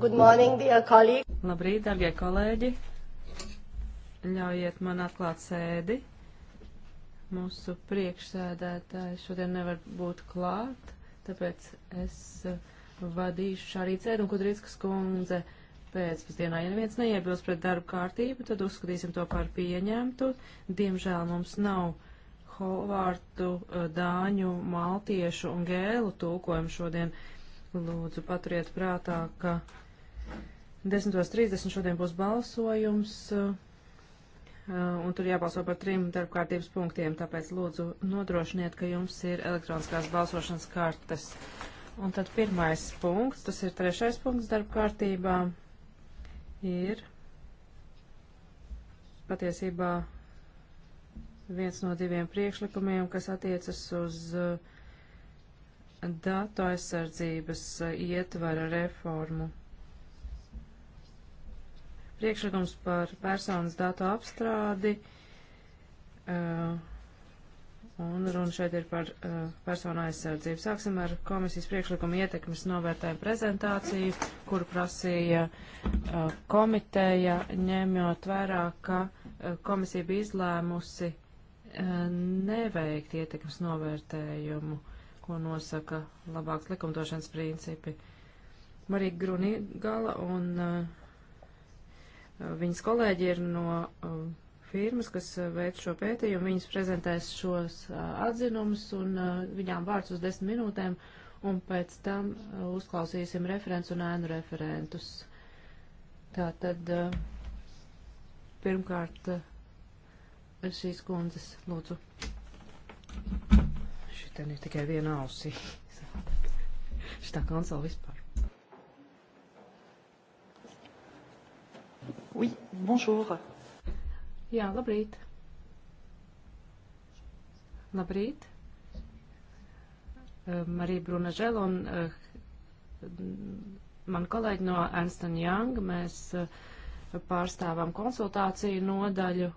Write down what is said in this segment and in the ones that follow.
Good morning, dear colleague. Labrīt, darbie kolēģi. Ļaujiet man atklāt sēdi. Mūsu priekšsēdētājs šodien nevar būt klāt, tāpēc es uh, vadīšu šā rīt sēdu un Kudrītskas kundze pēcpusdienā. Ja neviens neiebilst pret darbu kārtību, tad uzskatīsim to par pieņemtu. Diemžēl mums nav Hovārdu, uh, Dāņu, Maltiešu un Gēlu tūkojumu šodien. Lūdzu, paturiet prātā, ka 10.30 šodien būs balsojums, eh, eh, un tur jābalso par trim darbkārtības punktiem, tāpēc lūdzu nodrošiniet, ka jums ir elektroniskās balsošanas kartes. Un tad pirmais punkts, tas ir trešais punkts darbkārtībā, ir patiesībā viens no diviem priekšlikumiem, kas attiecas uz eh, datu aizsardzības ietvara reformu. Priekšlikums par personas datu apstrādi. Uh, un runa šeit ir par uh, personu aizsardzību. Sāksim ar komisijas priekšlikumu ietekmes novērtējumu prezentāciju, kuru prasīja uh, komiteja, ņemot vērā, ka uh, komisija bija izlēmusi uh, neveikt ietekmes novērtējumu, ko nosaka labāks likumdošanas principi. Marija Grunigala un uh, Viņas kolēģi ir no uh, firmas, kas uh, veic šo pētījumu. Viņas prezentēs šos uh, atzinumus un viņām vārds uz desmit minūtēm, un pēc tam uzklausīsim referents un ēnu referentus. Tā tad pirmkārt šīs kundzes lūdzu. Šitien ir tikai viena ausī. Šitā konsola vispār. Oui, bonjour. Jā, labrīt. Labrīt. Eh, Marija Bruna Žel un eh, man kolēģi no Ernst Young, mēs eh, pārstāvām konsultāciju nodaļu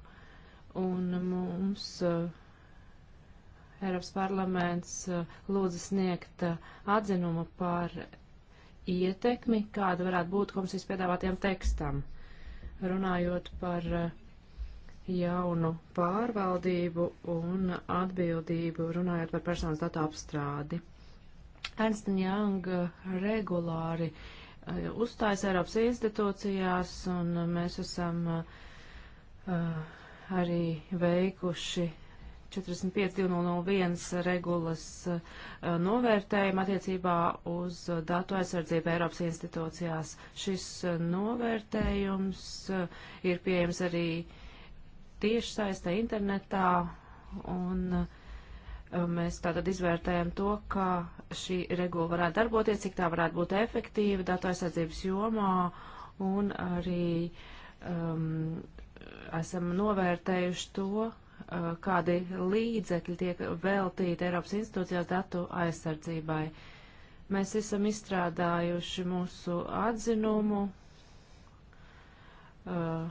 un mums Eiropas parlaments lūdza sniegt atzinumu par ietekmi, kāda varētu būt komisijas piedāvātiem tekstam runājot par eh, jaunu pārvaldību un atbildību, runājot par personas datu apstrādi. Ernst Young eh, regulāri eh, uzstājas Eiropas institūcijās, un mēs esam arī veikuši 45.201 regulas eh, novērtējumu attiecībā uz eh, datu aizsardzību Eiropas institūcijās. Šis eh, novērtējums ir pieejams arī tieši saistē internetā un uh, mēs tātad izvērtējam to, kā šī regula varētu darboties, cik tā varētu būt efektīva datu aizsardzības jomā un arī um, esam novērtējuši to, Uh, kādi līdzekļi tiek veltīti Eiropas institūcijās datu aizsardzībai. Mēs esam izstrādājuši mūsu atzinumu, uh,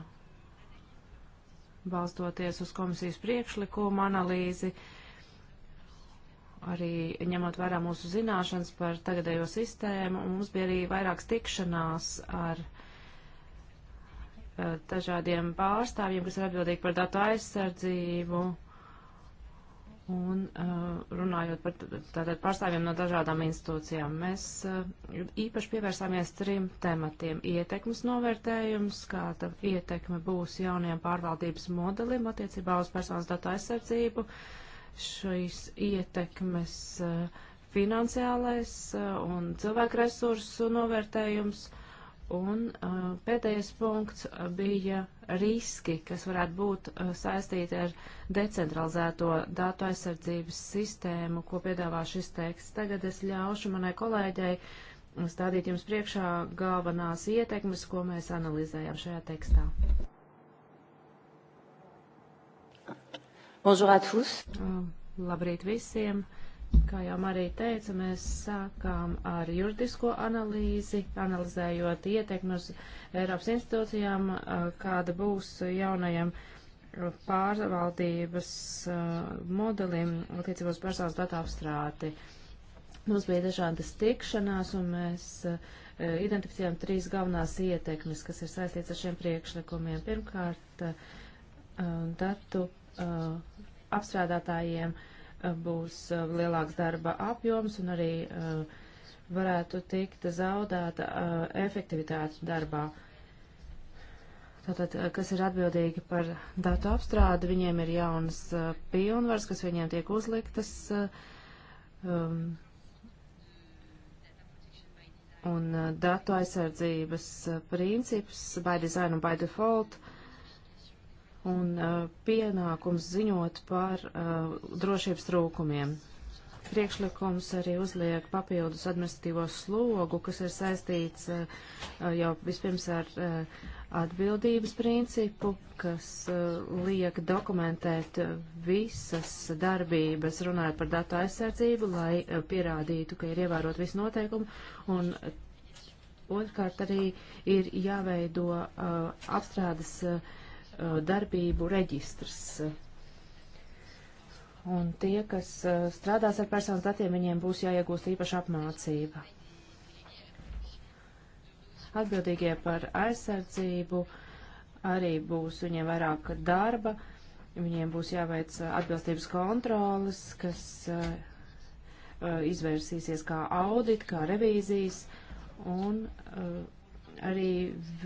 balstoties uz komisijas priekšlikumu analīzi, arī ņemot vērā mūsu zināšanas par tagadējo sistēmu, un mums bija arī vairākas tikšanās ar uh, Eh, dažādiem pārstāvjiem, kas ir atbildīgi par datu aizsardzību un eh, runājot par tātad pārstāvjiem no dažādām institūcijām. Mēs eh, īpaši pievērsāmies trim tematiem. Ietekmes novērtējums, kāda ietekme būs jaunajam pārvaldības modelim attiecībā uz personas datu aizsardzību, šīs ietekmes finansiālais un cilvēku resursu novērtējums. Uh, Un uh, pēdējais punkts bija riski, kas varētu būt uh, saistīti ar decentralizēto datu aizsardzības sistēmu, ko piedāvā šis teksts. Tagad es ļaušu manai kolēģei stādīt jums priekšā galvenās ietekmes, ko mēs analizējam šajā tekstā. Bonjour à tous! Uh, labrīt visiem! Uh, Kā jau Marija teica, mēs sākām ar juridisko analīzi, analizējot ietekmi uz Eiropas institūcijām, kāda būs jaunajam pārvaldības modelim attiecībā uz personas datu apstrāti. Mums bija dažādas tikšanās, un mēs identificējām trīs galvenās ietekmes, kas ir saistīts ar šiem priekšlikumiem. Pirmkārt, datu apstrādātājiem uh, būs uh, lielāks darba apjoms un arī uh, varētu tikt zaudēta uh, efektivitāte darbā. Tātad, kas ir atbildīgi par datu apstrādi, viņiem ir jaunas uh, pilnvaras, kas viņiem tiek uzliktas. Um, un uh, datu aizsardzības uh, princips by design un by default uh, un uh, pienākums ziņot par uh, drošības trūkumiem. Priekšlikums arī uzliek papildus administratīvo slogu, kas ir saistīts uh, jau vispirms ar uh, atbildības principu, kas uh, liek dokumentēt visas darbības, runājot par datu aizsardzību, lai uh, pierādītu, ka ir ievērot visu noteikumu, un otrkārt arī ir jāveido apstrādes uh, Uh, darbību reģistrs. Un tie, kas uh, strādās ar personas datiem, viņiem būs jāiegūst īpaša apmācība. Atbildīgie par aizsardzību arī būs viņiem vairāk darba, viņiem būs jāveic uh, atbilstības kontrolas, kas izvērsīsies kā audit, kā revīzijas, un arī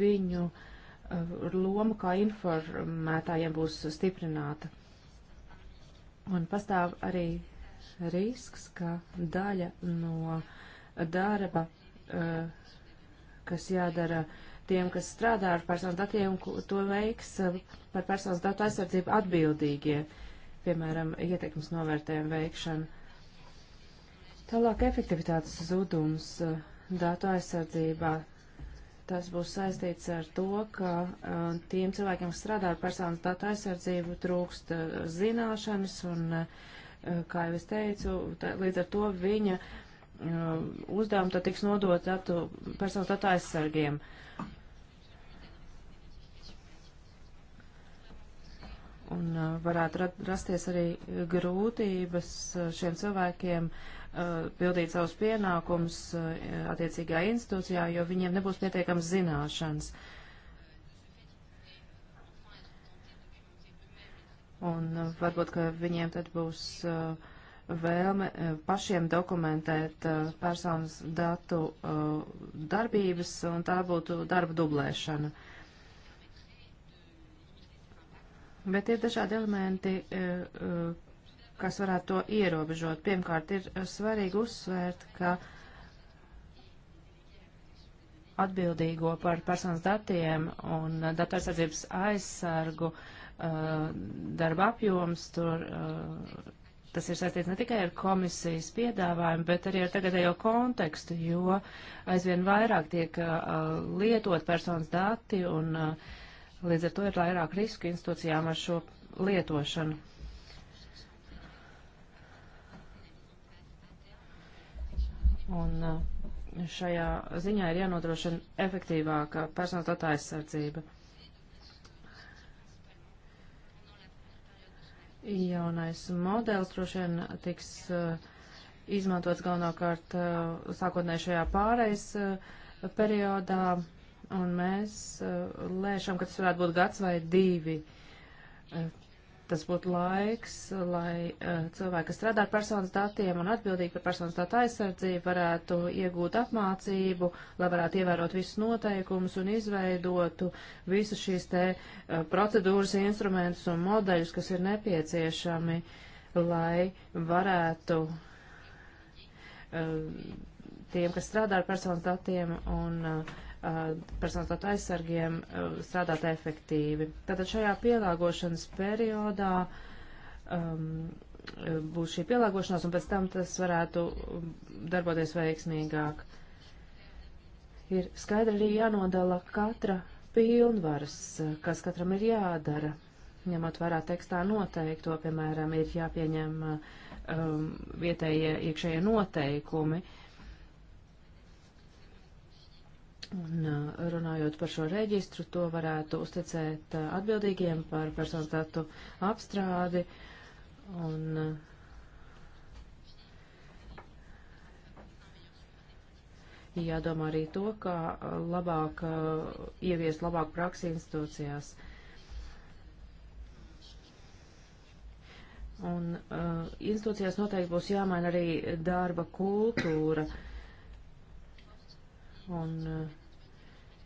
viņu uh, Eh, loma kā informētājiem būs stiprināta. Un pastāv arī risks, ka daļa no darba, eh, kas jādara tiem, kas strādā ar personas datiem, to veiks eh, par personas datu aizsardzību atbildīgie, piemēram, ieteikums novērtējumu veikšanu. Tālāk efektivitātes zudums datu aizsardzībā Tas būs saistīts ar to, ka uh, tiem cilvēkiem, kas strādā ar personas datu aizsardzību, trūkst uh, zināšanas un, uh, kā jau es teicu, tā, līdz ar to viņa uh, uzdevumi tad tiks nodot datu, personas datu aizsargiem. Un uh, varētu rasties arī grūtības uh, šiem cilvēkiem uh, Uh, pildīt savus pienākumus uh, attiecīgajā institūcijā, jo viņiem nebūs pietiekams zināšanas. Un uh, varbūt, ka viņiem tad būs vēlme pašiem dokumentēt personas datu darbības, un tā būtu darba dublēšana. Bet ir dažādi elementi, kas varētu to ierobežot. Pirmkārt, ir eh, svarīgi uzsvērt, ka atbildīgo par personas datiem un eh, datu aizsardzības aizsargu uh, darba apjoms tur. Uh, Tas ir saistīts ne tikai ar komisijas piedāvājumu, bet arī ar tagadējo kontekstu, jo aizvien vairāk tiek uh, lietot personas dati un līdz ar to ir vairāk risku institūcijām ar šo lietošanu. Un uh, šajā ziņā ir jānodrošina efektīvāka personas datu aizsardzība. Jaunais modelis droši vien tiks uh, izmantots galvenokārt uh, sākotnēji šajā pārejas uh, periodā, un mēs uh, lēšam, ka tas varētu būt gads vai divi uh, Tas būtu laiks, lai uh, cilvēki, kas strādā ar personas datiem un atbildīgi par personas datu aizsardzību, varētu iegūt apmācību, lai varētu ievērot visus noteikumus un izveidotu visus šīs te uh, procedūras instrumentus un modeļus, kas ir nepieciešami, lai varētu uh, tiem, kas strādā ar personas datiem un uh, Uh, personas datu aizsargiem uh, strādāt efektīvi. Tātad šajā pielāgošanas periodā um, būs šī pielāgošanās, un pēc tam tas varētu darboties veiksmīgāk. Ir skaidri arī jānodala katra pilnvaras, uh, kas katram ir jādara, ņemot vērā tekstā noteikto, piemēram, ir jāpieņem um, vietējie iekšējie noteikumi. Uh, Un uh, runājot par šo reģistru, to varētu uzticēt uh, atbildīgiem par personas datu apstrādi. Un, uh, jādomā arī to, kā labāk ieviest labāk praksi institūcijās. Un uh, institūcijās noteikti būs jāmaina arī darba kultūra. Uh, un eh,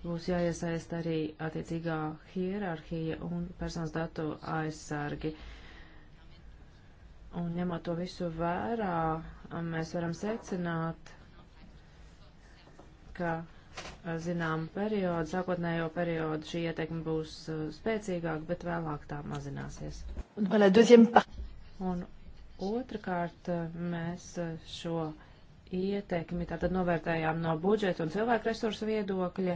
būs jāiesaist arī attiecīgā hierarhija un personas datu aizsargi. Un ņemot to visu vērā, mēs varam secināt, ka eh, zinām periodu, sākotnējo periodu šī ieteikuma būs eh, spēcīgāka, bet vēlāk tā mazināsies. Un otrkārt, mēs šo ieteikumi. Tātad novērtējām no budžeta un cilvēku resursu viedokļa,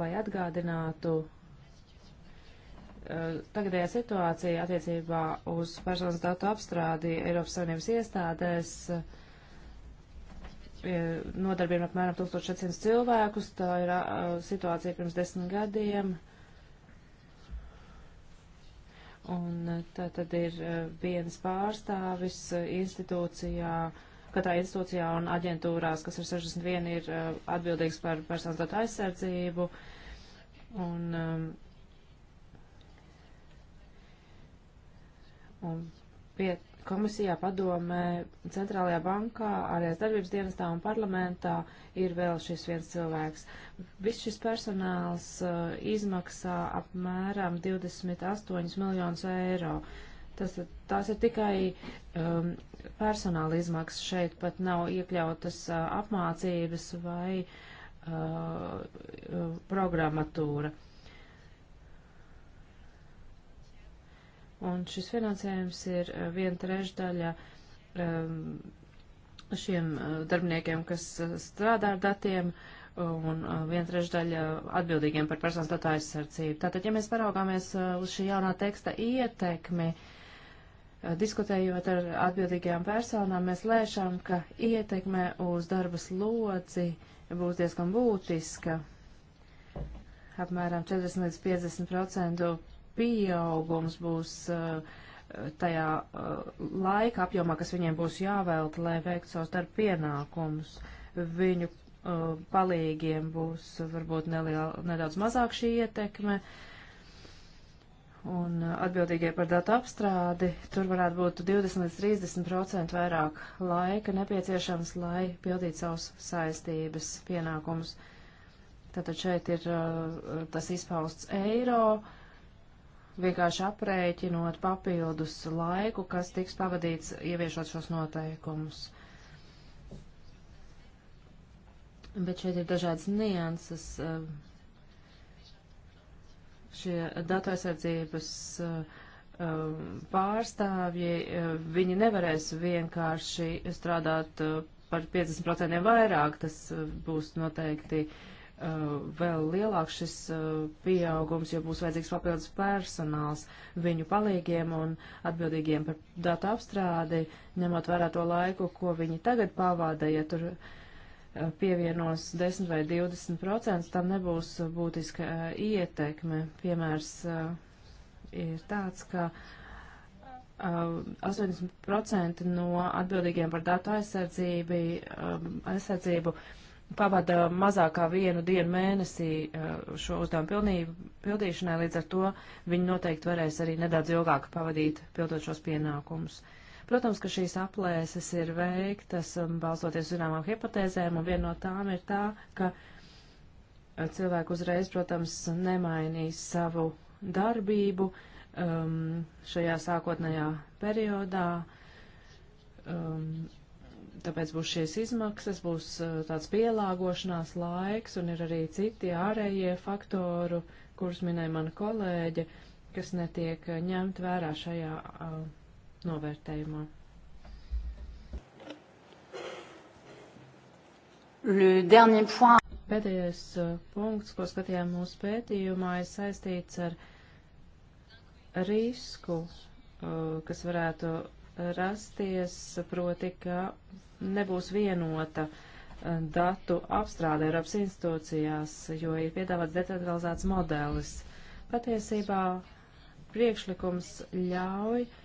lai atgādinātu eh, tagadējā situācija attiecībā uz personas datu apstrādi Eiropas Savienības iestādēs eh, nodarbina apmēram 1400 cilvēkus. Tā ir eh, situācija pirms desmit gadiem. Un tā tad ir viens pārstāvis institūcijā, uh, katrā institūcijā un aģentūrās, kas ir 61, ir uh, atbildīgs par personas datu aizsardzību. Un, um, un pie komisijā, padomē, centrālajā bankā, ārējās darbības dienestā un parlamentā ir vēl šis viens cilvēks. Viss šis personāls uh, izmaksā apmēram 28 miljonus eiro. Uh, Tas, tās ir tikai um, personāla izmaksas. Šeit pat nav iekļautas uh, apmācības vai uh, programmatūra. Un šis finansējums ir uh, viena trešdaļa um, šiem uh, darbiniekiem, kas uh, strādā ar datiem, un viena trešdaļa atbildīgiem par personas datu aizsardzību. Tātad, ja mēs paraugāmies uz šī jaunā teksta ietekmi, uh, Eh, diskutējot ar atbildīgajām personām, mēs lēšām, ka ietekme uz darbas lodzi būs diezgan būtiska. Apmēram 40 līdz 50% pieaugums būs eh, tajā eh, laika apjomā, kas viņiem būs jāvēlta, lai veiktu savus darba pienākumus. Viņu palīgiem būs varbūt neliela, nedaudz mazāk šī ietekme. Uh, un uh, atbildīgie par datu apstrādi, tur varētu būt 20 līdz 30% vairāk laika nepieciešams, lai pildītu savus saistības pienākumus. Tātad šeit ir uh, tas izpausts eiro, vienkārši aprēķinot papildus laiku, kas tiks pavadīts ieviešot šos noteikumus. Bet šeit ir dažādas nianses. Uh, Šie datu aizsardzības eh, eh, pārstāvji, eh, viņi nevarēs vienkārši strādāt par 50% vairāk, tas būs noteikti vēl lielāks šis pieaugums, jo būs vajadzīgs papildus personāls viņu palīgiem un atbildīgiem par datu apstrādi, ņemot vērā to laiku, ko viņi tagad pavāda, ja tur uh, Eh, pievienos 10 vai 20 procentus, tam nebūs būtiska eh, ietekme. Piemērs eh, ir tāds, ka 80% no atbildīgiem par datu aizsardzību, aizsardzību pavada mazākā vienu dienu mēnesī šo uzdevumu pilnību, pildīšanai, līdz ar to viņi noteikti varēs arī nedaudz ilgāk pavadīt pildot šos pienākumus. Uh, Protams, ka šīs aplēses ir veiktas um, balstoties zināmām hipotēzēm, un viena no tām ir tā, ka uh, cilvēki uzreiz, protams, nemainīs savu darbību um, šajā sākotnējā periodā. Um, tāpēc būs šīs izmaksas, būs uh, tāds pielāgošanās laiks, un ir arī citi ārējie faktori, kurus minēja mana kolēģe, kas netiek uh, ņemt vērā šajā uh, novērtējumā. Pēdējais uh, punkts, ko skatījām mūsu pētījumā, ir saistīts ar risku, uh, kas varētu rasties, proti, ka nebūs vienota uh, datu apstrāde Eiropas institūcijās, jo ir piedāvāts decentralizēts modelis. Patiesībā priekšlikums ļauj uh,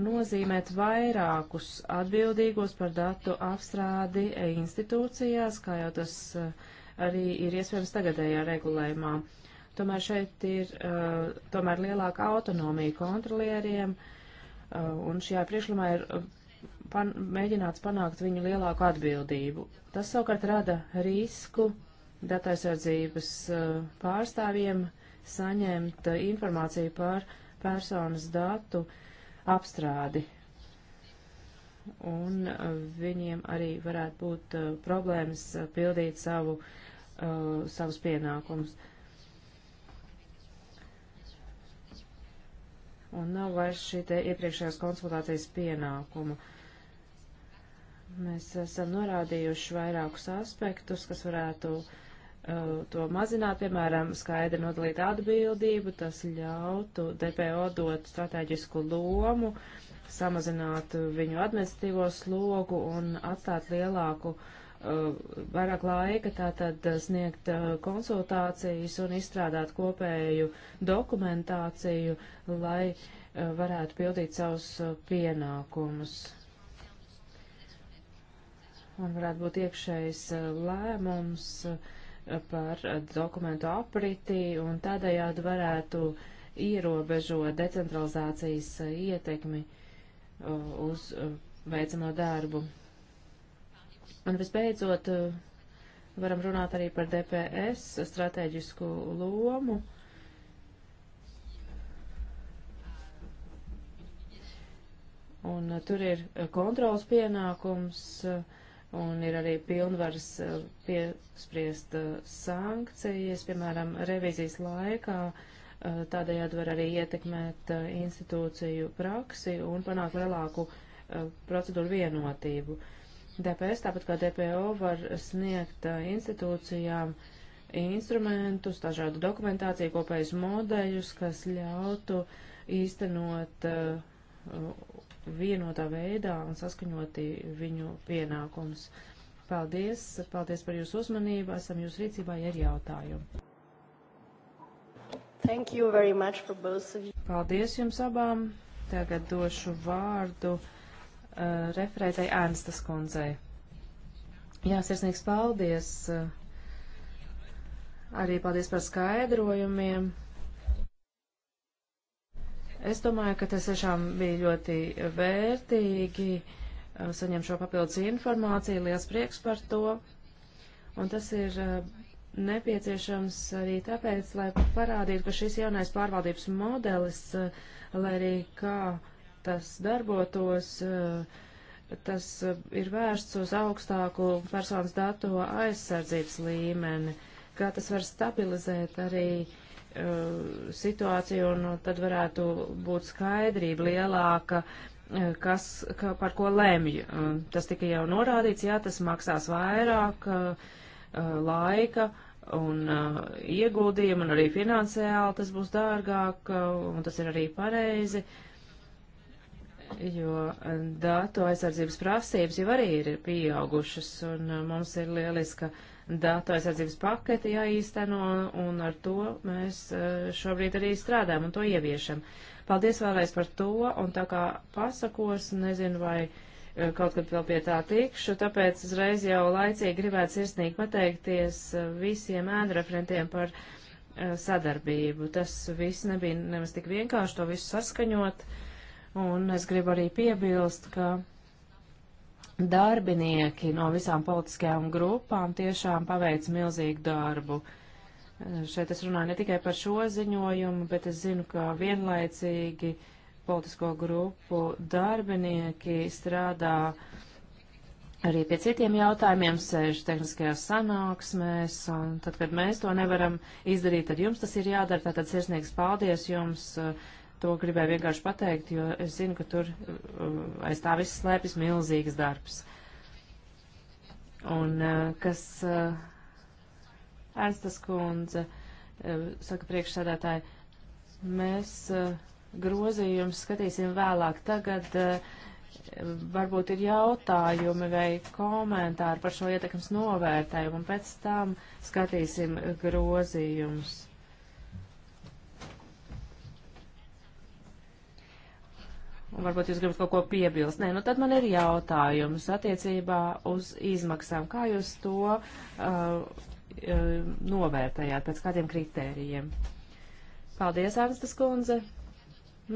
nozīmēt vairākus atbildīgos par datu apstrādi institūcijās, kā jau tas eh, arī ir iespējams tagadējā regulējumā. Tomēr šeit ir eh, tomēr lielāka autonomija kontrolieriem, eh, un šajā priekšlumā ir pan, mēģināts panākt viņu lielāku atbildību. Tas savukārt rada risku dataizsardzības pārstāvjiem saņemt informāciju par personas datu uh, apstrādi. Un uh, viņiem arī varētu būt uh, problēmas uh, pildīt savu, uh, savus pienākumus. Un nav vairs šī te iepriekšējās konsultācijas pienākuma. Mēs esam norādījuši vairākus aspektus, kas varētu uh, Uh, to mazināt, piemēram, skaidri nodalīt atbildību, tas ļautu DPO dot strateģisku lomu, samazināt viņu administratīvo slogu un atstāt lielāku, uh, vairāk laika tātad sniegt uh, konsultācijas un izstrādāt kopēju dokumentāciju, lai varētu pildīt savus pienākumus. Un varētu būt iekšējs lēmums, uh, par eh, dokumentu apritī un tādējādi varētu ierobežot decentralizācijas eh, ietekmi eh, uz veicamo darbu. Un visbeidzot, varam runāt arī par DPS strateģisku lomu. Un tur ir kontrols pienākums. Uh, un ir arī pilnvaras eh, piespriest eh, sankcijas, piemēram, revizijas laikā. Eh, tādējādi var arī ietekmēt institūciju praksi un panākt lielāku procedūru vienotību. DPS, tāpat kā DPO, var sniegt institūcijām instrumentus, dažādu dokumentāciju, kopējus modeļus, kas ļautu īstenot vienotā veidā un saskaņoti viņu pienākums. Paldies, paldies par jūsu uzmanību, esam jūsu rīcībā, ja ir jautājumi. Thank you very much for both of you. Paldies jums abām. Tagad došu vārdu uh, referētai Ernstas kundzei. Jā, sirsnīgs paldies. Uh, arī paldies par skaidrojumiem. Es domāju, ka tas tiešām bija ļoti vērtīgi uh, saņemt šo papildus informāciju. Liels prieks par to. Un tas ir uh, nepieciešams arī tāpēc, lai parādītu, ka šis jaunais pārvaldības modelis, uh, lai arī kā tas darbotos, tas ir vērsts uz augstāku personas datu aizsardzības līmeni, kā tas var stabilizēt arī uh, Uh, situāciju, un uh, tad varētu būt skaidrība lielāka, uh, kas, ka, par ko lemj. Tas tika jau norādīts, jā, tas maksās vairāk laika un ieguldījumu, un arī finansiāli tas būs dārgāk, un tas ir arī pareizi jo datu aizsardzības prasības jau arī ir pieaugušas, un mums ir lieliska datu aizsardzības paketi jāīsteno, un ar to mēs eh, šobrīd arī strādājam un to ieviešam. Paldies vēlreiz par to, un tā kā pasakos, nezinu, vai eh, kaut kad vēl pie tā tikšu, tāpēc uzreiz jau laicīgi gribētu sirsnīgi pateikties eh, visiem ēnreferentiem par sadarbību. Tas viss nebija nemaz tik vienkārši, to visu saskaņot, un es gribu arī piebilst, ka darbinieki no visām politiskajām grupām tiešām paveic milzīgu darbu. Šeit es runāju ne tikai par šo ziņojumu, bet es zinu, ka vienlaicīgi politisko grupu darbinieki strādā arī pie citiem jautājumiem, sēž tehniskajās sanāksmēs, un tad, kad mēs to nevaram izdarīt, tad jums tas ir jādara, tātad sirsnīgs paldies jums. Uh, To gribēju vienkārši pateikt, jo es zinu, ka tur uh, aiz tā viss slēpjas milzīgs darbs. Un uh, kas uh, Ernstas kundze saka priekšsēdētāji, mēs grozījums skatīsim vēlāk. Tagad varbūt ir jautājumi vai komentāri par šo ietekmes novērtējumu, un pēc tam skatīsim grozījumus. Varbūt jūs gribat kaut ko piebilst. Nē, nu tad man ir jautājums attiecībā uz izmaksām. Kā jūs to uh, uh novērtējāt, pēc kādiem kritērijiem? Paldies, Ernstas kundze.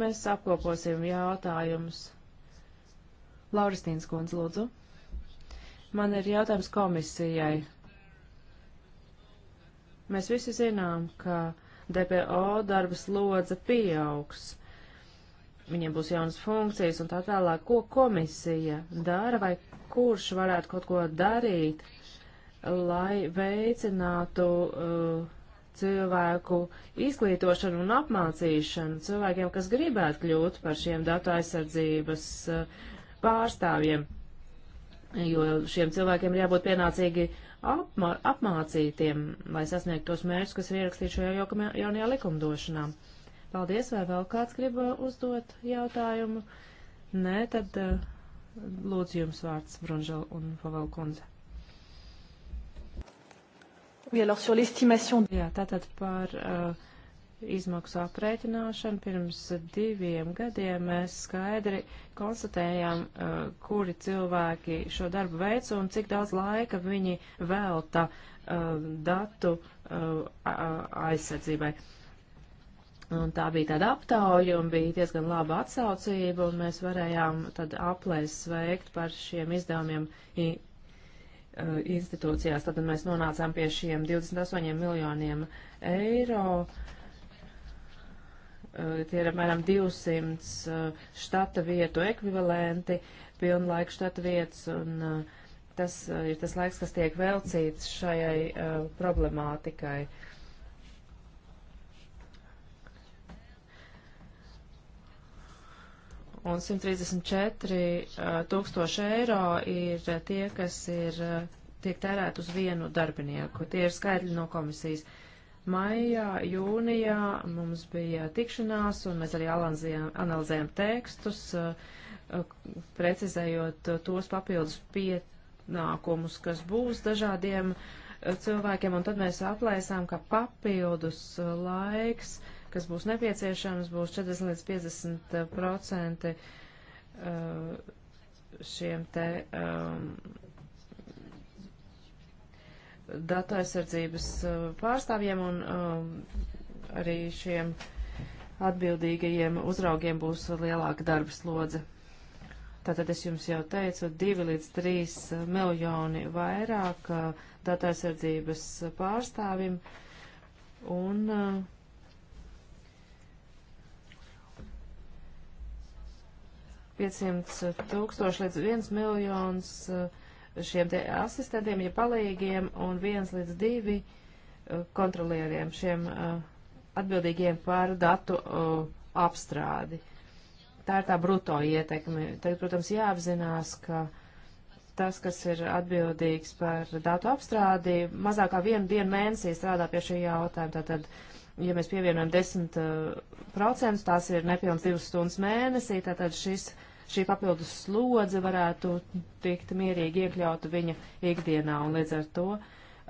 Mēs apkoposim jautājumus. Lauristīnas kundze, lūdzu. Man ir jautājums komisijai. Mēs visi zinām, ka DPO darbas lodze pieaugs. Uh, viņiem būs jaunas funkcijas un tā tālāk. Ko komisija dara vai kurš varētu kaut ko darīt, lai veicinātu uh, cilvēku izglītošanu un apmācīšanu cilvēkiem, kas gribētu kļūt par šiem datu aizsardzības uh, pārstāvjiem, jo šiem cilvēkiem ir jābūt pienācīgi apma apmācītiem, lai sasniegtu tos mērķus, kas ir ierakstīti šajā jaunajā likumdošanā. Uh, Paldies, vai vēl kāds grib uh, uzdot jautājumu? Nē, tad uh, lūdzu jums vārds, Brunžel un Pavel Kunze. Jā, tātad par uh, izmaksu aprēķināšanu pirms diviem gadiem mēs skaidri konstatējām, uh, kuri cilvēki šo darbu veic un cik daudz laika viņi velta uh, datu uh, aizsardzībai. Uh, Un tā bija tāda aptauja un bija diezgan laba atsaucība, un mēs varējām tad aplēst sveikt par šiem izdevumiem uh, institūcijās. Tad mēs nonācām pie šiem 28 miljoniem eiro. Uh, tie ir apmēram 200 uh, štata vietu ekvivalenti, pilnlaika štata vietas, un tas ir tas laiks, kas tiek velcīts šajai problemātikai. Uh, un 134 tūkstoši eiro ir tie, kas ir, tiek tērēt uz vienu darbinieku. Tie ir skaidri no komisijas. Maijā, jūnijā mums bija tikšanās, un mēs arī analizējām tekstus, precizējot tos papildus pienākumus, kas būs dažādiem cilvēkiem, un tad mēs aplēsām, ka papildus laiks uh, kas būs nepieciešams, būs 40 līdz 50 eh, procenti eh, šiem te um, datu aizsardzības pārstāvjiem un um, arī šiem atbildīgajiem uzraugiem būs lielāka darba slodze. Tātad es jums jau teicu, 2 līdz 3 miljoni vairāk datu aizsardzības pārstāvim un uh, 500 tūkstoši līdz 1 miljons eh, šiem te asistentiem, ja palīgiem, un 1 līdz 2 eh, kontrolieriem, šiem eh, atbildīgiem par datu apstrādi. Tā ir tā bruto ietekme. Tagad, protams, jāapzinās, ka tas, kas ir atbildīgs par datu apstrādi, mazākā vienu dienu mēnesī strādā pie šī jautājuma. Tātad, ja mēs pievienojam 10%, tās ir nepilns divas stundas mēnesī, tātad šis šī papildus slodze varētu tikt mierīgi iekļauta viņa ikdienā, un līdz ar to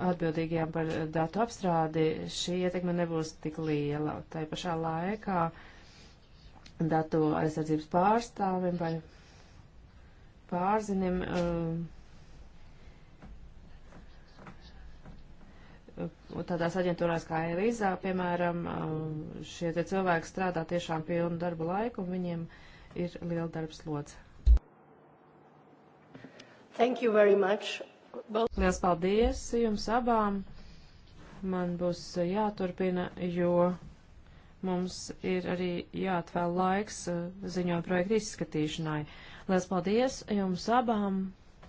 atbildīgajām par datu apstrādi šī ietekme nebūs tik liela. Tā pašā laikā datu aizsardzības pārstāvim vai pārzinim um, tādās aģentūrās kā Elizā, piemēram, um, šie cilvēki strādā tiešām pilnu darbu laiku, un viņiem uh, ir liela darbs lodze. Thank you very much. Well... Liels paldies jums abām. Man būs jāturpina, jo mums ir arī jāatvēl laiks uh, ziņot projektu izskatīšanai. Liels paldies jums abām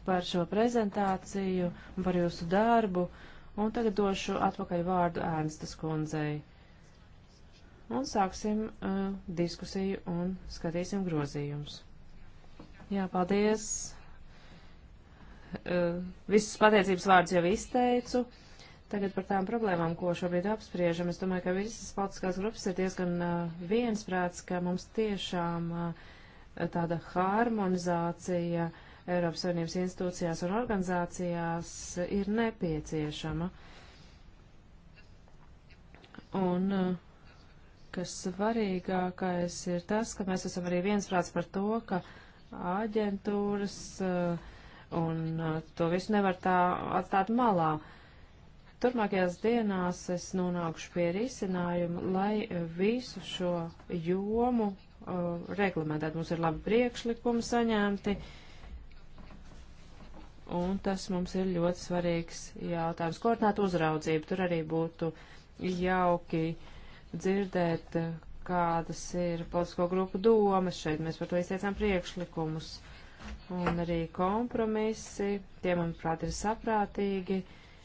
par šo prezentāciju un par jūsu darbu. Un tagad došu atpakaļ vārdu Ērnstas kundzei un sāksim uh, diskusiju un skatīsim grozījumus. Jā, paldies. Uh, visas pateicības vārdus jau izteicu. Tagad par tām problēmām, ko šobrīd apspriežam. Es domāju, ka visas politiskās grupas ir diezgan uh, viensprāts, ka mums tiešām uh, tāda harmonizācija Eiropas Savienības institūcijās un organizācijās ir nepieciešama. Un uh, ka svarīgākais ir tas, ka mēs esam arī viensprāts par to, ka aģentūras eh, un eh, to visu nevar tā atstāt malā. Turmākajās dienās es nonākušu pie risinājuma, lai visu šo jomu uh, reglamentētu. Mums ir labi priekšlikumi saņemti, un tas mums ir ļoti svarīgs jautājums. Koordinēt uzraudzību tur arī būtu jauki uh, dzirdēt, eh, kādas ir politisko grupu domas. Šeit mēs par to izteicām priekšlikumus un arī kompromisi. Tie, manuprāt, ir saprātīgi,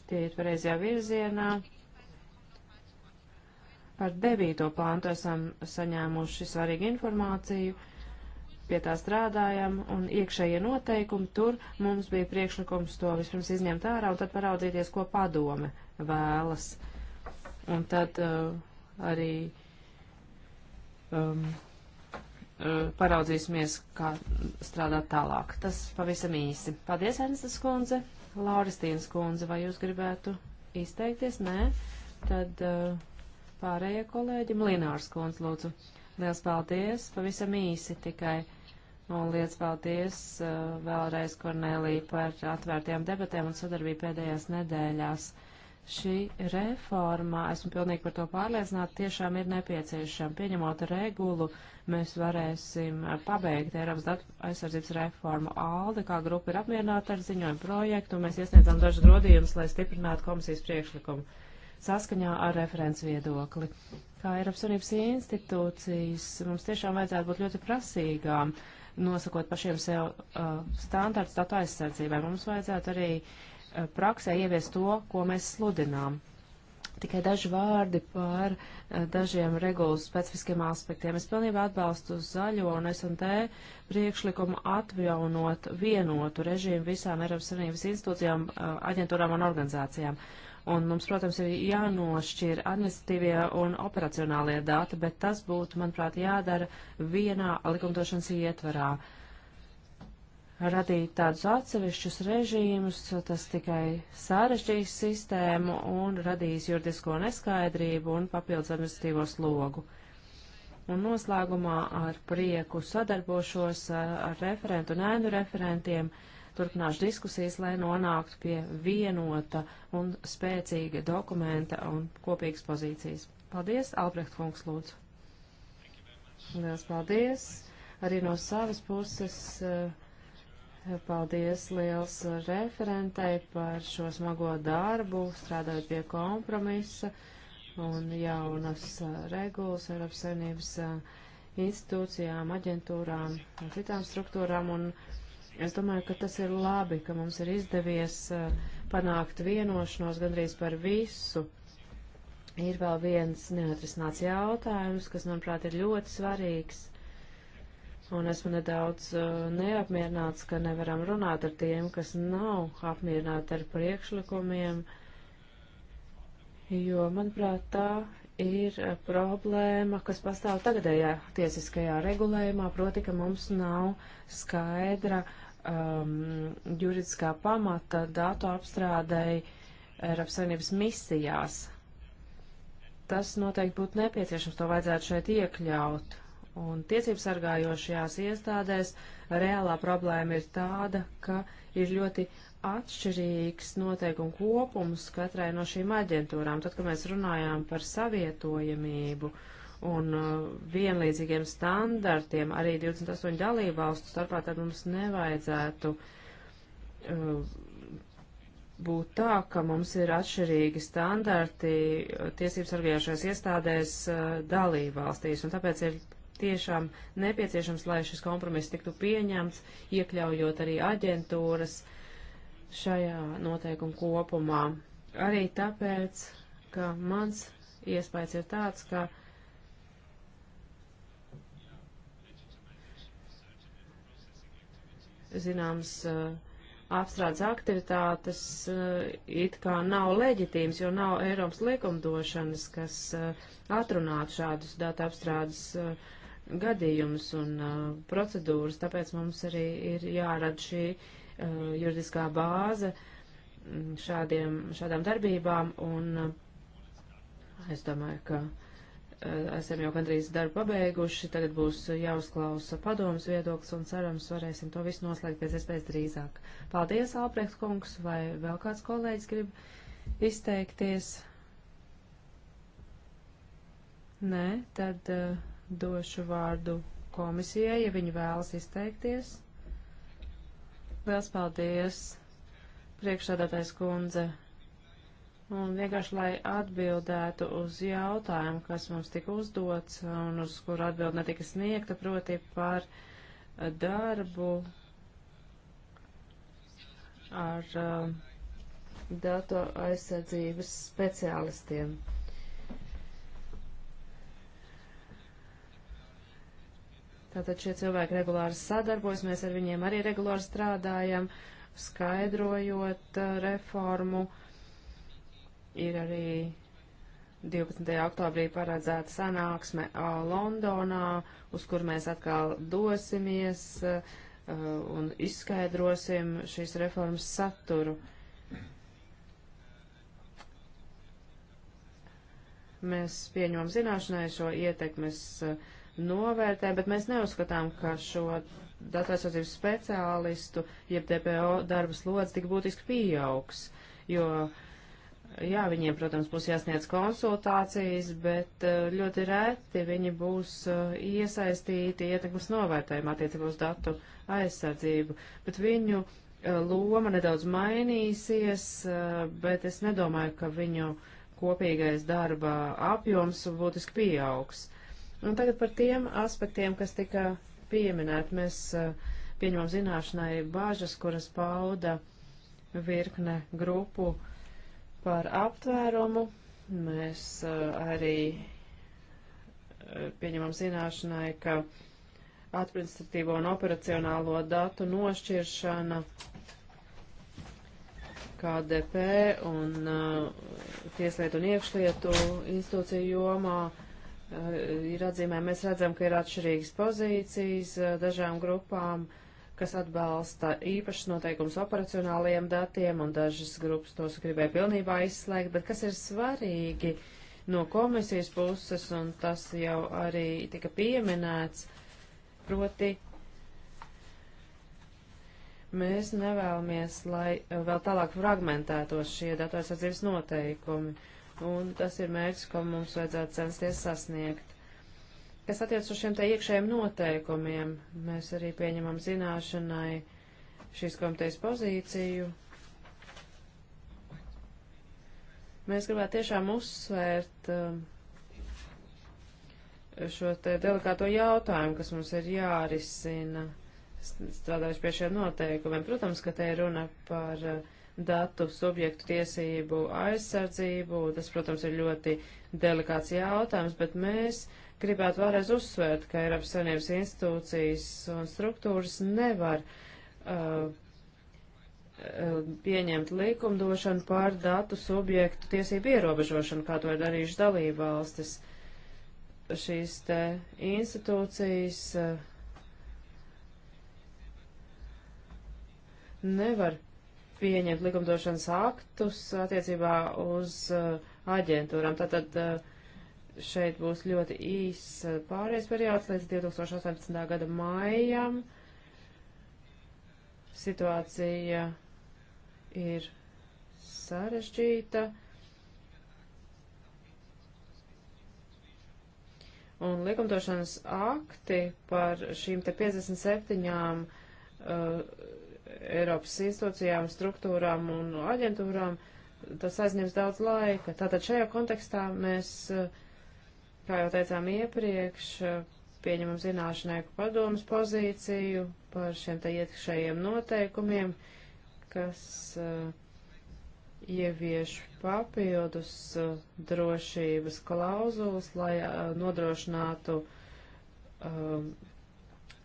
tie ir pareizajā virzienā. Par devīto pāntu esam saņēmuši svarīgu informāciju, pie tā strādājam, un iekšējie noteikumi tur mums bija priekšlikums to vispirms izņemt ārā un tad paraudzīties, ko padome vēlas. Un tad uh, arī um, uh, paraudzīsimies, kā strādāt tālāk. Tas pavisam īsi. Paldies, Ernstas kundze. Lauristīnas kundze, vai jūs gribētu izteikties? Nē. Tad uh, pārējie kolēģi. Linārs kundze, lūdzu. Liels paldies. Pavisam īsi tikai. Un liels paldies uh, vēlreiz Kornelī par atvērtajām debatēm un sadarbību pēdējās nedēļās. Uh, Šī reforma, esmu pilnīgi par to pārliecināta, tiešām ir nepieciešama. Pieņemot regulu, mēs varēsim pabeigt Eiropas datu aizsardzības reformu. Alde kā grupa ir apmierināta ar ziņojumu projektu, un mēs iesniedzām dažas grozījumus, lai stiprinātu komisijas priekšlikumu saskaņā ar referents viedokli. Kā Eiropas Unības institūcijas mums tiešām vajadzētu būt ļoti prasīgām, nosakot pašiem sev uh, standarts datu aizsardzībai. Mums vajadzētu arī uh, Eh, praksē ievies to, ko mēs sludinām. Tikai daži vārdi par eh, dažiem regulas specifiskiem aspektiem. Es pilnībā atbalstu zaļo un SNT priekšlikumu atjaunot vienotu režīmu visām Eiropas Savienības institūcijām, eh, aģentūrām un organizācijām. Un mums, protams, ir jānošķir administratīvie un operacionālie dati, bet tas būtu, manuprāt, jādara vienā likumdošanas ietvarā. Uh, radīt tādus atsevišķus režīmus, tas tikai sarežģīs sistēmu un radīs juridisko neskaidrību un papildus administratīvo slogu. Un noslēgumā ar prieku sadarbošos ar referentu un ēnu referentiem, turpināšu diskusijas, lai nonāktu pie vienota un spēcīga dokumenta un kopīgas pozīcijas. Paldies, Albrecht kungs, lūdzu. Lielas paldies. Arī no savas puses. Uh, Paldies liels referentei par šo smago darbu, strādājot pie kompromisa un jaunas uh, regulas Eiropas Savienības uh, institūcijām, aģentūrām, citām struktūrām. Un es domāju, ka tas ir labi, ka mums ir izdevies uh, panākt vienošanos gandrīz par visu. Ir vēl viens neatrisināts jautājums, kas, manuprāt, ir ļoti svarīgs un esmu nedaudz uh, neapmierināts, ka nevaram runāt ar tiem, kas nav apmierināti ar priekšlikumiem, jo, manuprāt, tā ir uh, problēma, kas pastāv tagadējā tiesiskajā regulējumā, proti, ka mums nav skaidra um, juridiskā pamata datu apstrādēji Eiropas Savienības misijās. Tas noteikti būtu nepieciešams, to vajadzētu šeit iekļaut Un tiesību sargājošajās iestādēs reālā problēma ir tāda, ka ir ļoti atšķirīgs noteikumu kopums katrai no šīm aģentūrām. Tad, kad mēs runājām par savietojamību un uh, vienlīdzīgiem standartiem arī 28 dalību valstu starpā, tad mums nevajadzētu uh, būt tā, ka mums ir atšķirīgi standarti uh, tiesības sargājošās iestādēs uh, dalību valstīs, un tāpēc ir tiešām nepieciešams, lai šis kompromiss tiktu pieņemts, iekļaujot arī aģentūras šajā noteikuma kopumā. Arī tāpēc, ka mans iespējas ir tāds, ka zināms uh, apstrādes aktivitātes uh, it kā nav leģitīmas, jo nav Eiropas likumdošanas, kas uh, atrunātu šādus datu apstrādes aktivitātes gadījumus un uh, procedūras, tāpēc mums arī ir jārada šī uh, juridiskā bāze mm, šādiem, šādām darbībām, un uh, es domāju, ka uh, esam jau gandrīz darbu pabeiguši, tagad būs jāuzklausa padomas viedoklis, un cerams, varēsim to visu noslēgt pēc iespējas drīzāk. Paldies, Alpreks kungs, vai vēl kāds kolēģis grib izteikties? Nē, tad. Uh, došu vārdu komisijai, ja viņi vēlas izteikties. Liels paldies, priekšsādātais kundze. Un vienkārši, lai atbildētu uz jautājumu, kas mums tika uzdots un uz kuru atbild netika sniegta, proti par eh, darbu ar uh, datu aizsardzības speciālistiem. Uh, Tātad šie cilvēki regulāri sadarbojas, mēs ar viņiem arī regulāri strādājam, skaidrojot uh, reformu. Ir arī 12. oktobrī paredzēta sanāksme uh, Londonā, uz kur mēs atkal dosimies uh, un izskaidrosim šīs reformas saturu. Mēs pieņemam zināšanai šo ietekmes uh, novērtē, bet mēs neuzskatām, ka šo datu aizsardzības speciālistu, jeb DPO darbas lodz tik būtiski pieaugs, jo, jā, viņiem, protams, būs jāsniedz konsultācijas, bet eh, ļoti reti viņi būs eh, iesaistīti ietekmes novērtējumā attiecībā uz datu aizsardzību, bet viņu eh, loma nedaudz mainīsies, bet es nedomāju, ka viņu kopīgais darba apjoms būtiski pieaugs. Uh, Un tagad par tiem aspektiem, kas tika pieminēti. Mēs eh, pieņemam zināšanai bāžas, kuras pauda virkne grupu par aptvērumu. Mēs eh, arī eh, pieņemam zināšanai, ka administratīvo un operacionālo datu nošķiršana KDP un uh, tieslietu un iekšlietu institūciju jomā uh, Eh, ir atzīmēta. Mēs redzam, ka ir atšķirīgas pozīcijas eh, dažām grupām, kas atbalsta īpašas noteikums operacionālajiem datiem, un dažas grupas tos gribēja pilnībā izslēgt, bet kas ir svarīgi no komisijas puses, un tas jau arī tika pieminēts, proti mēs nevēlamies, lai eh, vēl tālāk fragmentētos šie datorsardzības noteikumi. Uh, un tas ir mērķis, ko mums vajadzētu censties sasniegt. Kas attiec uz šiem te iekšējiem noteikumiem, mēs arī pieņemam zināšanai šīs komitejas pozīciju. Mēs gribētu tiešām uzsvērt um, šo te delikāto jautājumu, kas mums ir jārisina, strādājuši pie šiem noteikumiem. Protams, ka te ir runa par uh, datu subjektu tiesību aizsardzību. Tas, protams, ir ļoti delikāts jautājums, bet mēs gribētu vēlreiz uzsvērt, ka Eiropas Savienības institūcijas un struktūras nevar uh, uh pieņemt likumdošanu pār datu subjektu tiesību ierobežošanu, kā to ir darījuši dalībvalstis. Šīs te institūcijas uh, nevar pieņemt likumdošanas aktus attiecībā uz uh, aģentūram. Tātad uh, šeit būs ļoti īs uh, pārējais periods līdz 2018. gada maijam. Situācija ir sarežģīta. Un likumdošanas akti par šīm te 57 uh, Eiropas institūcijām, struktūrām un aģentūrām, tas aizņems daudz laika. Tātad šajā kontekstā mēs, kā jau teicām iepriekš, pieņemam zināšanēku padomas pozīciju par šiem te iekšējiem noteikumiem, kas eh, ievieš papildus eh, drošības klauzulas, lai eh, nodrošinātu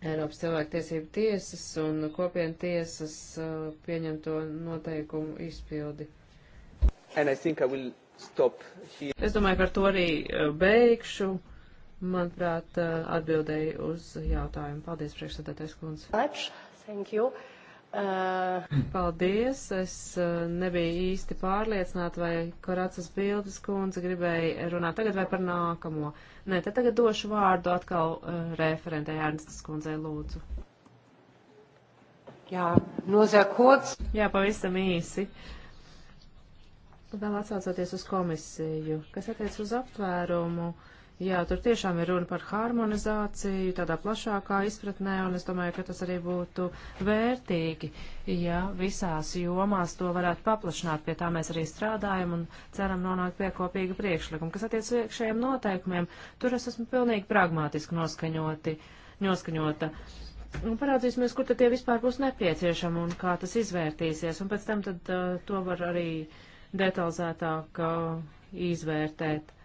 Eiropas cilvēktiesību tiesas un kopienu tiesas uh, pieņemto noteikumu izpildi. I I es domāju, ka ar to arī uh, beigšu. Manuprāt, uh, atbildēju uz jautājumu. Paldies, priekšsēdētais kundze. Uh, Paldies! Es uh, nebiju īsti pārliecināta, vai Koracas bildes kundze gribēja runāt tagad vai par nākamo. Nē, tad tagad došu vārdu atkal uh, referentē Ernstas kundzei lūdzu. Jā, nozēkots. Jā, pavisam īsi. Vēl atsaucoties uz komisiju, kas attiec uz aptvērumu. Uh, Jā, tur tiešām ir runa par harmonizāciju tādā plašākā izpratnē, un es domāju, ka tas arī būtu vērtīgi, ja visās jomās to varētu paplašināt. Pie tā mēs arī strādājam un ceram nonākt pie kopīga priekšlikuma. Kas attiec iekšējiem noteikumiem, tur es esmu pilnīgi pragmātiski noskaņoti, noskaņota. Un nu, parādzīsimies, kur tad tie vispār būs nepieciešami un kā tas izvērtīsies, un pēc tam tad uh, to var arī detalizētāk uh, izvērtēt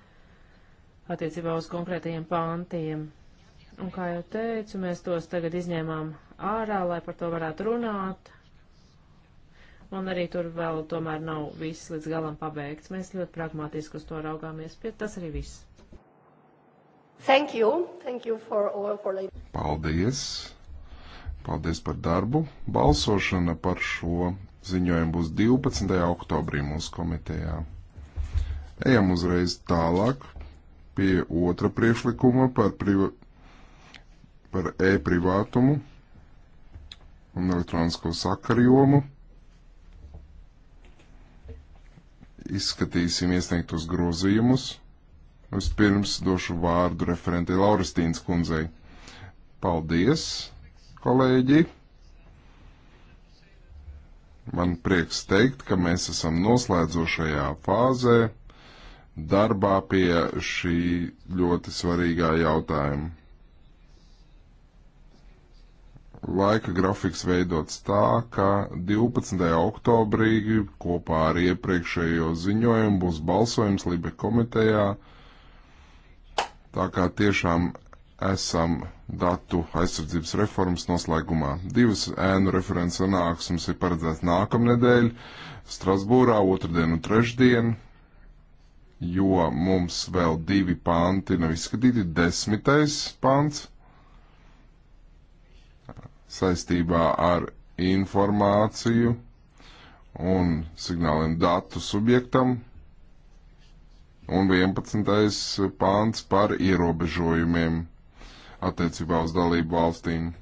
attiecībā uz konkrētajiem pāntiem. Un, kā jau teicu, mēs tos tagad izņēmām ārā, lai par to varētu runāt. Un arī tur vēl tomēr nav viss līdz galam pabeigts. Mēs ļoti pragmatiski uz to raugāmies. Pie tas arī viss. Thank you. Thank you for all for Paldies. Paldies par darbu. Balsošana par šo ziņojumu būs 12. oktobrī mūsu komitejā. Ejam uzreiz tālāk pie otra priekšlikuma par, priva, par e-privātumu un elektronisko sakaru jomu. Izskatīsim iesniegtos grozījumus. Vispirms došu vārdu referentei Lauristīnas kundzei. Paldies, kolēģi! Man prieks teikt, ka mēs esam noslēdzošajā fāzē darbā pie šī ļoti svarīgā jautājuma. Laika grafiks veidots tā, ka 12. oktobrī kopā ar iepriekšējo ziņojumu būs balsojums Libe komitejā. Tā kā tiešām esam datu aizsardzības reformas noslēgumā. Divas ēnu referents sanāksmes ir paredzētas nākamnedēļ Strasbūrā, otrdien un trešdien jo mums vēl divi panti nav izskatīti. Desmitais pants saistībā ar informāciju un signāliem datu subjektam, un 11. pāns par ierobežojumiem attiecībā uz dalību valstīm.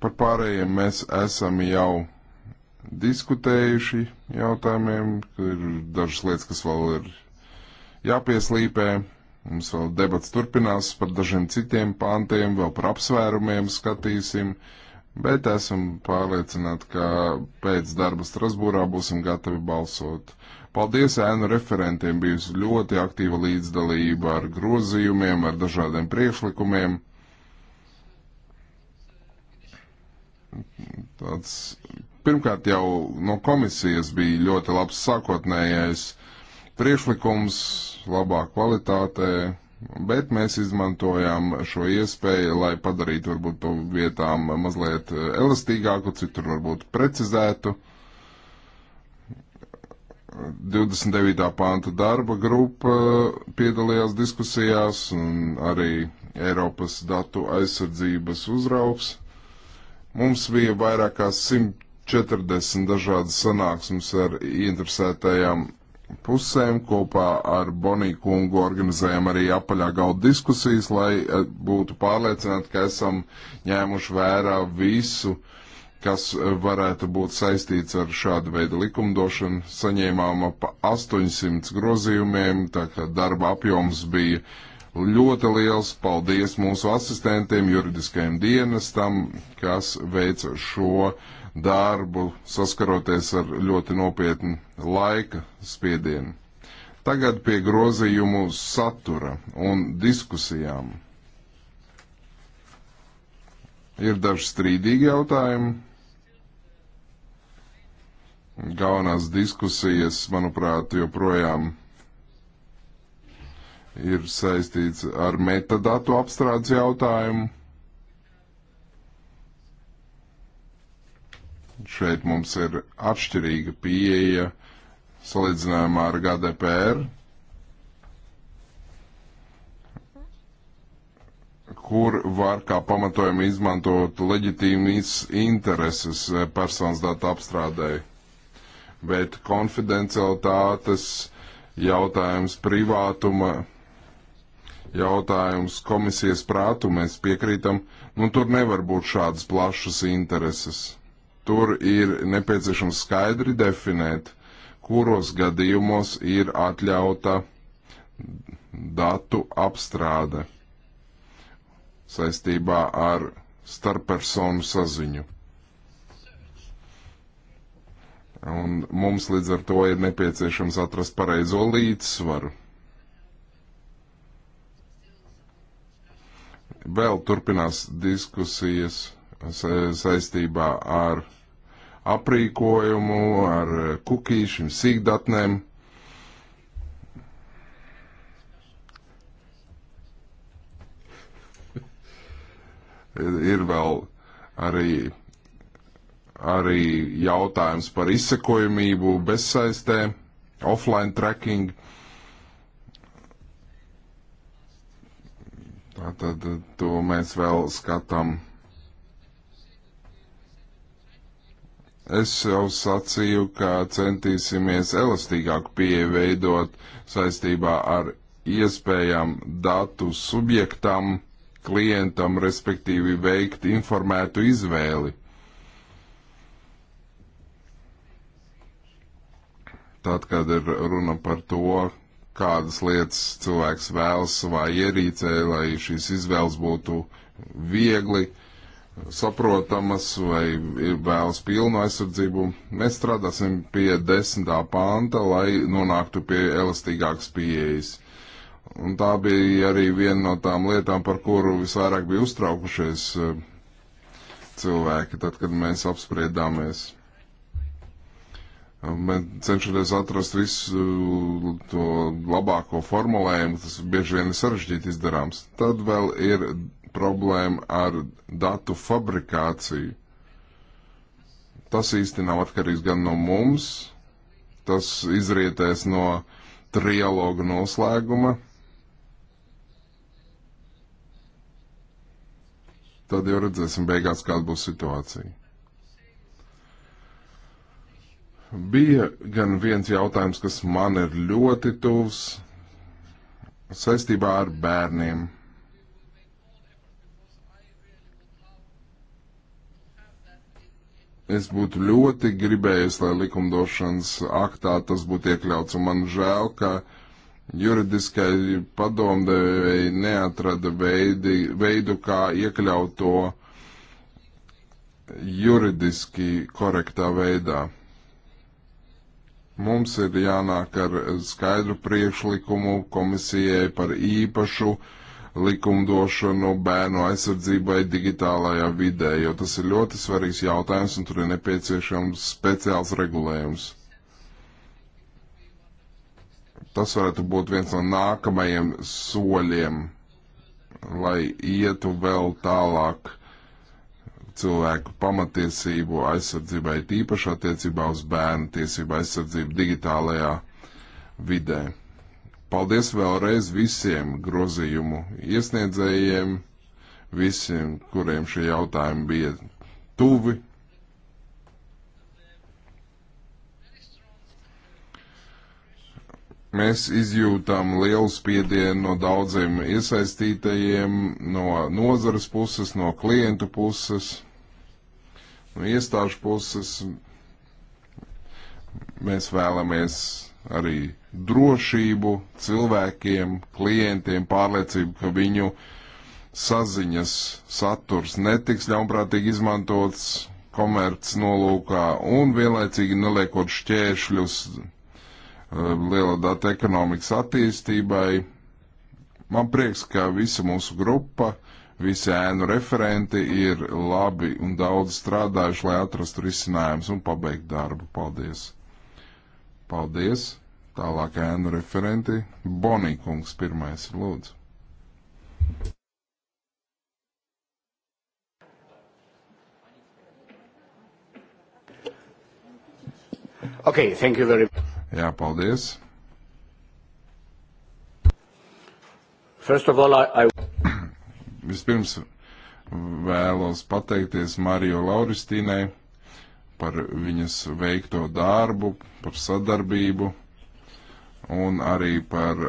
Par pārējiem mēs esam jau diskutējuši jautājumiem, ir dažas lietas, kas vēl ir jāpieslīpē. Mums vēl debats turpinās par dažiem citiem pāntiem, vēl par apsvērumiem skatīsim, bet esam pārliecināti, ka pēc darba Strasbūrā būsim gatavi balsot. Paldies ēnu referentiem, bijusi ļoti aktīva līdzdalība ar grozījumiem, ar dažādiem priekšlikumiem. tāds, pirmkārt jau no komisijas bija ļoti labs sākotnējais priekšlikums, labā kvalitātē, bet mēs izmantojām šo iespēju, lai padarītu varbūt to vietām mazliet elastīgāku, citur varbūt precizētu. 29. pānta darba grupa piedalījās diskusijās un arī Eiropas datu aizsardzības uzraugs Mums bija vairāk kā 140 dažādas sanāksmes ar interesētajām pusēm. Kopā ar Boniju kungu organizējam arī apaļā galda diskusijas, lai eh, būtu pārliecināti, ka esam ņēmuši vērā visu, kas eh, varētu būt saistīts ar šādu veidu likumdošanu. Saņēmām ap 800 grozījumiem, tā kā darba apjoms bija Ļoti liels paldies mūsu asistentiem, juridiskajam dienestam, kas veica šo darbu, saskaroties ar ļoti nopietnu laika spiedienu. Tagad pie grozījumu satura un diskusijām. Ir daži strīdīgi jautājumi. Galvenās diskusijas, manuprāt, joprojām ir saistīts ar metadatu apstrādes jautājumu. Šeit mums ir atšķirīga pieeja salīdzinājumā ar GDPR, kur var kā pamatojumu izmantot leģitīmas intereses personas datu apstrādēji. Bet konfidencialitātes jautājums privātuma jautājums komisijas prātu, mēs piekrītam, nu tur nevar būt šādas plašas intereses. Tur ir nepieciešams skaidri definēt, kuros gadījumos ir atļauta datu apstrāde saistībā ar starppersonu saziņu. Un mums līdz ar to ir nepieciešams atrast pareizo līdzsvaru. vēl turpinās diskusijas saistībā ar aprīkojumu, ar kukīšiem, sīkdatnēm. ir vēl arī, arī jautājums par izsekojamību bezsaistē, offline tracking. Tad eh, to mēs vēl skatām. Es jau sacīju, ka centīsimies elastīgāku pieeju veidot saistībā ar iespējām datu subjektam, klientam, respektīvi veikt informētu izvēli. Tad, kad ir runa par to, kādas lietas cilvēks vēlas savā ierīcē, lai šīs izvēles būtu viegli saprotamas vai ir vēlas pilnu aizsardzību. Mēs strādāsim pie desmitā panta, lai nonāktu pie elastīgākas pieejas. Un tā bija arī viena no tām lietām, par kuru visvairāk bija uztraukušies eh, cilvēki, tad, kad mēs apspriedāmies. Mēs cenšamies atrast visu uh, to labāko formulējumu, tas bieži vien ir sarežģīti izdarāms. Tad vēl ir problēma ar datu fabrikāciju. Tas īsti nav atkarīgs gan no mums, tas izrietēs no trialoga noslēguma. Tad jau redzēsim beigās, kāda būs situācija. Bija gan viens jautājums, kas man ir ļoti tuvs saistībā ar bērniem. Es būtu ļoti gribējis, lai likumdošanas aktā tas būtu iekļauts, un man žēl, ka juridiskai padomdevēji neatrada veidi, veidu, kā iekļaut to juridiski korektā veidā. Mums ir jānāk ar skaidru priekšlikumu komisijai par īpašu likumdošanu bērnu aizsardzībai digitālajā vidē, jo tas ir ļoti svarīgs jautājums un tur ir nepieciešams speciāls regulējums. Tas varētu būt viens no nākamajiem soļiem, lai ietu vēl tālāk cilvēku pamatiesību aizsardzībai, tīpaši attiecībā uz bērnu tiesību aizsardzību digitālajā vidē. Paldies vēlreiz visiem grozījumu iesniedzējiem, visiem, kuriem šie jautājumi bija tuvi Mēs izjūtam lielu spiedienu no daudziem iesaistītajiem, no nozares puses, no klientu puses, no iestāžu puses. Mēs vēlamies arī drošību cilvēkiem, klientiem, pārliecību, ka viņu saziņas saturs netiks ļaunprātīgi izmantots komerc nolūkā un vienlaicīgi neliekot šķēršļus Um, liela data ekonomikas attīstībai. Man prieks, ka visa mūsu grupa, visi ēnu referenti ir labi un daudz strādājuši, lai atrastu risinājumus un pabeigtu darbu. Paldies! Paldies! Tālāk ēnu referenti. Bonīkungs pirmais, lūdzu. Okay, thank you very much. Jā, paldies. All, I... Vispirms vēlos pateikties Marijo Lauristīnai par viņas veikto darbu, par sadarbību un arī par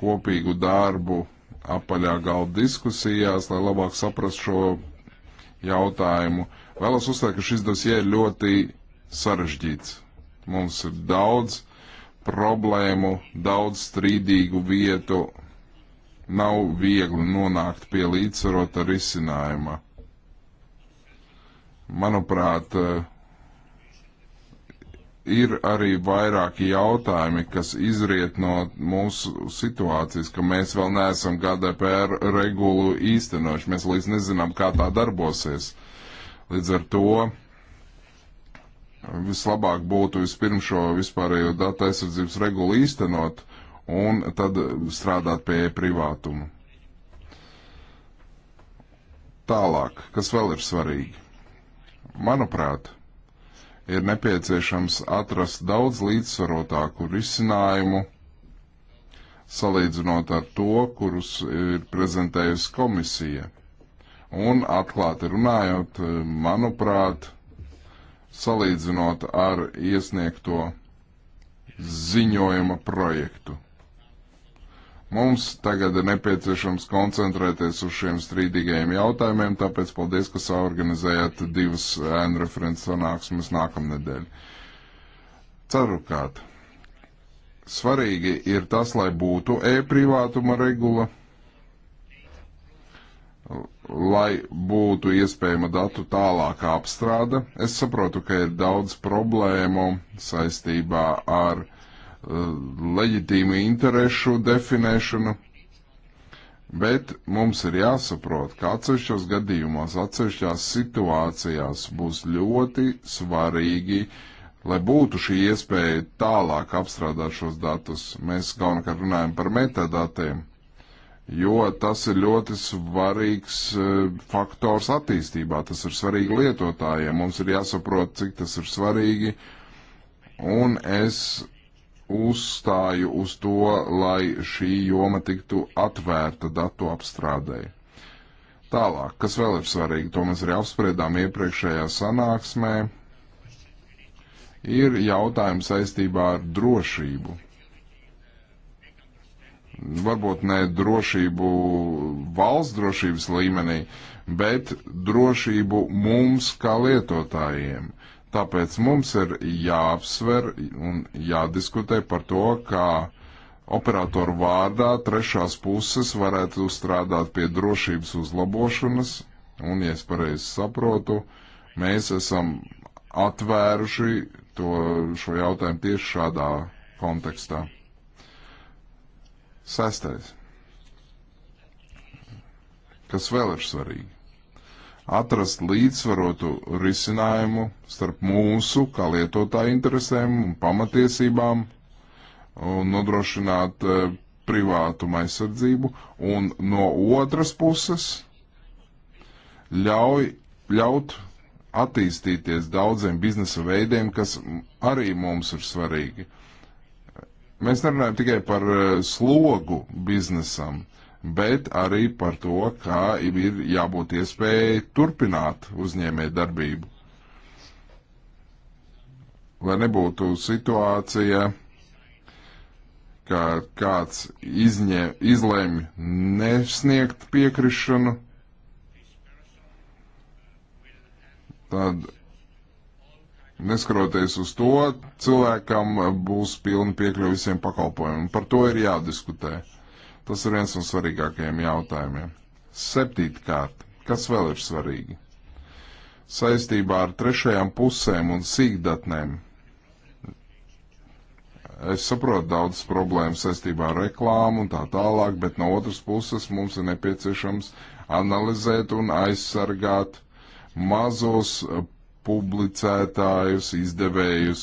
kopīgu darbu apaļā galda diskusijās, lai labāk saprastu šo jautājumu. Vēlos uzsvērt, ka šis dosie ir ļoti sarežģīts. Mums ir daudz problēmu, daudz strīdīgu vietu. Nav viegli nonākt pie līdzsvarota risinājuma. Manuprāt, ir arī vairāki jautājumi, kas izriet no mūsu situācijas, ka mēs vēl neesam GDPR regulu īstenojuši. Mēs līdz nezinām, kā tā darbosies. Līdz ar to vislabāk būtu vispirms šo vispārējo datu aizsardzības regulu īstenot un tad strādāt pie privātuma. Tālāk, kas vēl ir svarīgi? Manuprāt, ir nepieciešams atrast daudz līdzsvarotāku risinājumu salīdzinot ar to, kurus ir prezentējusi komisija. Un atklāti runājot, manuprāt, salīdzinot ar iesniegto ziņojuma projektu. Mums tagad ir nepieciešams koncentrēties uz šiem strīdīgajiem jautājumiem, tāpēc paldies, ka saorganizējāt divas ēnu referents sanāksmes nākamnedēļ. Cerukārt, svarīgi ir tas, lai būtu e-privātuma regula lai būtu iespējama datu tālākā apstrāde. Es saprotu, ka ir daudz problēmu saistībā ar uh, leģitīmu interešu definēšanu, bet mums ir jāsaprot, ka atsevišķos gadījumos, atsevišķās situācijās būs ļoti svarīgi, lai būtu šī iespēja tālāk apstrādāt šos datus. Mēs galvenokārt runājam par metadatiem jo tas ir ļoti svarīgs e, faktors attīstībā. Tas ir svarīgi lietotājiem. Mums ir jāsaprot, cik tas ir svarīgi. Un es uzstāju uz to, lai šī joma tiktu atvērta datu apstrādēji. Tālāk, kas vēl ir svarīgi, to mēs arī apspriedām iepriekšējā sanāksmē, ir jautājums saistībā ar drošību varbūt ne drošību valsts drošības līmenī, bet drošību mums kā lietotājiem. Tāpēc mums ir jāapsver un jādiskutē par to, kā operatoru vārdā trešās puses varētu strādāt pie drošības uzlabošanas, un, ja es pareizi saprotu, mēs esam atvēruši to, šo jautājumu tieši šādā kontekstā. Sestais. Kas vēl ir svarīgi? Atrast līdzsvarotu risinājumu starp mūsu, kā lietotāja interesēm un pamatiesībām un nodrošināt e, privātuma aizsardzību, un no otras puses ļauj, ļaut attīstīties daudziem biznesa veidiem, kas arī mums ir svarīgi. Mēs nerunājam tikai par eh, slogu biznesam, bet arī par to, kā ir jābūt iespējai turpināt uzņēmē darbību. Lai nebūtu situācija, ka kāds izņē, izlēma nesniegt piekrišanu, tad neskaroties uz to, cilvēkam būs pilna piekļuva visiem pakalpojumiem. Par to ir jādiskutē. Tas ir viens no svarīgākajiem jautājumiem. Septītkārt, kas vēl ir svarīgi? Saistībā ar trešajām pusēm un sīkdatnēm. Es saprotu daudzas problēmas saistībā ar reklāmu un tā tālāk, bet no otras puses mums ir nepieciešams analizēt un aizsargāt mazos publicētājus, izdevējus.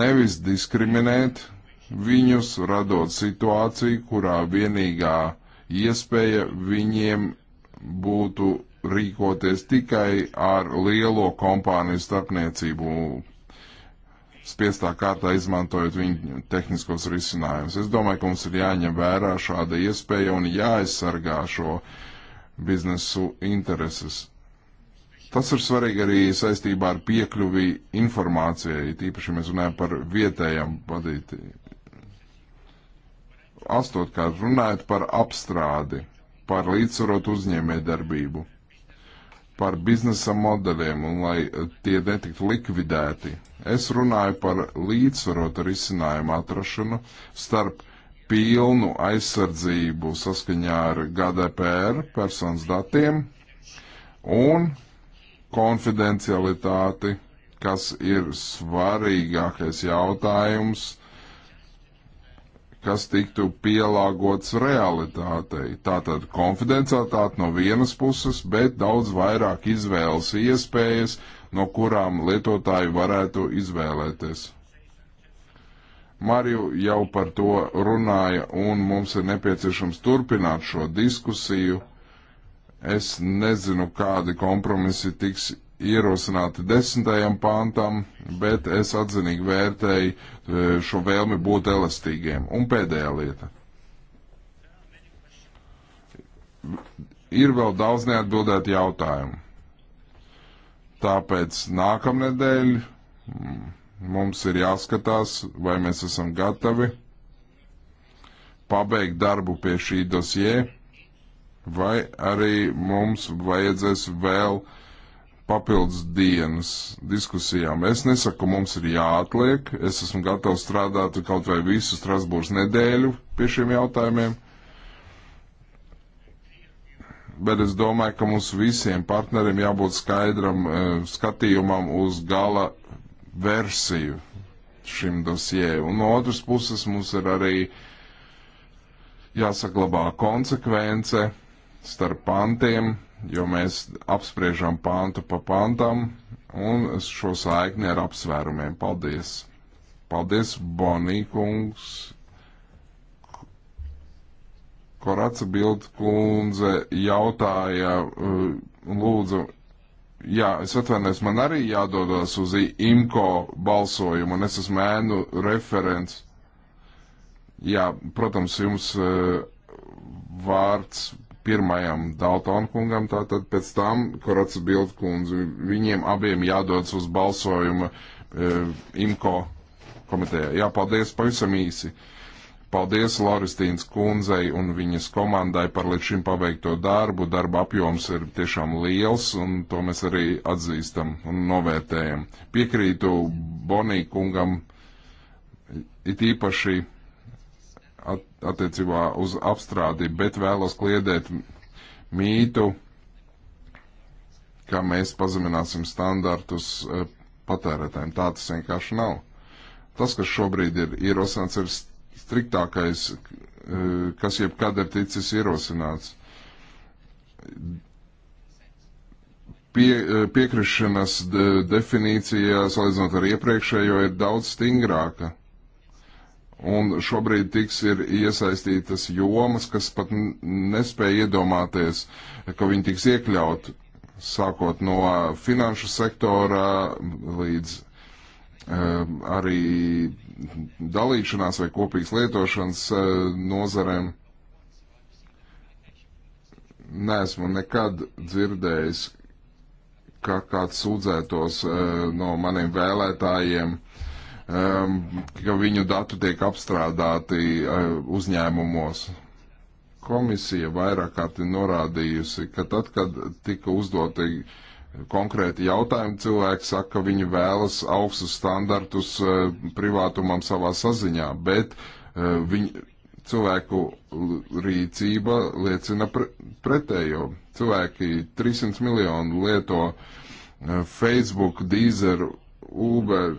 Nevis diskriminēt viņus, radot situāciju, kurā vienīgā iespēja viņiem būtu rīkoties tikai ar lielo kompāniju starpniecību, spiestā kārtā izmantojot viņu tehniskos risinājumus. Es domāju, ka mums ir jāņem vērā šāda iespēja un jāaizsargā šo biznesu intereses. Tas ir svarīgi arī saistībā ar piekļuvi informācijai, tīpaši mēs runājam par vietējām vadītī. Astotkārt, runājot par apstrādi, par līdzsvarot uzņēmē darbību, par biznesa modeļiem un lai tie netiktu likvidēti. Es runāju par līdzsvarotu risinājumu atrašanu starp pilnu aizsardzību saskaņā ar GDPR personas datiem un konfidencialitāti, kas ir svarīgākais jautājums, kas tiktu pielāgots realitātei. Tātad konfidencialitāte no vienas puses, bet daudz vairāk izvēles iespējas, no kurām lietotāji varētu izvēlēties. Mariju jau par to runāja, un mums ir nepieciešams turpināt šo diskusiju Es nezinu, kādi kompromisi tiks ierosināti desmitajam pāntam, bet es atzinīgi vērtēju e, šo vēlmi būt elastīgiem. Un pēdējā lieta. Ir vēl daudz neatbildētu jautājumu. Tāpēc nākamnedēļ mm, mums ir jāskatās, vai mēs esam gatavi pabeigt darbu pie šī dosieja vai arī mums vajadzēs vēl papildus dienas diskusijām. Es nesaku, mums ir jāatliek, es esmu gatavs strādāt kaut vai visu Strasbūras nedēļu pie šiem jautājumiem, bet es domāju, ka mums visiem partneriem jābūt skaidram uh, skatījumam uz gala versiju šim dosijai. Un no otras puses mums ir arī jāsaglabā konsekvence starp pantiem, jo mēs apspriežam pantu pa pantam un šo saikni ar apsvērumiem. Paldies! Paldies, Bonīkungs! Koraca Bildkundze jautāja, uh, lūdzu, jā, es atvainojos, man arī jādodas uz IMCO balsojumu, un es esmu ēnu referents. Jā, protams, jums uh, vārds pirmajam Daltonu kungam, tātad pēc tam Koraca Bildu kundzi. Viņiem abiem jādodas uz balsojumu e, IMKO komitejā. Jā, paldies pavisam īsi. Paldies Lauristīnas kundzei un viņas komandai par līdz šim paveikto darbu. Darba apjoms ir tiešām liels, un to mēs arī atzīstam un novērtējam. Piekrītu Bonī kungam it īpaši at, attiecībā uz apstrādi, bet vēlos kliedēt mītu, ka mēs pazemināsim standartus eh, patērētājiem. Tā tas vienkārši nav. Tas, kas šobrīd ir ierosināts, ir striktākais, eh, kas jebkad ir ticis ierosināts pie, eh, piekrišanas de, definīcija, salīdzinot ar iepriekšējo, ir daudz stingrāka. Un šobrīd tiks ir iesaistītas jomas, kas pat nespēja iedomāties, ka viņi tiks iekļaut, sākot no finanšu sektora līdz um, arī dalīšanās vai kopīgas lietošanas uh, nozarēm. Nesmu nekad dzirdējis, ka kāds sūdzētos uh, no maniem vēlētājiem ka viņu datu tiek apstrādāti e, uzņēmumos. Komisija vairāk kārtī norādījusi, ka tad, kad tika uzdoti konkrēti jautājumi, cilvēki saka, ka viņi vēlas augstus standartus e, privātumam savā saziņā, bet e, viņi, cilvēku rīcība liecina pre, pretējo. Cilvēki 300 miljonu lieto Facebook, Deezer, Uber,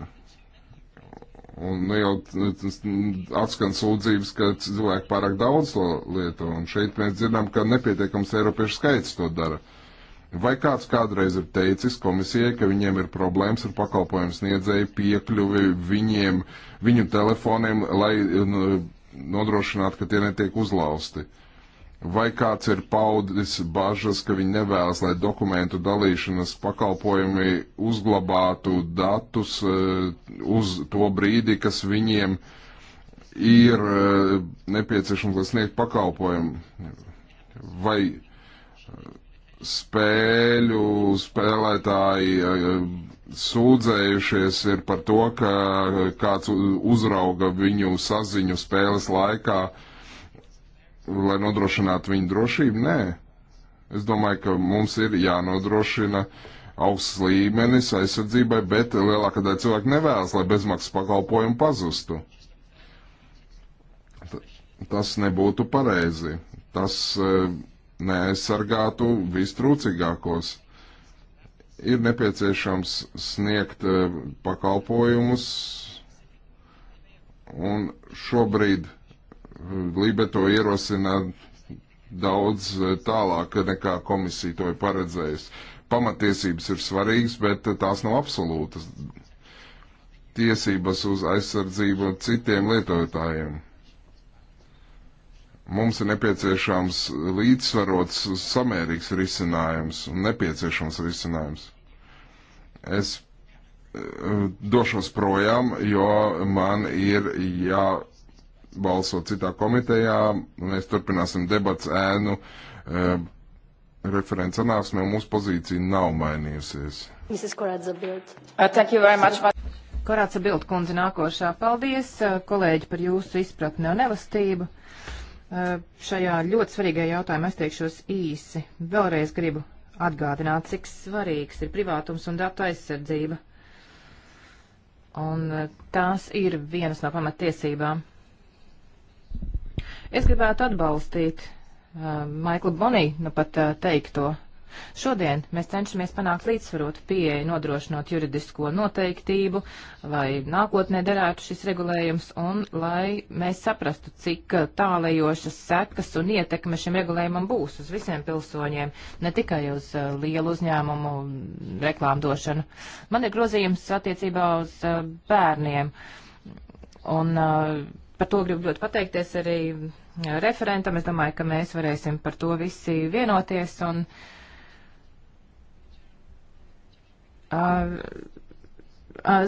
Un ne jau atskan sūdzības, ka cilvēki pārāk daudz to lieto, un šeit mēs dzirdam, ka nepietiekams Eiropiešu skaits to dara. Vai kāds kādreiz ir teicis komisijai, ka viņiem ir problēmas ar pakalpojumu sniedzēju piekļuvi viņiem, viņu telefoniem, lai nu, nodrošinātu, ka tie netiek uzlausti? Uh, Vai kāds ir paudis bažas, ka viņi nevēlas, lai dokumentu dalīšanas pakalpojumi uzglabātu datus eh, uz to brīdi, kas viņiem ir eh, nepieciešams, lai sniegtu pakalpojumu? Vai eh, spēļu spēlētāji sūdzējušies ir par to, ka kāds uzrauga viņu saziņu spēles laikā? lai nodrošinātu viņu drošību? Nē. Es domāju, ka mums ir jānodrošina augsts līmenis aizsardzībai, bet lielākā daļa cilvēku nevēlas, lai bezmaksas pakalpojumi pazustu. Tas nebūtu pareizi. Tas e, neaizsargātu vistrūcīgākos. Ir nepieciešams sniegt e, pakalpojumus, un šobrīd Lībe to ierosina daudz eh, tālāk nekā komisija to ir paredzējusi. Pamatiesības ir svarīgas, bet eh, tās nav absolūtas. Tiesības uz aizsardzību citiem lietotājiem. Mums ir nepieciešams līdzsvarots, samērīgs risinājums un nepieciešams risinājums. Es eh, došos projām, jo man ir jā. Ja balso citā komitejā. Mēs turpināsim debats ēnu e, referents sanāksmē, un mūsu pozīcija nav mainījusies. Korāca uh, Bild kundze nākošā. Paldies, uh, kolēģi, par jūsu izpratni un elastību. Uh, šajā ļoti svarīgajā jautājumā es teikšos īsi. Vēlreiz gribu atgādināt, cik svarīgs ir privātums un datu aizsardzība. Un tās ir vienas no pamatiesībām. Es gribētu atbalstīt uh, Maikla Bonī, nu pat uh, teikto. Šodien mēs cenšamies panākt līdzsvarotu pieeju, nodrošinot juridisko noteiktību, lai nākotnē derētu šis regulējums un lai mēs saprastu, cik tālajošas sekas un ietekme šim regulējumam būs uz visiem pilsoņiem, ne tikai uz uh, lielu uzņēmumu reklāmdošanu. Man ir grozījums attiecībā uz uh, bērniem. Un, uh, par to gribu ļoti pateikties arī mm, referentam. Es domāju, ka mēs varēsim par to visi vienoties. Un, uh,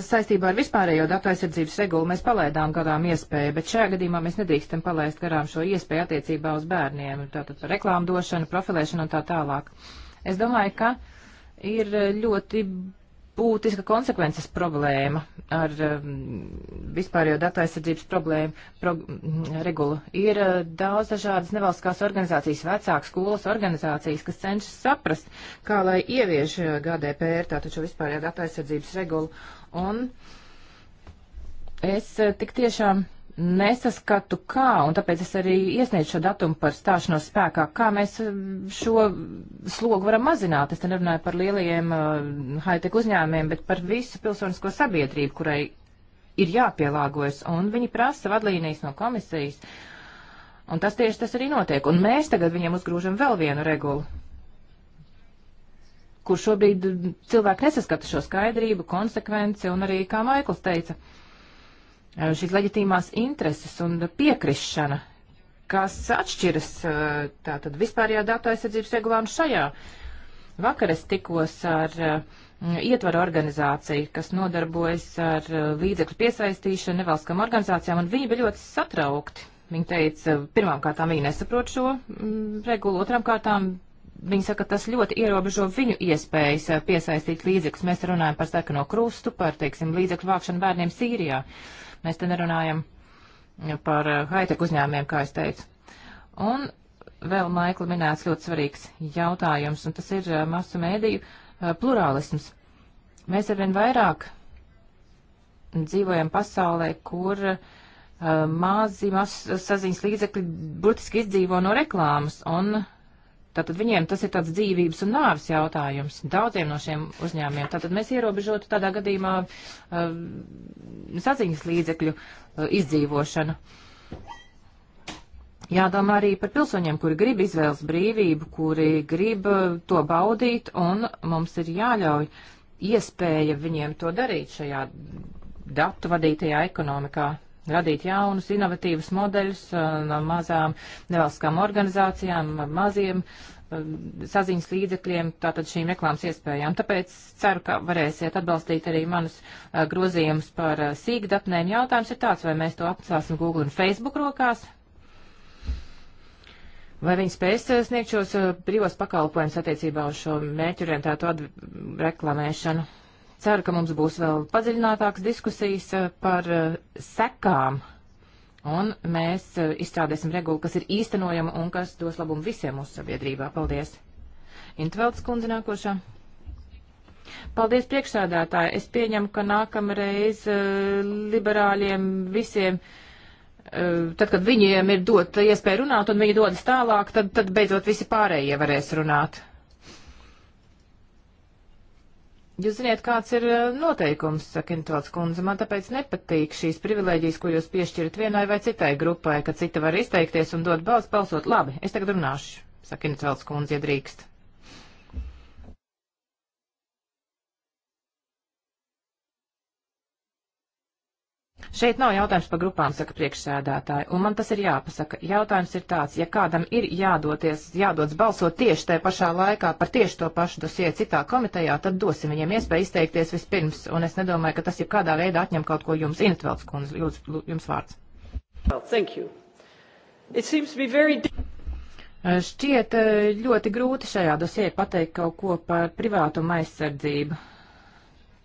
saistībā ar vispārējo datu aizsardzības regulu mēs palaidām garām iespēju, bet šajā gadījumā mēs nedrīkstam palaist garām šo iespēju attiecībā uz bērniem, tātad reklāmdošanu, profilēšanu un tā tālāk. Es domāju, ka ir ļoti būtiska konsekvences problēma ar um, vispārējo datu aizsardzības problēmu pro, mm, regulu. Ir uh, daudz dažādas nevalstiskās organizācijas, vecāku skolas organizācijas, kas cenšas saprast, kā lai ievieš uh, GDPR, tātad šo vispārējo datu aizsardzības regulu. Un es uh, tik tiešām nesaskatu kā, un tāpēc es arī iesniedzu šo datumu par stāšanos spēkā, kā mēs eh, šo slogu varam mazināt. Es te nerunāju par lielajiem uh, high-tech uzņēmumiem, bet par visu pilsonisko sabiedrību, kurai ir jāpielāgojas, un viņi prasa vadlīnijas no komisijas. Un tas tieši tas arī notiek. Un mēs tagad viņiem uzgrūžam vēl vienu regulu, kur šobrīd eh, cilvēki nesaskata šo skaidrību, konsekvenci un arī, kā Maikls teica, uh, Eh, šīs leģitīmās intereses un piekrišana, kas atšķiras eh, tātad vispārējā datu aizsardzības regulā un šajā. Vakar es tikos ar eh, ietvaru organizāciju, kas nodarbojas ar līdzekļu piesaistīšanu nevalstiskām organizācijām, un viņi bija ļoti satraukti. Viņi teica, pirmām kārtām viņi nesaprot šo mm, regulu, otram kārtām viņi saka, tas ļoti ierobežo viņu iespējas piesaistīt līdzekļus. Mēs runājam par sarkano krustu, par, teiksim, līdzekļu vākšanu bērniem Sīrijā. Uh, Mēs te nerunājam par eh, high-tech uzņēmiem, kā es teicu. Un vēl, Maikla, minēts ļoti svarīgs jautājums, un tas ir eh, masu mēdīju eh, plurālisms. Mēs arvien vairāk dzīvojam pasaulē, kur uh, mazi, mazi saziņas līdzekļi burtiski izdzīvo no reklāmas, un Tātad viņiem tas ir tāds dzīvības un nāves jautājums daudziem no šiem uzņēmiem. Tātad mēs ierobežotu tādā gadījumā uh, saziņas līdzekļu uh, izdzīvošanu. Jādomā arī par pilsoņiem, kuri grib izvēles brīvību, kuri grib uh, to baudīt, un mums ir jāļauj iespēja viņiem to darīt šajā datu vadītajā ekonomikā radīt jaunus, inovatīvus modeļus uh, no mazām nevalstiskām organizācijām, maziem uh, saziņas līdzekļiem, tātad šīm reklāmas iespējām. Tāpēc ceru, ka varēsiet atbalstīt arī manus uh, grozījumus par sīkdatnēm. Jautājums ir tāds, vai mēs to apcāsim Google un Facebook rokās, Vai viņi spēs sniegt šos brīvos pakalpojumus attiecībā uz šo mērķorientēto reklamēšanu? Ceru, ka mums būs vēl padziļinātāks diskusijas eh, par eh, sekām. Un mēs eh, izstrādēsim regulu, kas ir īstenojama un kas dos labumu visiem mūsu sabiedrībā. Paldies! Intveldes kundze nākošā. Paldies priekšsādātāji. Es pieņemu, ka nākamreiz liberāļiem visiem tad, kad viņiem ir dota iespēja runāt un viņi dodas tālāk, tad, tad beidzot visi pārējie varēs runāt. Jūs ziniet, kāds ir eh, noteikums, saka Intuāts kundze, man tāpēc nepatīk šīs privilēģijas, ko jūs piešķirat vienai vai citai grupai, ka cita var izteikties un dot balsu balsot. Labi, es tagad runāšu, saka Intuāts kundze, ja drīkst. Šeit nav jautājums par grupām, saka priekšsēdētāji, un man tas ir jāpasaka. Jautājums ir tāds, ja kādam ir jādoties, jādodas balsot tieši tajā pašā laikā par tieši to pašu dosie citā komitejā, tad dosim viņiem iespēju izteikties vispirms, un es nedomāju, ka tas jau kādā veidā atņem kaut ko jums. Intvelds kundze, jums, jums vārds. Well, thank you. It seems to be very eh, Šķiet eh, ļoti grūti šajā dosē pateikt kaut ko par privātumu aizsardzību,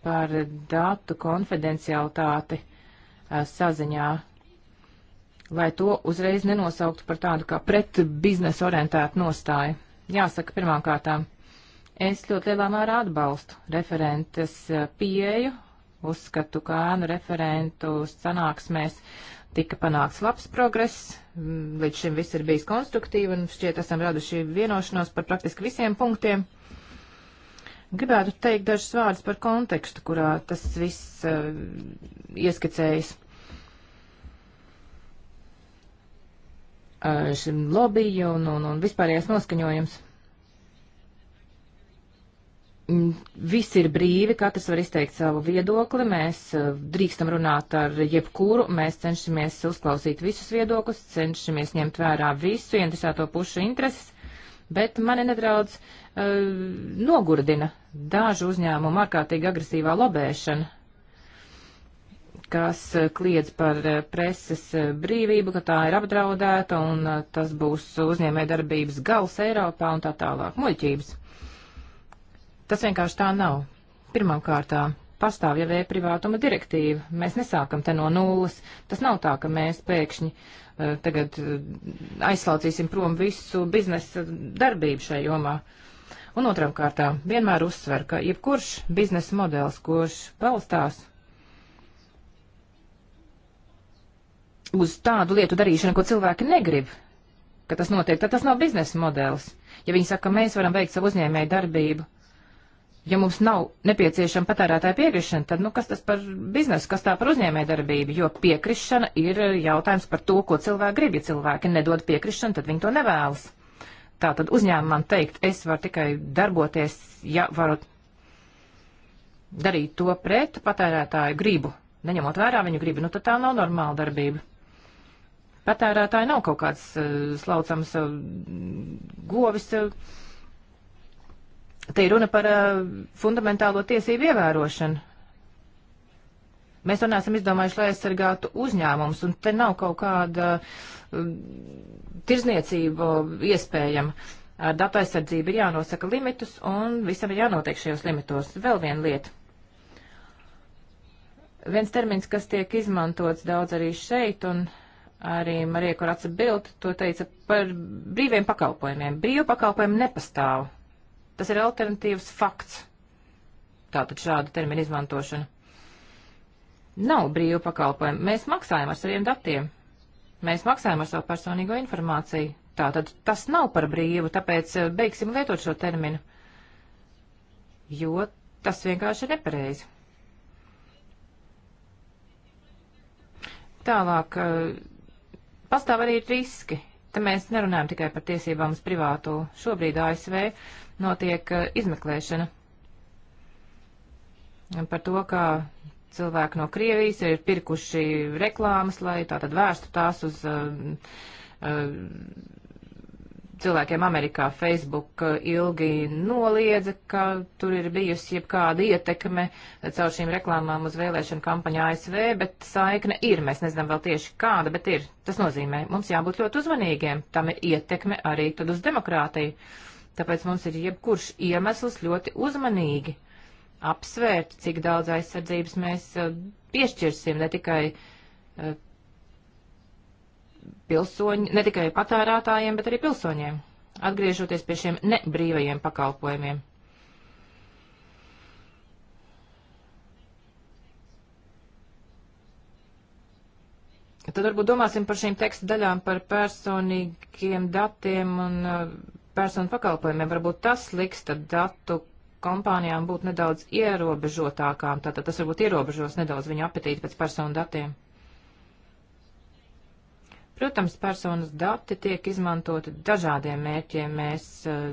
par datu konfidencialitāti. Uh, saziņā, lai to uzreiz nenosauktu par tādu kā pret biznesa orientētu nostāju. Jāsaka pirmām kārtām, es ļoti lielā mērā atbalstu referentes uh, pieeju, uzskatu, ka ēnu referentu sanāksmēs tika panāks labs progress, mm, līdz šim viss ir bijis konstruktīvi un šķiet esam raduši vienošanos par praktiski visiem punktiem. Gribētu teikt dažus vārdus par kontekstu, kurā tas viss uh, ieskicējas. Uh, šim lobby un, un, un vispārējais noskaņojums. Mm, Visi ir brīvi, katrs var izteikt savu viedokli, mēs uh, drīkstam runāt ar jebkuru, mēs cenšamies uzklausīt visus viedokļus, cenšamies ņemt vērā visu interesēto pušu intereses, bet mani nedaudz uh, nogurdina dažu uzņēmumu ārkārtīgi agresīvā lobēšana kas eh, kliedz par eh, preses eh, brīvību, ka tā ir apdraudēta un tas būs uzņēmē darbības gals Eiropā un tā tālāk. Muļķības. Tas vienkārši tā nav. Pirmkārtā pastāv jau e-privātuma direktīva. Mēs nesākam te no nulles. Tas nav tā, ka mēs pēkšņi uh, tagad aizslaucīsim prom visu biznesa darbību šai jomā. Un otram kārtām vienmēr uzsver, ka jebkurš biznesa modelis, kurš balstās uz tādu lietu darīšanu, ko cilvēki negrib, ka tas notiek, tad tas nav biznesa modelis. Ja viņi saka, ka mēs varam veikt savu uzņēmēju darbību, ja mums nav nepieciešama patērētāja piekrišana, tad, nu, kas tas par biznesu, kas tā par uzņēmēju darbību, jo piekrišana ir jautājums par to, ko cilvēki grib. Ja cilvēki nedod piekrišanu, tad viņi to nevēlas. Tā tad uzņēmumam teikt, es varu tikai darboties, ja varu darīt to pret patērētāju gribu, neņemot vērā viņu gribu, nu tad tā nav normāla darbība patērētāji nav kaut kāds eh, slaucams eh, govis. Eh. Te ir runa par fundamentālo tiesību ievērošanu. Mēs to neesam izdomājuši, lai aizsargātu uzņēmumus, un te nav kaut kāda tirzniecība iespējama. Ar datu aizsardzību ir jānosaka limitus, un visam ir jānotiek šajos limitos. Vēl viena lieta. Viens termins, kas tiek izmantots daudz arī šeit, un uh, arī Marija Koraca Bild to teica par brīviem pakalpojumiem. Brīvu pakalpojumu nepastāv. Tas ir alternatīvs fakts. Tātad šāda termina izmantošana. Nav brīvu pakalpojumu. Mēs maksājam ar saviem datiem. Mēs maksājam ar savu personīgo informāciju. Tātad tas nav par brīvu, tāpēc eh, beigsim lietot šo terminu. Jo tas vienkārši ir nepareizi. Tālāk. Uh, Pastāv arī riski. Te mēs nerunājam tikai par tiesībām uz privātu. Šobrīd ASV notiek eh, izmeklēšana par to, kā cilvēki no Krievijas ir pirkuši reklāmas, lai tā tad vērstu tās uz uh, uh, cilvēkiem Amerikā Facebook eh, ilgi noliedza, ka tur ir bijusi jebkāda ietekme caur šīm reklāmām uz vēlēšanu kampaņu ASV, bet saikne ir, mēs nezinām vēl tieši kāda, bet ir. Tas nozīmē, mums jābūt ļoti uzmanīgiem, tam ir ietekme arī tad uz demokrātiju. Tāpēc mums ir jebkurš iemesls ļoti uzmanīgi apsvērt, cik daudz aizsardzības mēs eh, piešķirsim ne tikai eh, pilsoņi, ne tikai patērētājiem, bet arī pilsoņiem, atgriežoties pie šiem nebrīvajiem pakalpojumiem. Tad varbūt domāsim par šīm teksta daļām, par personīgiem datiem un uh, personu pakalpojumiem. Varbūt tas liks tad datu kompānijām būt nedaudz ierobežotākām. Tātad tas varbūt ierobežos nedaudz viņu apetīti pēc personu datiem. Protams, personas dati tiek izmantoti dažādiem mērķiem. Mēs uh,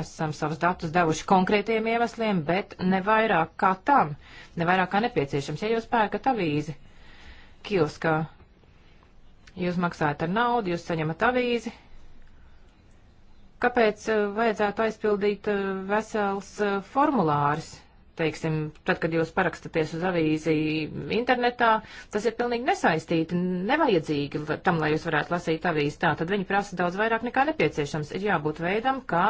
esam savus datus devuši konkrētiem iemesliem, bet ne vairāk kā tam, ne vairāk kā nepieciešams. Ja jūs pērkat avīzi kioskā, jūs maksājat ar naudu, jūs saņemat avīzi, kāpēc uh, vajadzētu aizpildīt uh, vesels formulārs? teiksim, tad, kad jūs parakstaties uz avīzi internetā, tas ir pilnīgi nesaistīti, nevajadzīgi tam, lai jūs varētu lasīt avīzi tā, tad viņi prasa daudz vairāk nekā nepieciešams. Ir jābūt veidam, kā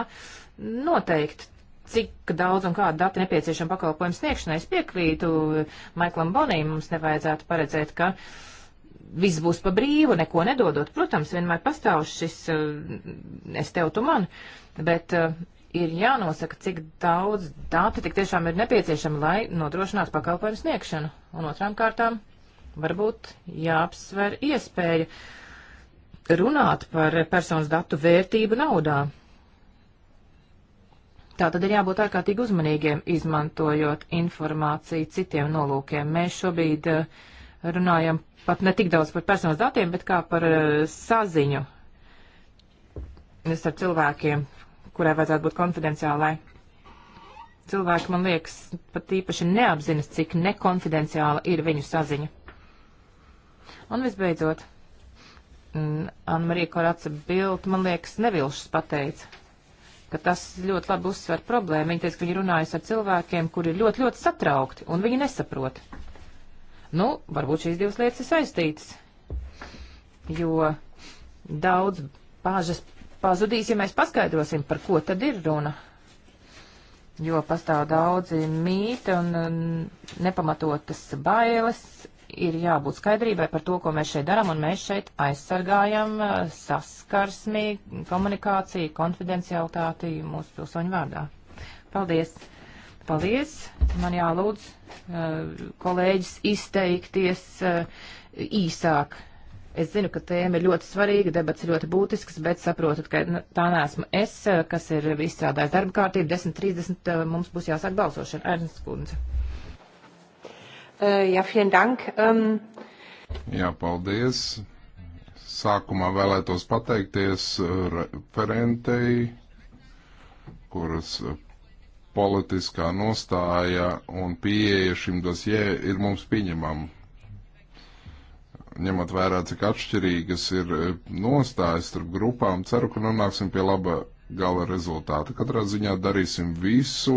noteikt, cik daudz un kāda data nepieciešama pakalpojumu sniegšanai. Es piekrītu Maiklam Bonīm, mums nevajadzētu paredzēt, ka viss būs pa brīvu, neko nedodot. Protams, vienmēr pastāv šis eh, es tev tu man, bet eh, ir jānosaka, cik daudz datu tik tiešām ir nepieciešama, lai nodrošinātu pakalpojumu sniegšanu. Un otrām kārtām varbūt jāapsver iespēja runāt par personas datu vērtību naudā. Tā tad ir jābūt ārkārtīgi uzmanīgiem, izmantojot informāciju citiem nolūkiem. Mēs šobrīd eh, runājam pat ne tik daudz par personas datiem, bet kā par eh, saziņu starp cilvēkiem, kurai vajadzētu būt konfidenciālai. Cilvēki, man liekas, pat īpaši neapzinas, cik nekonfidenciāla ir viņu saziņa. Un visbeidzot, mm, Anna-Marija Koraca Bilt, man liekas, nevilšas pateica, ka tas ļoti labi uzsver problēmu. Viņa teica, ka viņa runājas ar cilvēkiem, kuri ir ļoti, ļoti satraukti, un viņi nesaprot. Nu, varbūt šīs divas lietas ir saistītas, jo daudz bāžas pazudīs, ja mēs paskaidrosim, par ko tad ir runa. Jo pastāv daudzi mīti un nepamatotas bailes. Ir jābūt skaidrībai par to, ko mēs šeit darām, un mēs šeit aizsargājam eh, saskarsmi, komunikāciju, konfidencialitāti mūsu pilsoņu vārdā. Paldies! Paldies! Man jālūdz eh, kolēģis izteikties eh, īsāk Es zinu, ka tēma ir ļoti svarīga, debats ir ļoti būtisks, bet saprotat, ka nu, tā neesmu es, eh, kas ir izstrādājis darba kārtību. 10.30 eh, mums būs jāsāk balsošana. Ernsts Kundze. Uh, jā, vielen dank. Um... Jā, paldies. Sākumā vēlētos pateikties referentei, kuras politiskā nostāja un pieeja šim dosjē ir mums pieņemama ņemot vērā, cik atšķirīgas ir e, nostājas starp grupām, ceru, ka nonāksim pie laba gala rezultāta. Katrā ziņā darīsim visu,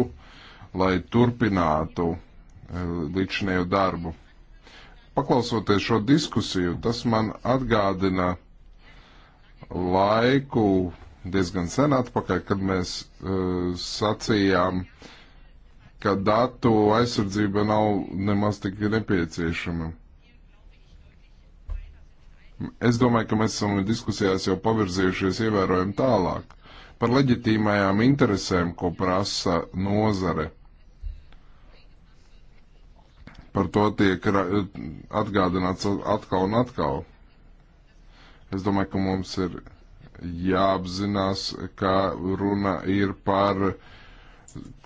lai turpinātu e, līdzinējo darbu. Paklausoties šo diskusiju, tas man atgādina laiku diezgan sen atpakaļ, kad mēs uh, sacījām, ka datu aizsardzība nav nemaz tik nepieciešama. Uh, Es domāju, ka mēs esam diskusijās jau pavirzījušies ievērojami tālāk par leģitīmajām interesēm, ko prasa nozare. Par to tiek atgādināts atkal un atkal. Es domāju, ka mums ir jāapzinās, ka runa ir par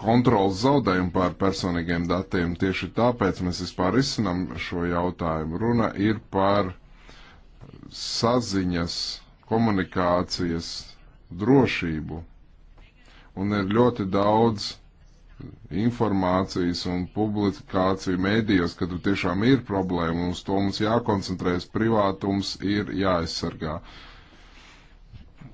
kontrolas zaudējumu pār personīgiem datiem. Tieši tāpēc mēs vispār izsinām šo jautājumu. Runa ir par saziņas, komunikācijas drošību. Un ir ļoti daudz informācijas un publikāciju mēdījos, ka tur tiešām ir problēma, un uz to mums jākoncentrējas, privātums ir jāaizsargā.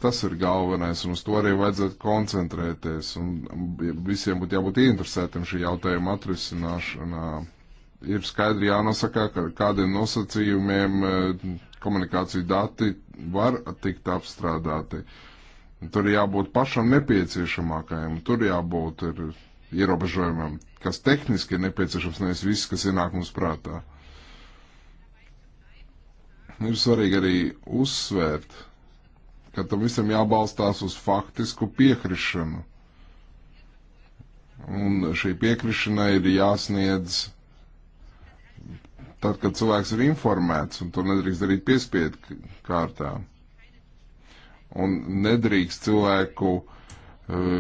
Tas ir galvenais, un uz to arī vajadzētu koncentrēties, un visiem būtu jābūt interesētiem šī jautājuma atrisināšanā ir skaidri jānosaka, ka kādiem nosacījumiem e, komunikāciju dati var tikt apstrādāti. Tur jābūt pašam nepieciešamākajam, tur jābūt ir ierobežojumam, kas tehniski ir nepieciešams, nevis viss, kas ienāk mums prātā. Ir svarīgi arī uzsvērt, ka tam visam jābalstās uz faktisku piekrišanu. Un šī piekrišana ir jāsniedz tad, kad cilvēks ir informēts, un to nedrīkst darīt piespiedu kārtā. Un nedrīkst cilvēku, eh,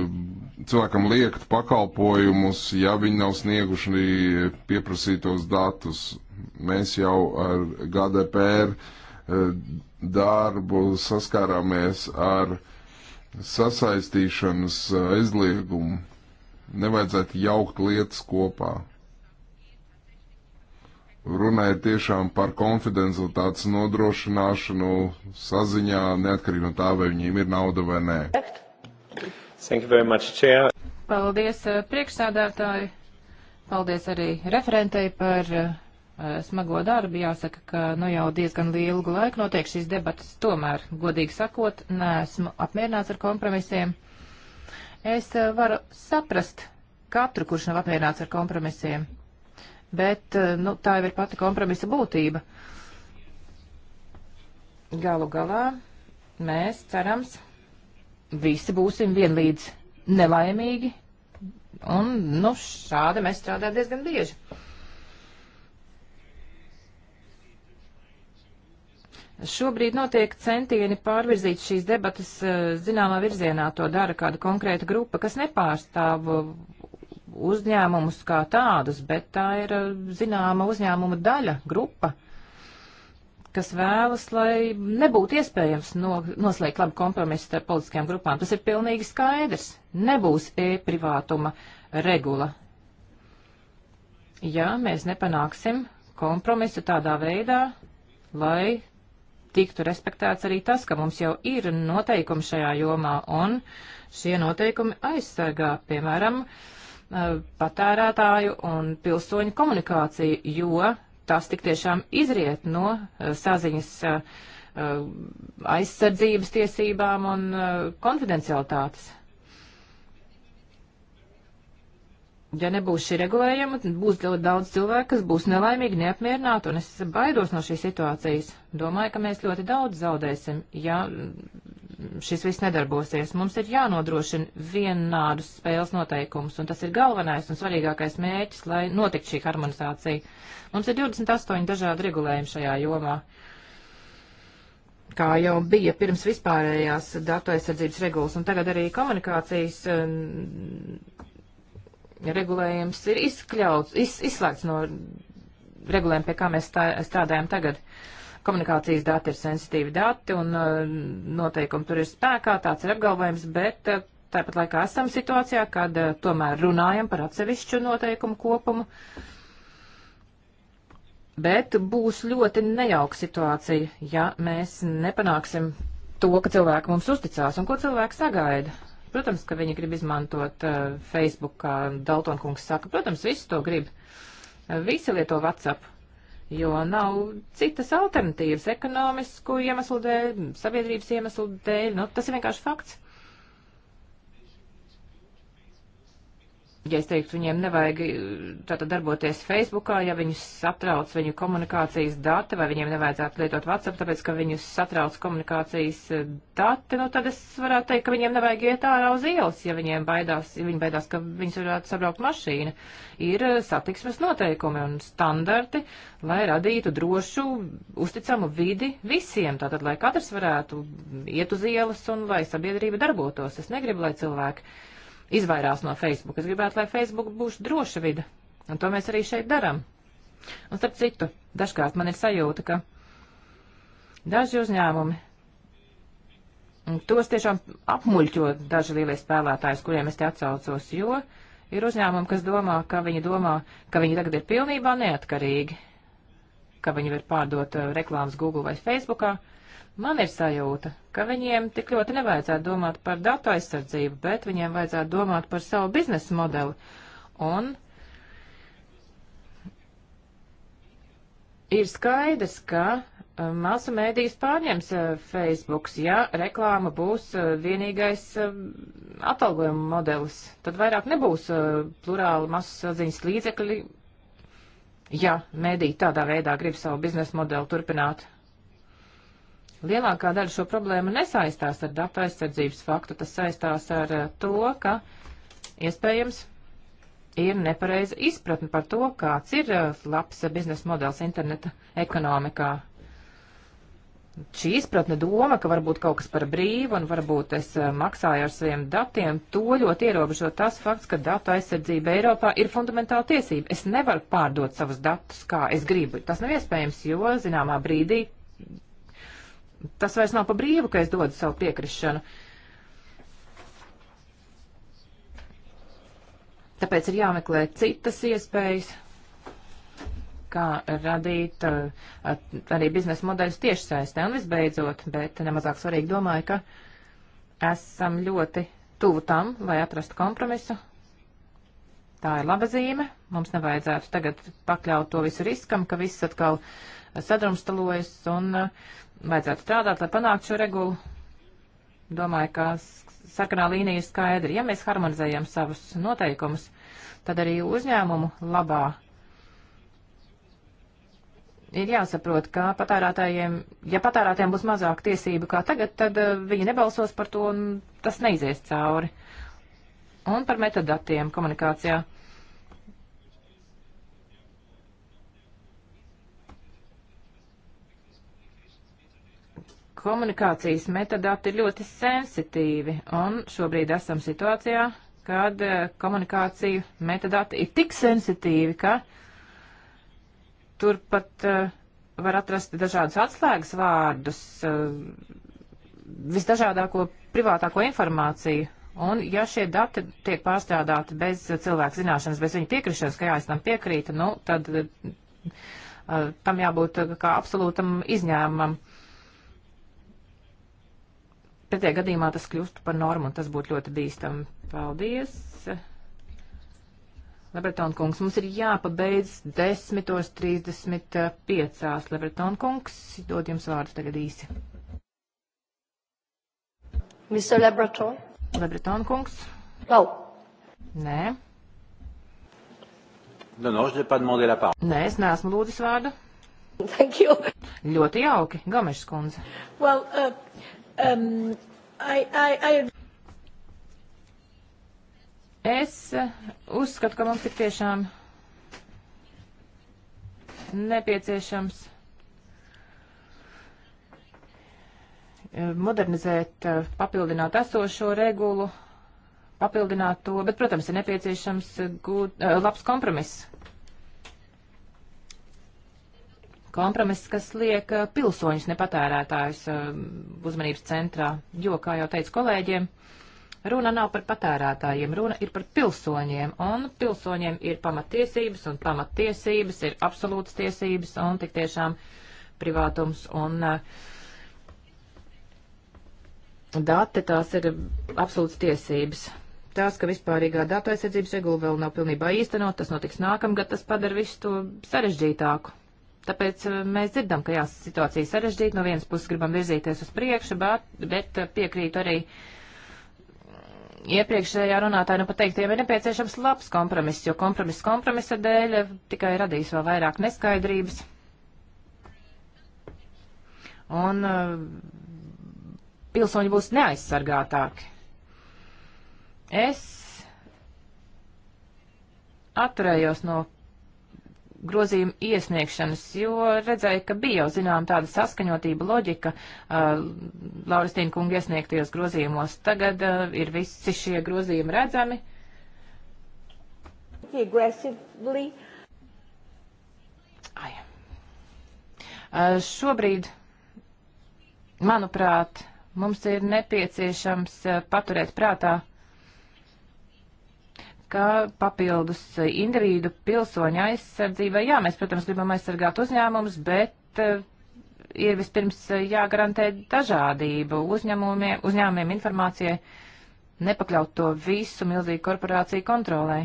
cilvēkam liekt pakalpojumus, ja viņi nav snieguši pieprasītos datus. Mēs jau ar GDPR eh, darbu saskārāmies ar sasaistīšanas eh, aizliegumu. Nevajadzētu jaukt lietas kopā. Runa ir tiešām par konfidencialitātes nodrošināšanu saziņā, neatkarīgi no tā, vai viņiem ir nauda vai nē. Much, Chair. Paldies eh, priekšsādātāji, paldies arī referentei par eh, smago darbu. Jāsaka, ka nu jau diezgan ilgu laiku notiek šīs debatas. Tomēr, godīgi sakot, neesmu apmierināts ar kompromisiem. Es eh, varu saprast katru, kurš nav apmierināts ar kompromisiem bet eh, nu, tā jau ir pati kompromisa būtība. Galu galā mēs cerams, visi būsim vienlīdz nelaimīgi, un nu, šādi mēs strādājam diezgan bieži. Šobrīd notiek centieni pārvirzīt šīs debatas eh, zināmā virzienā. To dara kāda konkrēta grupa, kas nepārstāv uzņēmumus kā tādus, bet tā ir eh, zināma uzņēmuma daļa, grupa, kas vēlas, lai nebūtu iespējams no, noslēgt labu kompromisu starp politiskajām grupām. Tas ir pilnīgi skaidrs. Nebūs e-privātuma regula. Ja mēs nepanāksim kompromisu tādā veidā, lai tiktu respektēts arī tas, ka mums jau ir noteikumi šajā jomā, un šie noteikumi aizsargā, piemēram, uh, patērētāju un pilsoņu komunikāciju, jo tas tik tiešām izriet no saziņas aizsardzības tiesībām un konfidencialitātes. Ja nebūs šī regulējuma, tad būs ļoti daudz cilvēku, kas būs nelaimīgi, neapmierināti, un es baidos no šīs situācijas. Domāju, ka mēs ļoti daudz zaudēsim, ja šis viss nedarbosies. Mums ir jānodrošina vienādus spēles noteikumus, un tas ir galvenais un svarīgākais mērķis, lai notiktu šī harmonizācija. Mums ir 28 dažādi regulējumi šajā jomā. Kā jau bija pirms vispārējās datu aizsardzības regulas, un tagad arī komunikācijas um, regulējums ir izkļauts, iz, izslēgts no regulējuma, pie kā mēs strādājam tagad. Uh, komunikācijas dati ir sensitīvi dati un eh, noteikumi tur ir spēkā, tāds ir apgalvojums, bet eh, tāpat laikā esam situācijā, kad eh, tomēr runājam par atsevišķu noteikumu kopumu. Bet būs ļoti nejauka situācija, ja mēs nepanāksim to, ka cilvēki mums uzticās un ko cilvēki sagaida. Protams, ka viņi grib izmantot uh, Facebook, kā Daltonkungs saka. Protams, visi to grib. Visi lieto WhatsApp jo nav citas alternatīvas ekonomisku iemeslu dēļ, sabiedrības iemeslu dēļ. Nu, tas ir vienkārši fakts. ja es teiktu, viņiem nevajag e, tātad darboties Facebookā, ja viņus satrauc viņu komunikācijas dati, vai viņiem nevajadzētu lietot WhatsApp, tāpēc, ka viņus satrauc komunikācijas e, dati, nu tad es varētu teikt, ka viņiem nevajag iet ārā uz ielas, ja viņiem baidās, ja viņi baidās, ka viņus varētu sabraukt mašīna. Ir e, satiksmes noteikumi un standarti, lai radītu drošu, uzticamu vidi visiem, tātad, lai katrs varētu iet uz ielas un lai sabiedrība darbotos. Es negribu, lai cilvēki izvairās no Facebook. Es gribētu, lai Facebook būs droša vide, un to mēs arī šeit daram. Un starp citu, dažkārt man ir sajūta, ka daži uzņēmumi, tos tiešām apmuļķo daži lielie spēlētāji, kuriem es te atsaucos, jo ir uzņēmumi, kas domā, ka viņi domā, ka viņi tagad ir pilnībā neatkarīgi, ka viņi var pārdot eh, reklāmas Google vai Facebookā. Uh, Man ir sajūta, ka viņiem tik ļoti nevajadzētu domāt par datu aizsardzību, bet viņiem vajadzētu domāt par savu biznesa modeli. Un ir skaidrs, ka uh, masu mēdījus pārņems uh, Facebooks, ja reklāma būs uh, vienīgais atalgojuma modelis. Tad vairāk nebūs plurāli masu saziņas līdzekļi, ja mēdī tādā veidā grib savu biznesa modeli turpināt. Lielākā daļa šo problēmu nesaistās ar datu aizsardzības faktu, tas saistās ar eh, to, ka iespējams ir nepareiza izpratne par to, kāds ir eh, labs biznesa modelis interneta ekonomikā. Šī izpratne doma, ka varbūt kaut kas par brīvu un varbūt es eh, maksāju ar saviem datiem, to ļoti ierobežo tas fakts, ka datu aizsardzība Eiropā ir fundamentāla tiesība. Es nevaru pārdot savus datus, kā es gribu. Tas nav iespējams, jo zināmā brīdī tas vairs nav pa brīvu, ka es dodu savu piekrišanu. Tāpēc ir jāmeklē citas iespējas, kā radīt uh, arī biznesa modeļus tiešsaistē. Un visbeidzot, bet nemazāk svarīgi domāju, ka esam ļoti tuvu tam, lai atrastu kompromisu. Tā ir laba zīme. Mums nevajadzētu tagad pakļaut to visu riskam, ka viss atkal uh, sadrumstalojas un eh, vajadzētu strādāt, lai panāktu šo regulu. Domāju, ka sarkanā līnija ir skaidra. Ja mēs harmonizējam savus noteikumus, tad arī uzņēmumu labā ir jāsaprot, ka patērētājiem, ja patērētājiem būs mazāk tiesību kā tagad, tad eh, viņi nebalsos par to un tas neizies cauri. Un par metadatiem komunikācijā. Uh, komunikācijas metadati ir ļoti sensitīvi, un šobrīd esam situācijā, kad eh, komunikāciju metadati ir tik sensitīvi, ka turpat eh, var atrast dažādus atslēgas vārdus, eh, visdažādāko privātāko informāciju. Un ja šie dati tiek pārstrādāti bez cilvēka zināšanas, bez viņa piekrišanas, ka jā, es tam piekrītu, nu, tad tam jābūt kā absolūtam izņēmumam. Pretējā gadījumā tas kļūst par normu, un tas būtu ļoti bīstami. Paldies! Lebretona kungs, mums ir jāpabeidz 10.35. Lebretona kungs, dod jums vārdu tagad īsi. Mr. Lebreton. Lebreton kungs. Vēl. Nē. Non, non, je n'ai pas demandé la parole. Nē, es neesmu lūdzis vārdu. Thank you. Ļoti jauki, Gamešs kundze. Well, uh, Um, I, I, I... Es uh, uzskatu, ka mums ir tiešām nepieciešams uh, modernizēt, uh, papildināt esošo regulu, papildināt to, bet, protams, ir nepieciešams gūt, labs kompromiss. kompromiss, kas liek eh, pilsoņus, nepatērētājus eh, uzmanības centrā, jo, kā jau teicu kolēģiem, runa nav par patērētājiem, runa ir par pilsoņiem, un pilsoņiem ir pamatiesības, un pamatiesības ir absolūtas tiesības, un tik tiešām privātums un eh, dati, tās ir absolūtas tiesības. Tās, ka vispārīgā datu aizsardzības regula vēl nav pilnībā īstenot, tas notiks nākamgad, tas padara visu to sarežģītāku. Tāpēc eh, mēs dzirdam, ka jā, situācija sarežģīta, no vienas puses gribam virzīties uz priekšu, bet, bet eh, piekrītu arī iepriekšējā runātāja nu pateiktiem ir nepieciešams labs kompromiss, jo kompromiss kompromisa dēļ eh, tikai radīs vēl vairāk neskaidrības. Un uh, pilsoņi būs neaizsargātāki. Es atturējos no grozījumu iesniegšanas, jo redzēju, ka bija jau zinām tāda saskaņotība loģika uh, Lauristīna kunga iesniegtajos grozījumos. Tagad uh, ir visi šie grozījumi redzami. Ai. Uh, šobrīd, manuprāt, mums ir nepieciešams uh, paturēt prātā uh, ka papildus individu pilsoņa aizsardzībai, jā, mēs, protams, gribam aizsargāt uzņēmumus, bet eh, ir vispirms jāgarantē dažādību uzņēmumiem, uzņēmumiem informācijai, nepakļaut to visu milzīgu korporāciju kontrolē.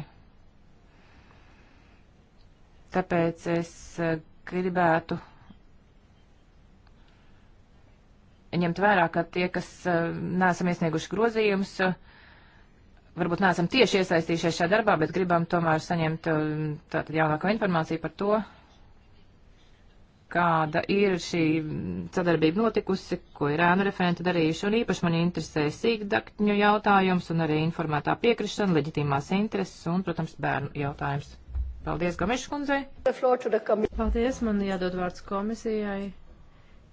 Tāpēc es eh, gribētu ņemt vērā, ka tie, kas eh, neesam iesnieguši grozījumus, uh, varbūt neesam tieši iesaistījušies šajā darbā, bet gribam tomēr saņemt um, tātad jaunāko informāciju par to, kāda ir šī sadarbība notikusi, ko ir ēnu referenti darījuši, un īpaši mani interesē sīkdakņu jautājums un arī informētā piekrišana, leģitīmās intereses un, protams, bērnu jautājums. Paldies, Gamišs kundzei! Paldies, man jādod vārds komisijai.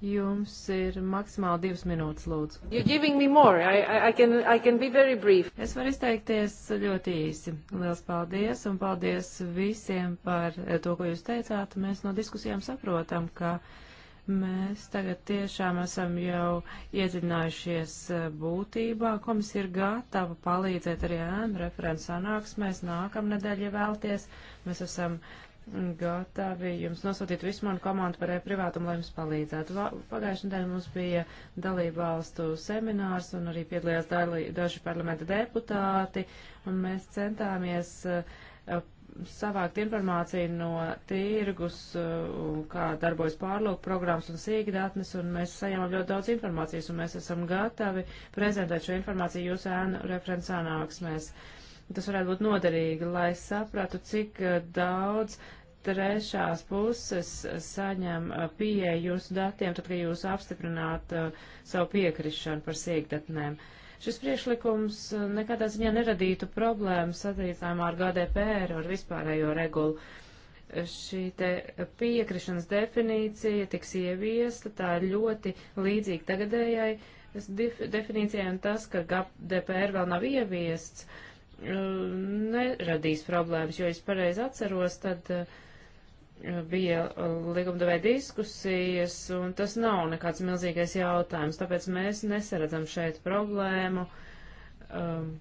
Jums ir maksimāli divas minūtes, lūdzu. You're giving me more. I, I, can, I can be very brief. Es varu izteikties ļoti īsi. Liels paldies un paldies visiem par eh, to, ko jūs teicāt. Mēs no diskusijām saprotam, ka mēs tagad tiešām esam jau iedzinājušies eh, būtībā. Komisija ir gatava palīdzēt arī ēnu referents sanāksmēs nākamnedēļ, ja vēlties. Mēs esam gatavi jums nosūtīt visu manu komandu par e-privātumu, lai jums palīdzētu. Pagājušajā nedēļā mums bija dalībvalstu seminārs un arī piedalījās dalī, daži parlamenta deputāti, un mēs centāmies uh, savākt informāciju no tirgus, uh, kā darbojas pārlūk programmas un sīkdatnes, un mēs saņemam ļoti daudz informācijas, un mēs esam gatavi prezentēt šo informāciju jūsu ēnu referents sanāksmēs. Tas varētu būt noderīgi, lai sapratu, cik uh, daudz uh, trešās puses saņem uh, pieeju jūsu datiem, tad, kad jūs apstiprināt uh, savu piekrišanu par siekdatnēm. Šis priekšlikums uh, nekādā ziņā neradītu problēmas attiecībā ar GDPR, ar vispārējo regulu. Šī te piekrišanas definīcija tiks ieviesta, tā ir ļoti līdzīga tagadējai definīcijai, un tas, ka GDPR vēl nav ieviests, uh, neradīs problēmas, jo es pareizi atceros, tad uh, bija uh, likumdevēja diskusijas, un tas nav nekāds milzīgais jautājums, tāpēc mēs nesaredzam šeit problēmu um,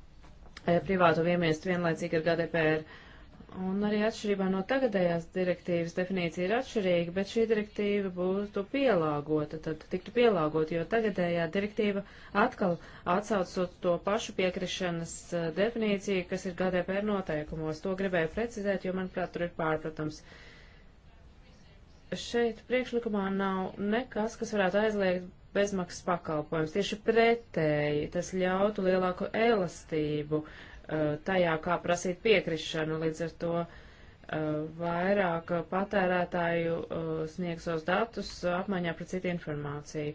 e, privātu viemiest vienlaicīgi ar GDPR. Un arī atšķirībā no tagadējās direktīvas definīcija ir atšķirīga, bet šī direktīva būtu pielāgota, tad tiktu pielāgota, jo tagadējā direktīva atkal atsaucot to pašu piekrišanas e, definīciju, kas ir GDPR noteikumos. To gribēju precizēt, jo, manuprāt, tur ir pārpratums. Uh, šeit priekšlikumā nav nekas, kas varētu aizliegt bezmaksas pakalpojums. Tieši pretēji tas ļautu lielāku elastību uh, tajā, kā prasīt piekrišanu, līdz ar to uh, vairāk patērētāju uh, sniegs savus datus apmaiņā pret citu informāciju.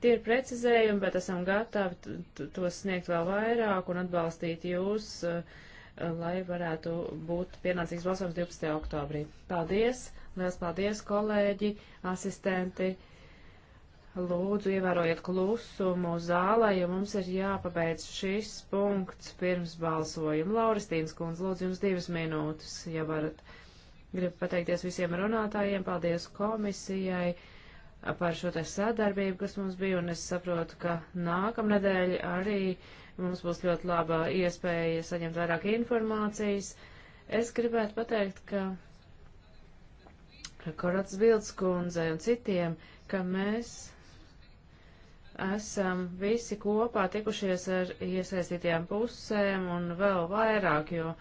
Tie ir precizējumi, bet esam gatavi tos sniegt vēl vairāk un atbalstīt jūs, uh, lai varētu būt pienācīgs balsojums 12. oktobrī. Paldies! Lielas paldies, kolēģi, asistenti. Lūdzu, ievērojiet klusumu zālē, jo mums ir jāpabeidz šis punkts pirms balsojuma. Lauristīnas kundze, lūdzu, jums divas minūtes, ja varat. Gribu pateikties visiem runātājiem, paldies komisijai par šo te sadarbību, kas mums bija, un es saprotu, ka nākamnedēļ arī mums būs ļoti laba iespēja saņemt vairāk informācijas. Es gribētu pateikt, ka Korats Bildes kundzei un citiem, ka mēs esam visi kopā tikušies ar iesaistītajām pusēm un vēl vairāk, jo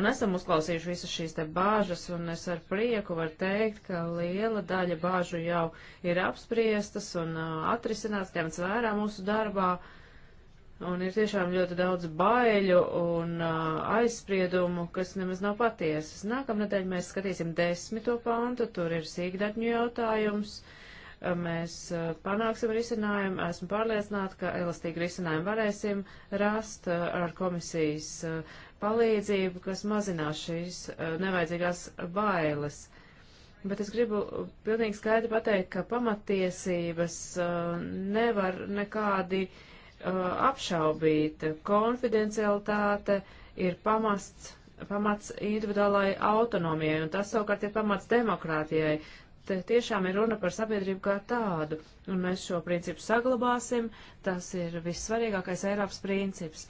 un esam uzklausījuši visas šīs te bāžas, un es ar prieku varu teikt, ka liela daļa bāžu jau ir apspriestas un uh, atrisināts, ņemts vērā mūsu darbā. Uh, Un ir tiešām ļoti daudz baiļu un uh, aizspriedumu, kas nemaz nav patiesas. Nākamnedēļ mēs skatīsim desmito pantu, tur ir sīkdatņu jautājums. Mēs uh, panāksim risinājumu, esmu pārliecināta, ka elastīgi risinājumu varēsim rast uh, ar komisijas uh, palīdzību, kas mazinās šīs uh, nevajadzīgās bailes. Bet es gribu pilnīgi skaidri pateikt, ka pamatiesības uh, nevar nekādi uh, Uh, apšaubīta. Konfidencialitāte ir pamasts, pamats individuālai autonomijai, un tas savukārt ir pamats demokrātijai. Te tiešām ir runa par sabiedrību kā tādu, un mēs šo principu saglabāsim. Tas ir vissvarīgākais Eiropas princips.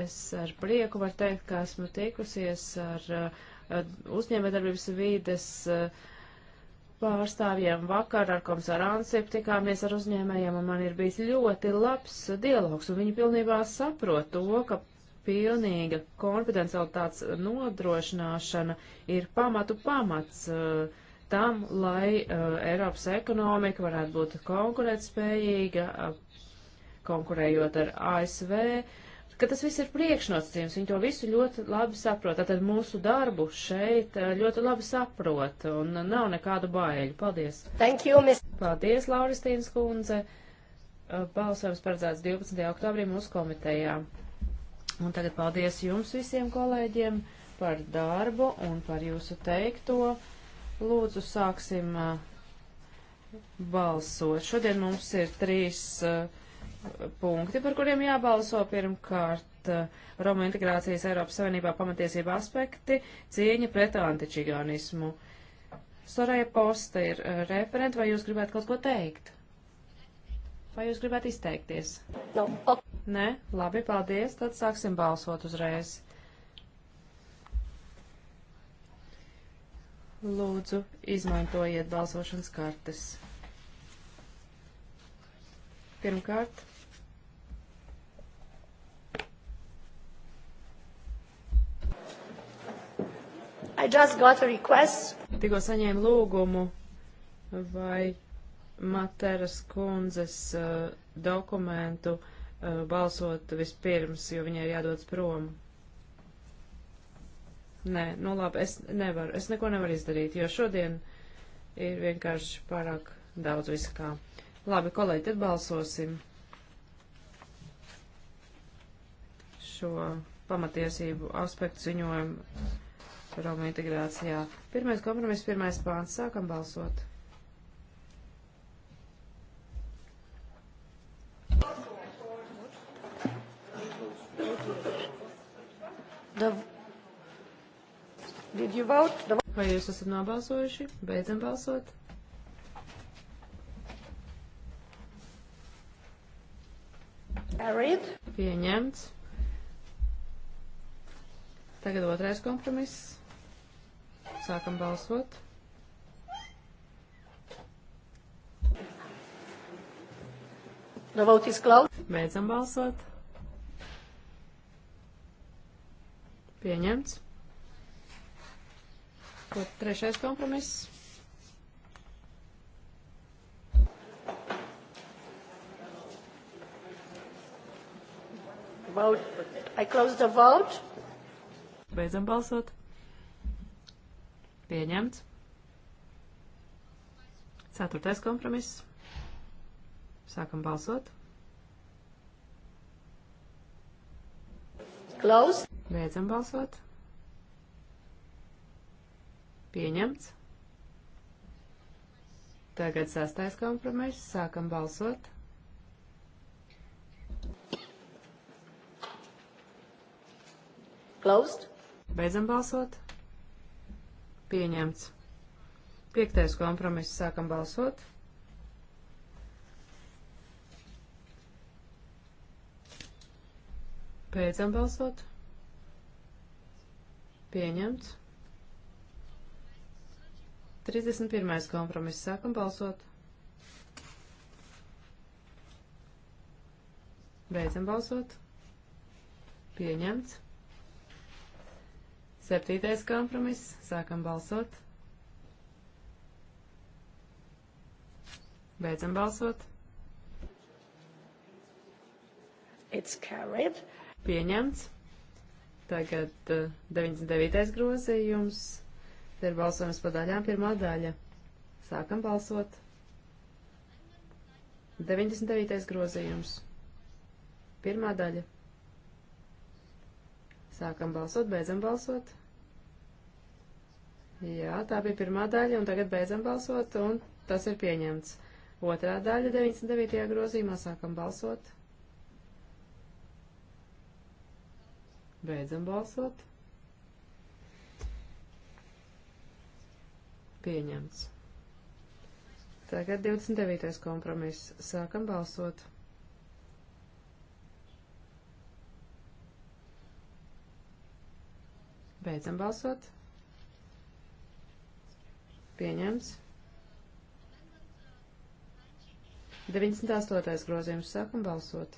Es ar prieku varu teikt, ka esmu tikusies ar uh, uzņēmējdarbības vīdes uh, pārstāvjiem. Vakar ar komisāru Ansip tikāmies ar uzņēmējiem, un man ir bijis ļoti labs dialogs, un viņi pilnībā saprot to, ka pilnīga konfidencialitātes nodrošināšana ir pamatu pamats uh, tam, lai uh, Eiropas ekonomika varētu būt konkurētspējīga, uh, konkurējot ar ASV, uh, ka tas viss ir priekšnosacījums, viņi to visu ļoti labi saprot, tad mūsu darbu šeit eh, ļoti labi saprot un nav nekādu bāēļu. Paldies! Thank you, Miss! Paldies, Lauristīnas kundze! Eh, balsojums paredzēts 12. oktobrī mūsu komitejā. Un tagad paldies jums visiem kolēģiem par darbu un par jūsu teikto. Lūdzu, sāksim eh, balsot. Šodien mums ir trīs uh, punkti, par kuriem jābalso pirmkārt eh, Roma integrācijas Eiropas Savienībā pamatiesība aspekti, cieņa pret antičiganismu. Soraya Posta ir eh, referenta, vai jūs gribētu kaut ko teikt? Vai jūs gribētu izteikties? No. Oh. Nē, labi, paldies, tad sāksim balsot uzreiz. Lūdzu, izmantojiet balsošanas kartes. Pirmkārt, Tikko saņēmu lūgumu, vai Materas kundzes uh, dokumentu uh, balsot vispirms, jo viņai ir jādodas prom. Nē, nu labi, es nevaru, es neko nevaru izdarīt, jo šodien ir vienkārši pārāk daudz viskā. Labi, kolēģi, tad balsosim šo pamatiesību aspektu ziņojumu Roma integrācijā. Pirmais kompromiss, pirmais pāns. Sākam balsot. The... Did you vote? The... Vai jūs esat nobalsojuši? Beidzam balsot. Pieņemts. Tagad otrais kompromiss. Sākam balsot. Beidzam balsot. Pieņemts. Tad trešais kompromiss. Vote. I close the vote. Beidzam balsot. Pieņemts. Ceturtais kompromiss. Sākam balsot. Klaus. Beidzam balsot. Pieņemts. Tagad sastais kompromiss. Sākam balsot. Closed. Beidzam balsot. Pieņemts. Piektais kompromiss. Sākam balsot. Beidzam balsot. Pieņemts. 31. kompromiss. Sākam balsot. Beidzam balsot. Pieņemts. Septītais kompromiss. Sākam balsot. Beidzam balsot. It's carried. Pieņemts. Tagad uh, eh, 99. grozījums. Te ir balsojums pa daļām. Pirmā daļa. Sākam balsot. 99. grozījums. Pirmā daļa. Sākam balsot, beidzam balsot. Jā, tā bija pirmā daļa, un tagad beidzam balsot, un tas ir pieņemts. Otrā daļa 99. grozījumā sākam balsot. Beidzam balsot. Pieņemts. Tagad 29. kompromiss. Sākam balsot. Beidzam balsot. Pieņemts. 98. grozījums sākam balsot.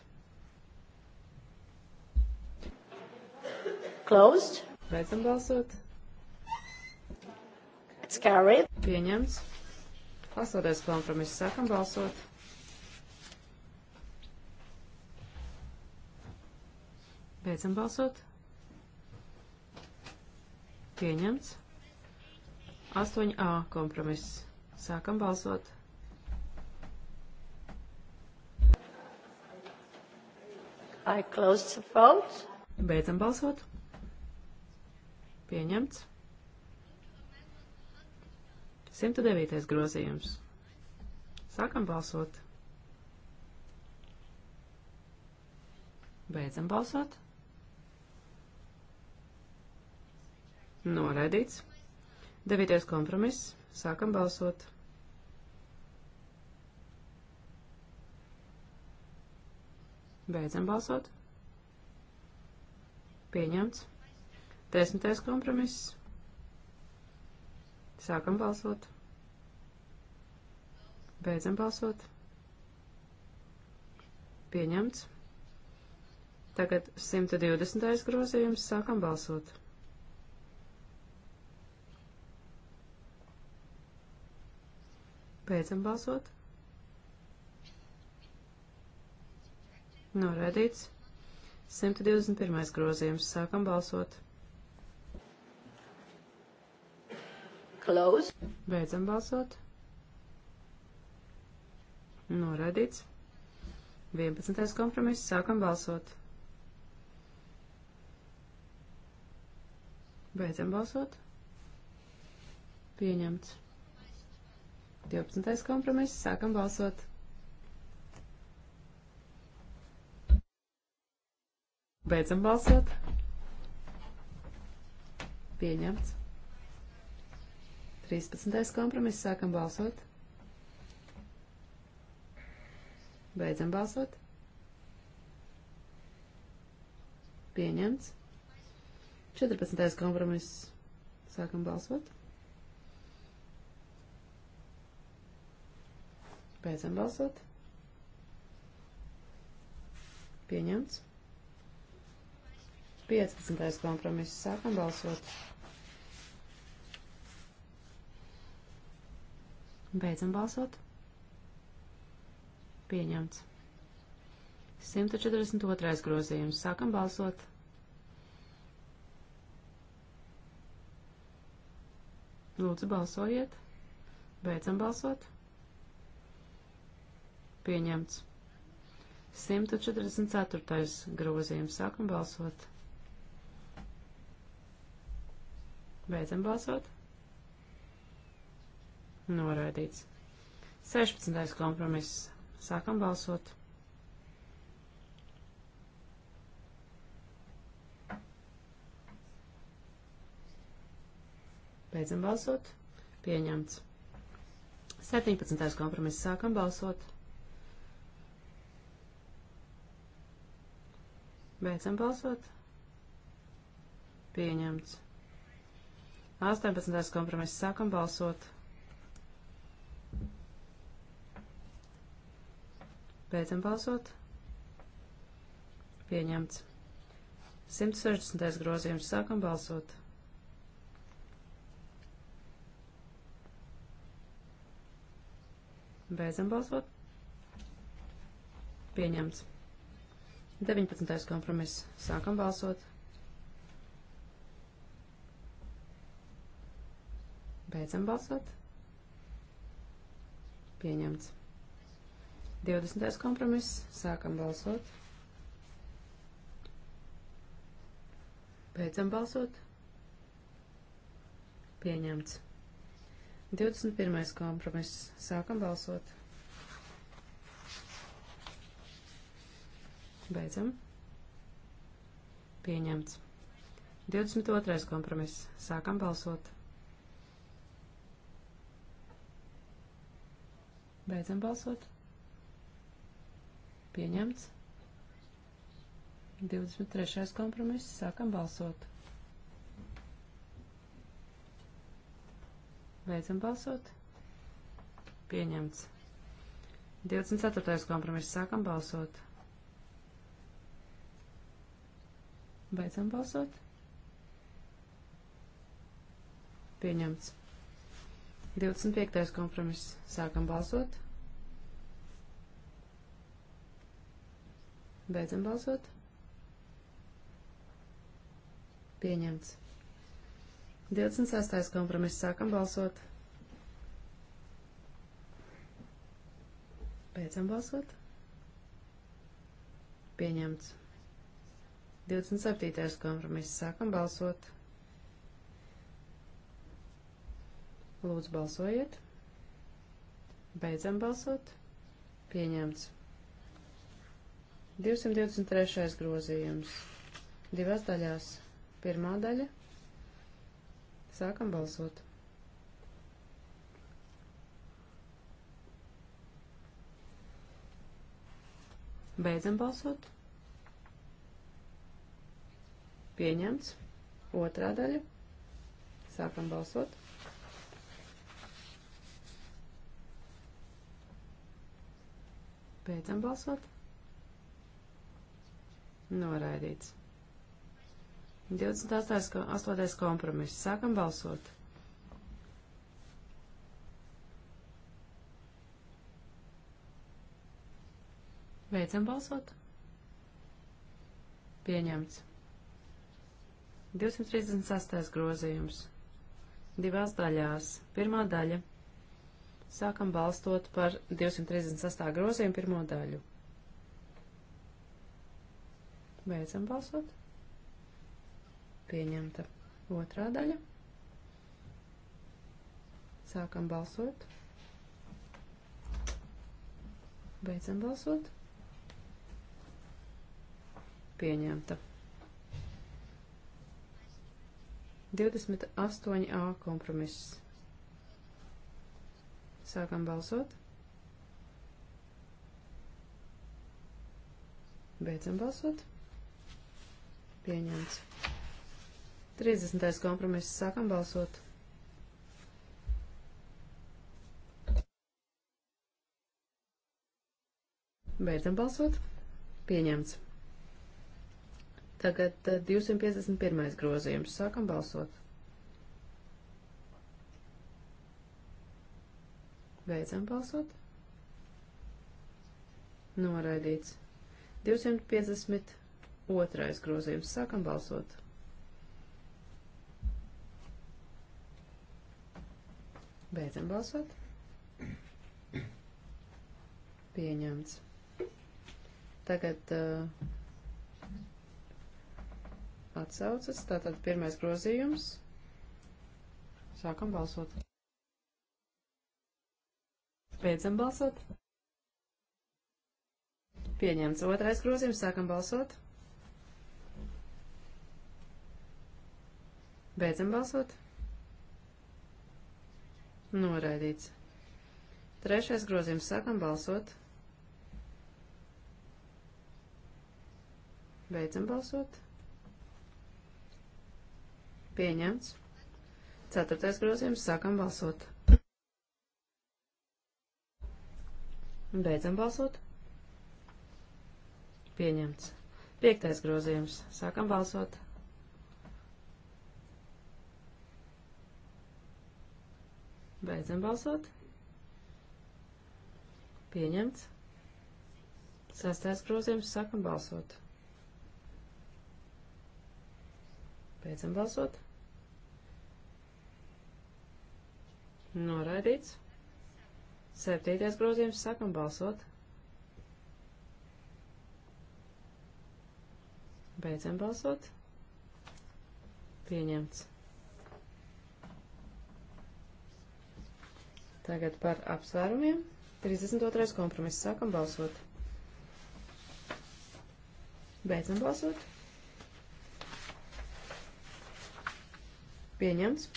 Closed. Beidzam balsot. It's carried. Pieņemts. 8. kompromiss sākam balsot. Beidzam balsot. Pieņemts. 8a kompromiss. Sākam balsot. I close the vote. Beidzam balsot. Pieņemts. 109. grozījums. Sākam balsot. Beidzam balsot. Noraidīts. Devītais kompromiss. Sākam balsot. Beidzam balsot. Pieņemts. Desmitais kompromiss. Sākam balsot. Beidzam balsot. Pieņemts. Tagad 120. grozījums. Sākam balsot. Beidzam balsot. Noraidīts. 121. grozījums. Sākam balsot. Close. Beidzam balsot. Noraidīts. 11. kompromiss. Sākam balsot. Beidzam balsot. Pieņemts. 12. kompromiss. Sākam balsot. Beidzam balsot. Pieņemts. 13. kompromiss. Sākam balsot. Beidzam balsot. Pieņemts. 14. kompromiss. Sākam balsot. Beidzam balsot. Pieņemts. 15. kompromiss. Sākam balsot. Beidzam balsot. Pieņemts. 142. grozījums. Sākam balsot. Lūdzu, balsojiet. Beidzam balsot pieņemts. 144. grozījums. Sākam balsot. Beidzam balsot. Noraidīts. 16. kompromiss. Sākam balsot. Beidzam balsot. Pieņemts. 17. kompromiss. Sākam balsot. Beidzam balsot. Pieņemts. 18. kompromiss. Sākam balsot. Beidzam balsot. Pieņemts. 160. grozījums. Sākam balsot. Beidzam balsot. Pieņemts. 19. kompromiss. Sākam balsot. Beidzam balsot. Pieņemts. 20. kompromiss. Sākam balsot. Beidzam balsot. Pieņemts. 21. kompromiss. Sākam balsot. Beidzam. Pieņemts. 22. kompromiss. Sākam balsot. Beidzam balsot. Pieņemts. 23. kompromiss. Sākam balsot. Beidzam balsot. Pieņemts. 24. kompromiss. Sākam balsot. Beidzam balsot. Pieņemts. 25. kompromiss. Sākam balsot. Beidzam balsot. Pieņemts. 26. kompromiss. Sākam balsot. Beidzam balsot. Pieņemts. 27. kompromiss. Sākam balsot. Lūdzu, balsojiet. Beidzam balsot. Pieņemts. 223. grozījums. Divās daļās. Pirmā daļa. Sākam balsot. Beidzam balsot. Pieņemts. Otrā daļa. Sākam balsot. Beidzam balsot. Noraidīts. 28. 8. kompromiss. Sākam balsot. Beidzam balsot. Pieņemts. 236. grozījums. Divās daļās. Pirmā daļa. Sākam balstot par 236. grozījumu pirmo daļu. Beidzam balsot. Pieņemta otrā daļa. Sākam balsot. Beidzam balsot. Pieņemta. 28a kompromiss. Sākam balsot. Beidzam balsot. Pieņemts. 30. kompromiss. Sākam balsot. Beidzam balsot. Pieņemts. Tagad 251. Eh, grozījums. Sākam balsot. Beidzam balsot. Noraidīts. 252. grozījums. Sākam balsot. Beidzam balsot. Pieņemts. Tagad uh, atsaucas. Tātad pirmais grozījums. Sākam balsot. Beidzam balsot. Pieņemts otrais grozījums. Sākam balsot. Beidzam balsot. Noraidīts. Trešais grozījums. Sākam balsot. Beidzam balsot. Pieņemts. Ceturtais grozījums. Sākam balsot. Beidzam balsot. Pieņemts. Piektais grozījums. Sākam balsot. Beidzam balsot. Pieņemts. Sastais grozījums. Sākam balsot. Beidzam balsot. Noraidīts. Septītais grozījums. Sākam balsot. Beidzam balsot. Pieņemts. Tagad par apsvērumiem. 32. kompromiss. Sākam balsot. Beidzam balsot. Pieņemts.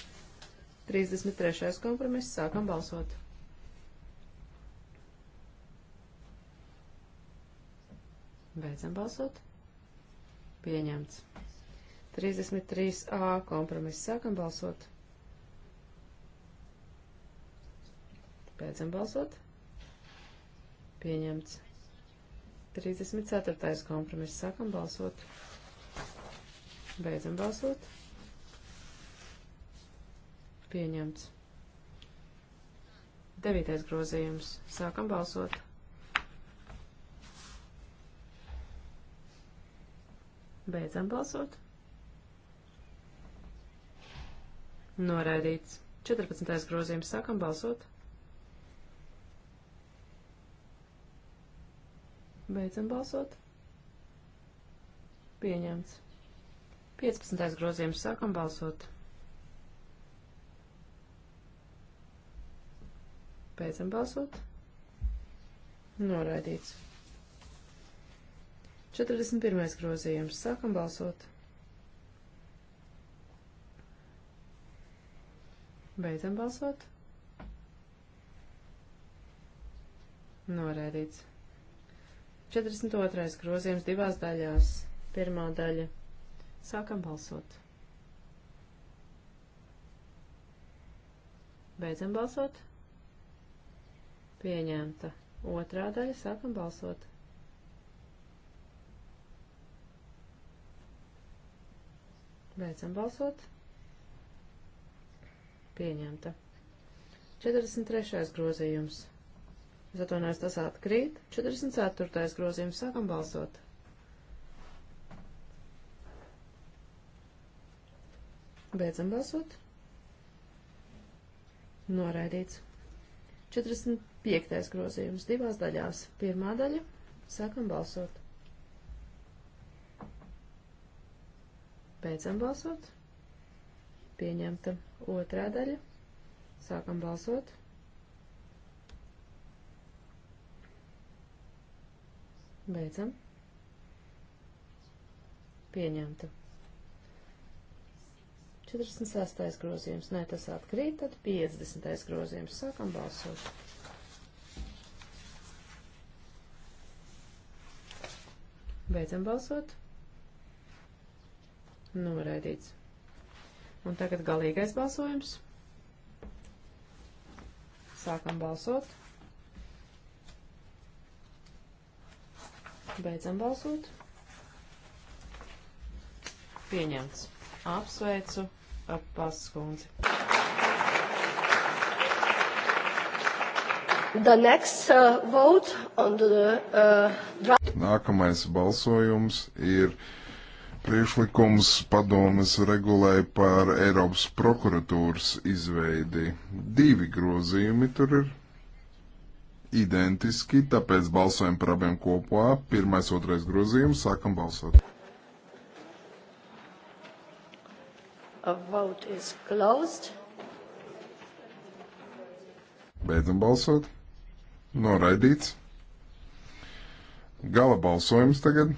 33. kompromiss. Sākam balsot. Beidzam balsot. Pieņemts. 33a kompromiss. Sākam balsot. Beidzam balsot. Pieņemts. 34. kompromiss. Sākam balsot. Beidzam balsot. Pieņemts. Devītais grozījums. Sākam balsot. Beidzam balsot. Noraidīts. 14. grozījums. Sākam balsot. Beidzam balsot. Pieņemts. 15. grozījums. Sākam balsot. Beidzam balsot. Noraidīts. 41. grozījums. Sākam balsot. Beidzam balsot. Noraidīts. 42. grozījums divās daļās. Pirmā daļa. Sākam balsot. Beidzam balsot. Pieņemta. Otrā daļa. Sākam balsot. Beidzam balsot. Pieņemta. 43. grozījums. Es atvainojos, tas atkrīt. 44. grozījums. Sākam balsot. Beidzam balsot. Noraidīts. 40. Piektais grozījums divās daļās. Pirmā daļa. Sākam balsot. Beidzam balsot. Pieņemta otrā daļa. Sākam balsot. Beidzam. Pieņemta. 46. grozījums. Nē, tas atkrīt, tad 50. grozījums. Sākam balsot. Beidzam balsot. Noraidīts. Un tagad galīgais balsojums. Sākam balsot. Beidzam balsot. Pieņemts. Apsveicu ap uh, paskundzi. The next uh, vote on the uh, draft. Nākamais balsojums ir priekšlikums padomes regulai par Eiropas prokuratūras izveidi. Divi grozījumi tur ir identiski, tāpēc balsojam par abiem kopā. Pirmais, otrais grozījums, sākam balsot. A vote is closed. Beidzam balsot. Noraidīts. Gala balsojums tagad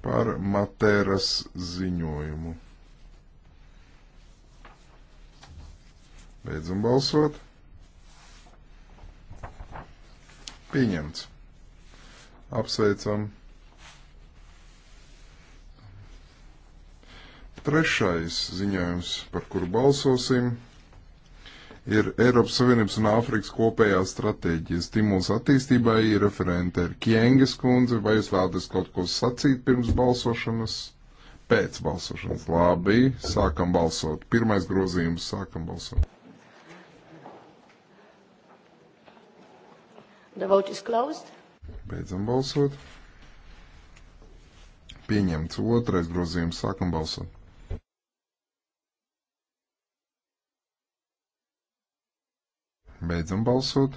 par Matēras ziņojumu. Beidzam balsot. Pieņemts. Apsveicam. Trešais ziņojums, par kuru balsosim ir Eiropas Savienības un Āfrikas kopējā stratēģija stimuls attīstībai, ir referente ir Kienges kundze, vai jūs vēlaties kaut ko sacīt pirms balsošanas? Pēc balsošanas. Labi, sākam balsot. Pirmais grozījums, sākam balsot. The vote is closed. Beidzam balsot. Pieņemts otrais grozījums. Sākam balsot. Beidzam balsot.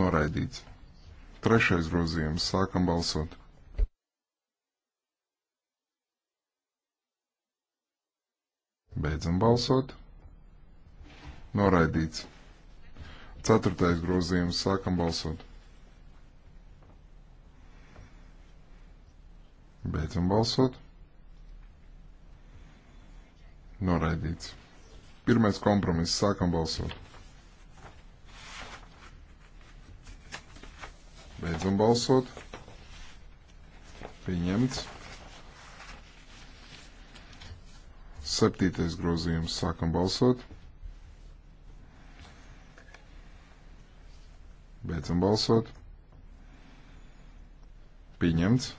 Noraidīts. Trešais grozījums. Sākam balsot. Beidzam balsot. Noraidīts. Ceturtais grozījums. Sākam balsot. Beidzam balsot. Noraidīts. Pirmais kompromiss. Sākam balsot. Beidzam balsot. Pieņemts. Septītais grozījums. Sākam balsot. Beidzam balsot. Pieņemts.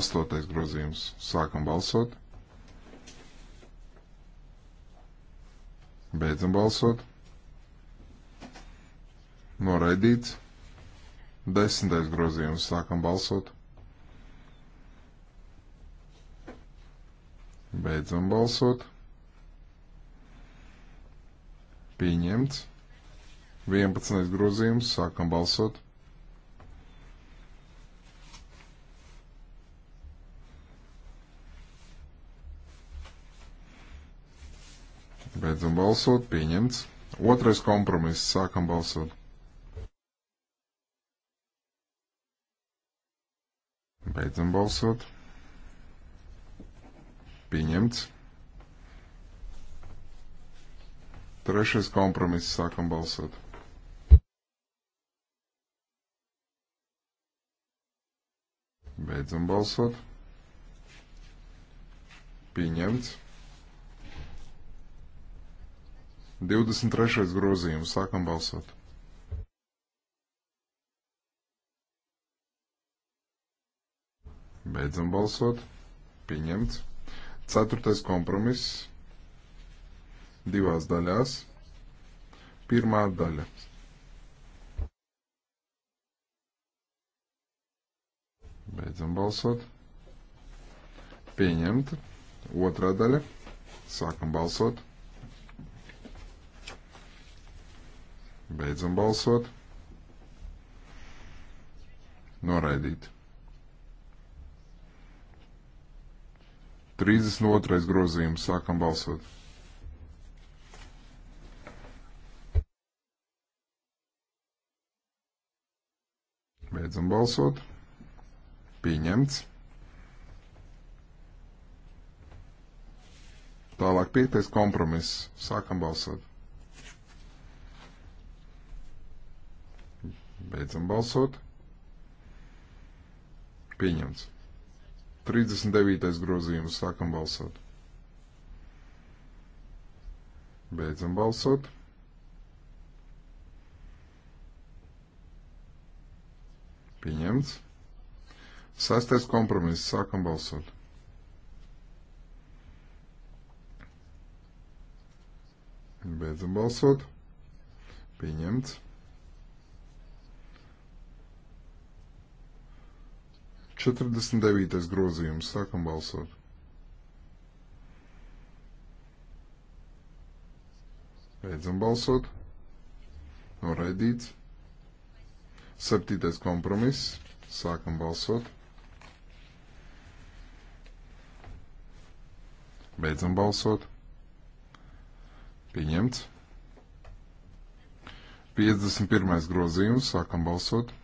Astotais grozījums. Sākam balsot. Beidzam balsot. Noraidīts. Desmitais grozījums. Sākam balsot. Beidzam balsot. Pieņemts. 11. grozījums. Sākam balsot. Beidzam balsot. Pieņemts. Otrais kompromiss. Sākam balsot. Beidzam balsot. Pieņemts. Trešais kompromiss. Sākam balsot. Beidzam balsot. Pieņemts. 23. grozījums. Sākam balsot. Beidzam balsot. Pieņemts. Ceturtais kompromiss. Divās daļās. Pirmā daļa. Beidzam balsot. Pieņemta. Otrā daļa. Sākam balsot. Beidzam balsot. Noraidīt. 32. grozījums. Sākam balsot. Beidzam balsot. Pieņemts. Tālāk piektais kompromiss. Sākam balsot. Beidzam balsot. Pieņemts. 39. grozījums. Sākam balsot. Beidzam balsot. Pieņemts. Sastais kompromiss. Sākam balsot. Beidzam balsot. Pieņemts. 49. grozījums. Sākam balsot. Beidzam balsot. Noraidīts. Septītais kompromiss. Sākam balsot. Beidzam balsot. Pieņemts. 51. grozījums. Sākam balsot.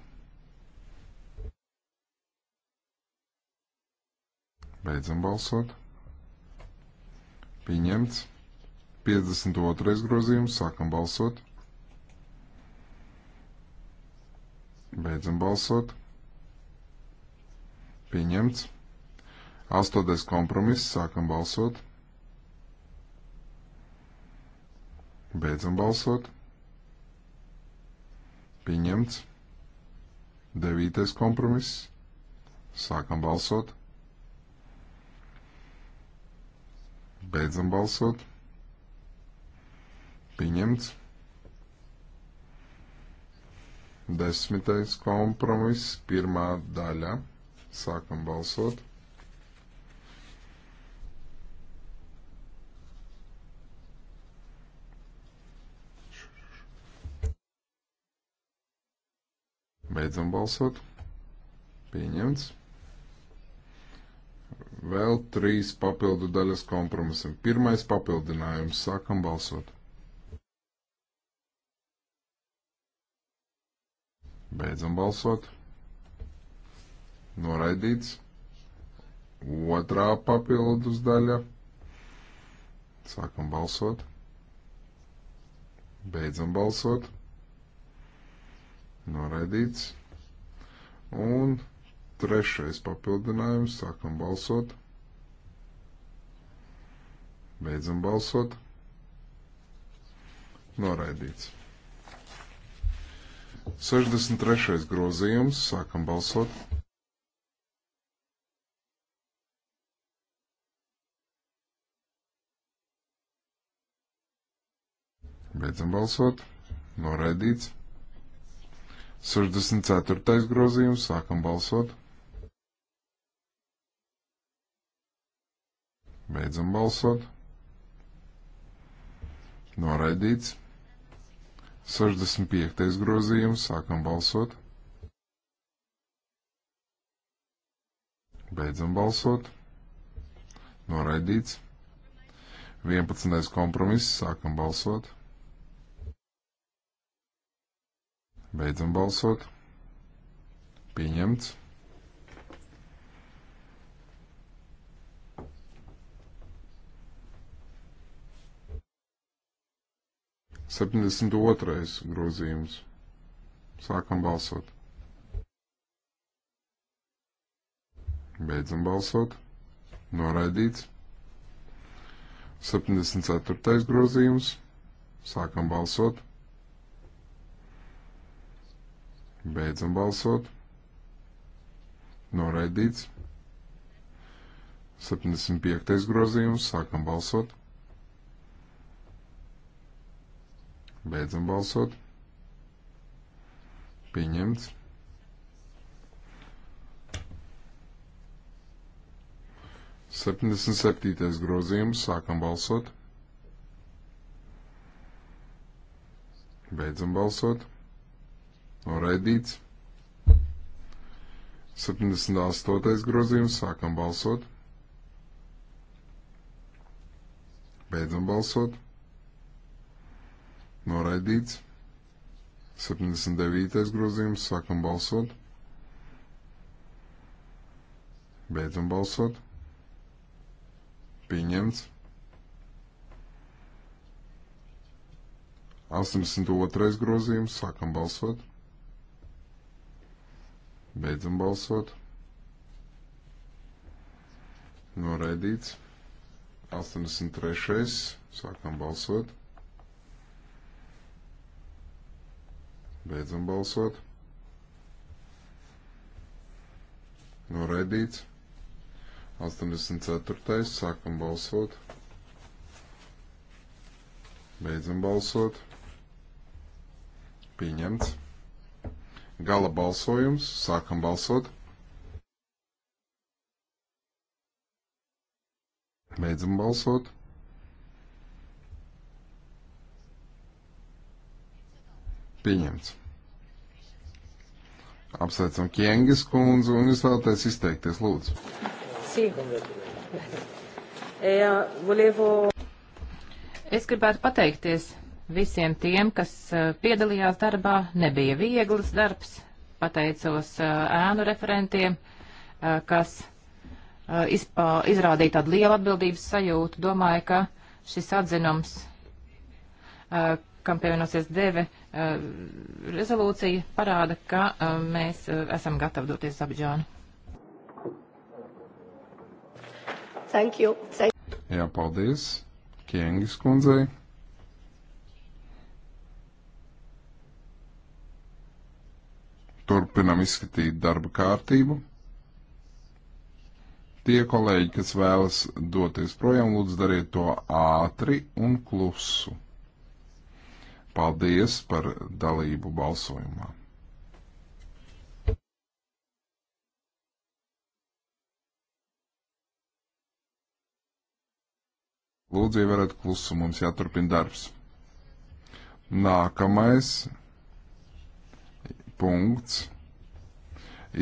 Beidzam balsot. Pieņemts. 52. grozījums. Sākam balsot. Beidzam balsot. Pieņemts. 8. kompromiss. Sākam balsot. Beidzam balsot. Pieņemts. Devītais kompromiss. Sākam balsot. Beidzam balsot. Pieņemts. Desmitais kompromiss, pirmā daļa. Sākam balsot. Beidzam balsot. Pieņemts. Vēl trīs papildu daļas kompromisam. Pirmais papildinājums. Sākam balsot. Beidzam balsot. Noraidīts. Otrā papildus daļa. Sākam balsot. Beidzam balsot. Noraidīts. Un Trešais papildinājums. Sākam balsot. Beidzam balsot. Noraidīts. 63. grozījums. Sākam balsot. Beidzam balsot. Noraidīts. 64. grozījums. Sākam balsot. Beidzam balsot. Noraidīts. 65. grozījums. Sākam balsot. Beidzam balsot. Noraidīts. 11. kompromiss. Sākam balsot. Beidzam balsot. Pieņemts. 72. grozījums. Sākam balsot. Beidzam balsot. Noraidīts. 74. grozījums. Sākam balsot. Beidzam balsot. Noraidīts. 75. grozījums. Sākam balsot. Beidzam balsot. Pieņemts. Septiņdesmit septītais grozījums. Sākam balsot. Beidzam balsot. Noraidīts. 78. grozījums. Sākam balsot. Beidzam balsot. Noraidīts. 79. grozījums. Sākam balsot. Beidzam balsot. Pieņemts. 82. grozījums. Sākam balsot. Beidzam balsot. Noraidīts. 83. Sākam balsot. Beidzam balsot. Noraidīts. 84. Sākam balsot. Beidzam balsot. Pieņemts. Gala balsojums. Sākam balsot. Beidzam balsot. Pieņemts. Apsveicam Kienges kundzu un jūs vēlaties izteikties, lūdzu. Sī. Eh, es gribētu pateikties visiem tiem, kas eh, piedalījās darbā. Nebija viegls darbs. Pateicos eh, ēnu referentiem, kas izpā, izrādīja tādu lielu atbildības sajūtu. Domāju, ka šis atzinums kam pievienosies deve eh, rezolūcija, parāda, ka eh, mēs eh, esam gatavi doties uz Abidžānu. Thank you. Thank you. Jā, paldies Kiengis kundzei. Turpinam izskatīt darba kārtību. Tie kolēģi, kas vēlas doties projām, lūdzu dariet to ātri un klusu. Paldies par dalību balsojumā! Lūdzu, ievērot klusu, mums jāturpina darbs. Nākamais punkts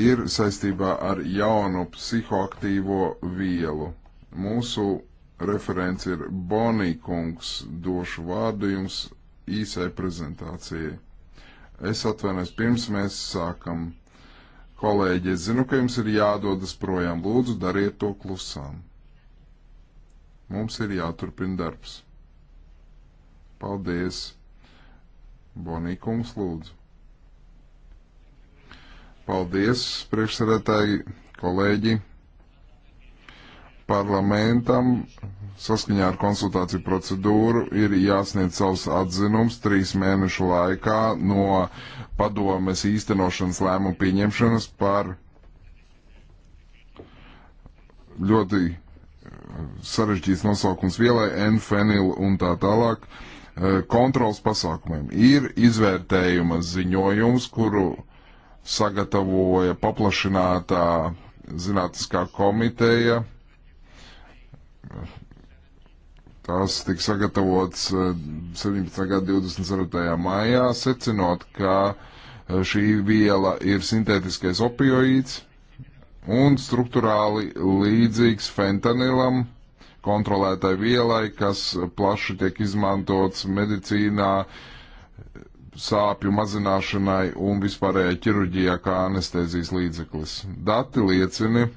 ir saistībā ar jaunu psihoaktīvo vielu. Mūsu referents ir Bonīkungs. Došu vārdu jums īsai prezentācijai. Es atvainojos, pirms mēs sākam. Kolēģi, es zinu, ka jums ir jādodas projām. Lūdzu, dariet to klusām. Mums ir jāturpina darbs. Paldies! Bonīkums lūdzu. Paldies, priekšsarētāji, kolēģi. Parlamentam saskaņā ar konsultāciju procedūru ir jāsniedz savs atzinums trīs mēnešu laikā no padomes īstenošanas lēmumu pieņemšanas par ļoti eh, sarežģīts nosaukums vielai, N-fenil un tā tālāk, eh, kontrols pasākumiem. Ir izvērtējuma ziņojums, kuru sagatavoja paplašinātā zinātniskā komiteja Tās tika sagatavotas 17. Eh, gada 24. maijā, secinot, ka eh, šī viela ir sintētiskais opioīds un struktūrāli līdzīgs fentanilam, kontrolētai vielai, kas plaši tiek izmantots medicīnā, sāpju mazināšanai un vispārējai ķirurģijā kā anestezijas līdzeklis. Dati liecina,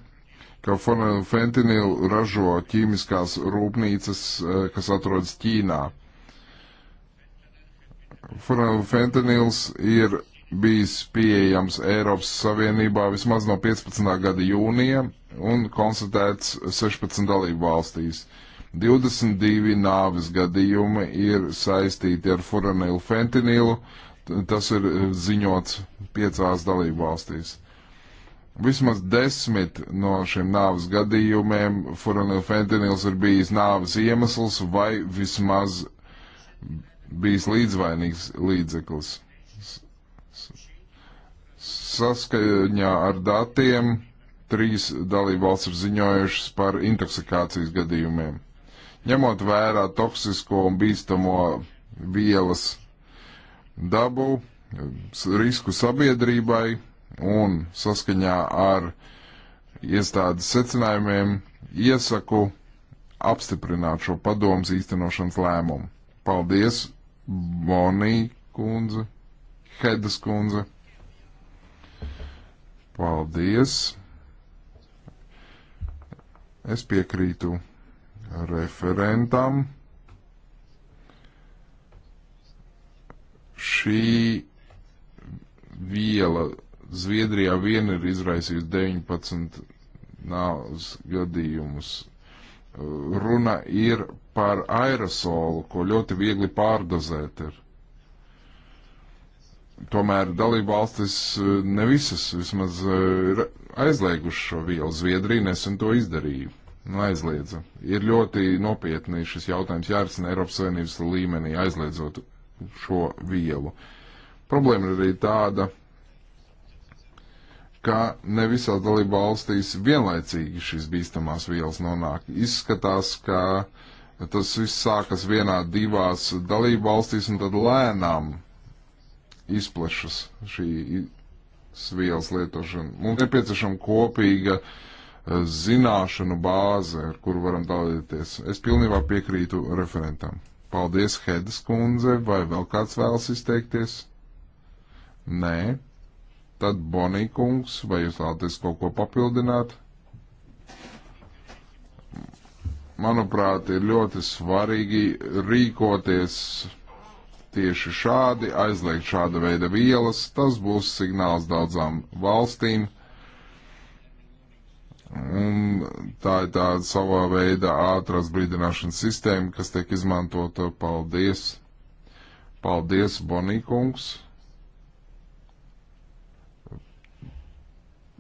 ka fentanilu ražo ķīmiskās rūpnīcas, eh, kas atrodas Ķīnā. Fentanils ir bijis pieejams Eiropas Savienībā vismaz no 15. gada jūnija un konstatēts 16 dalību valstīs. 22 nāvis gadījumi ir saistīti ar furanilu fentanilu, tas ir eh, ziņots piecās dalību valstīs. Vismaz desmit no šiem nāves gadījumiem furanilfentanils ir bijis nāves iemesls vai vismaz bijis līdzvainīgs līdzeklis. Saskaņā ar datiem trīs dalībvalsts ir ziņojušas par intoksikācijas gadījumiem. Ņemot vērā toksisko un bīstamo vielas dabu, risku sabiedrībai, un saskaņā ar iestādes secinājumiem iesaku apstiprināt šo padomus īstenošanas lēmumu. Paldies, Bonī kundze, Hedas kundze. Paldies. Es piekrītu referentam. Šī viela Zviedrijā viena ir izraisījusi 19 nāvs gadījumus. Runa ir par aerosolu, ko ļoti viegli pārdozēt ir. Tomēr dalība valstis eh, ne visas vismaz eh, ir aizlieguši šo vielu. Zviedrija nesen to izdarīja un aizliedza. Ir ļoti nopietni šis jautājums jārisina Eiropas Savienības līmenī, aizliedzot šo vielu. Problēma ir arī tāda, ka ne visās dalību valstīs vienlaicīgi šīs bīstamās vielas nonāk. Izskatās, ka tas viss sākas vienā divās dalību valstīs un tad lēnām izplešas šī vielas lietošana. Mums nepieciešama kopīga e, zināšanu bāze, ar kuru varam dalīties. Es pilnībā piekrītu referentam. Paldies, Hedas kundze, vai vēl kāds vēlas izteikties? Nē. Tad Bonīkungs, vai jūs vēlaties kaut ko papildināt? Manuprāt, ir ļoti svarīgi rīkoties tieši šādi, aizliegt šāda veida vielas. Tas būs signāls daudzām valstīm. Un tā ir tāda savā veidā ātrās brīdināšanas sistēma, kas tiek izmantota. Paldies! Paldies, Bonīkungs!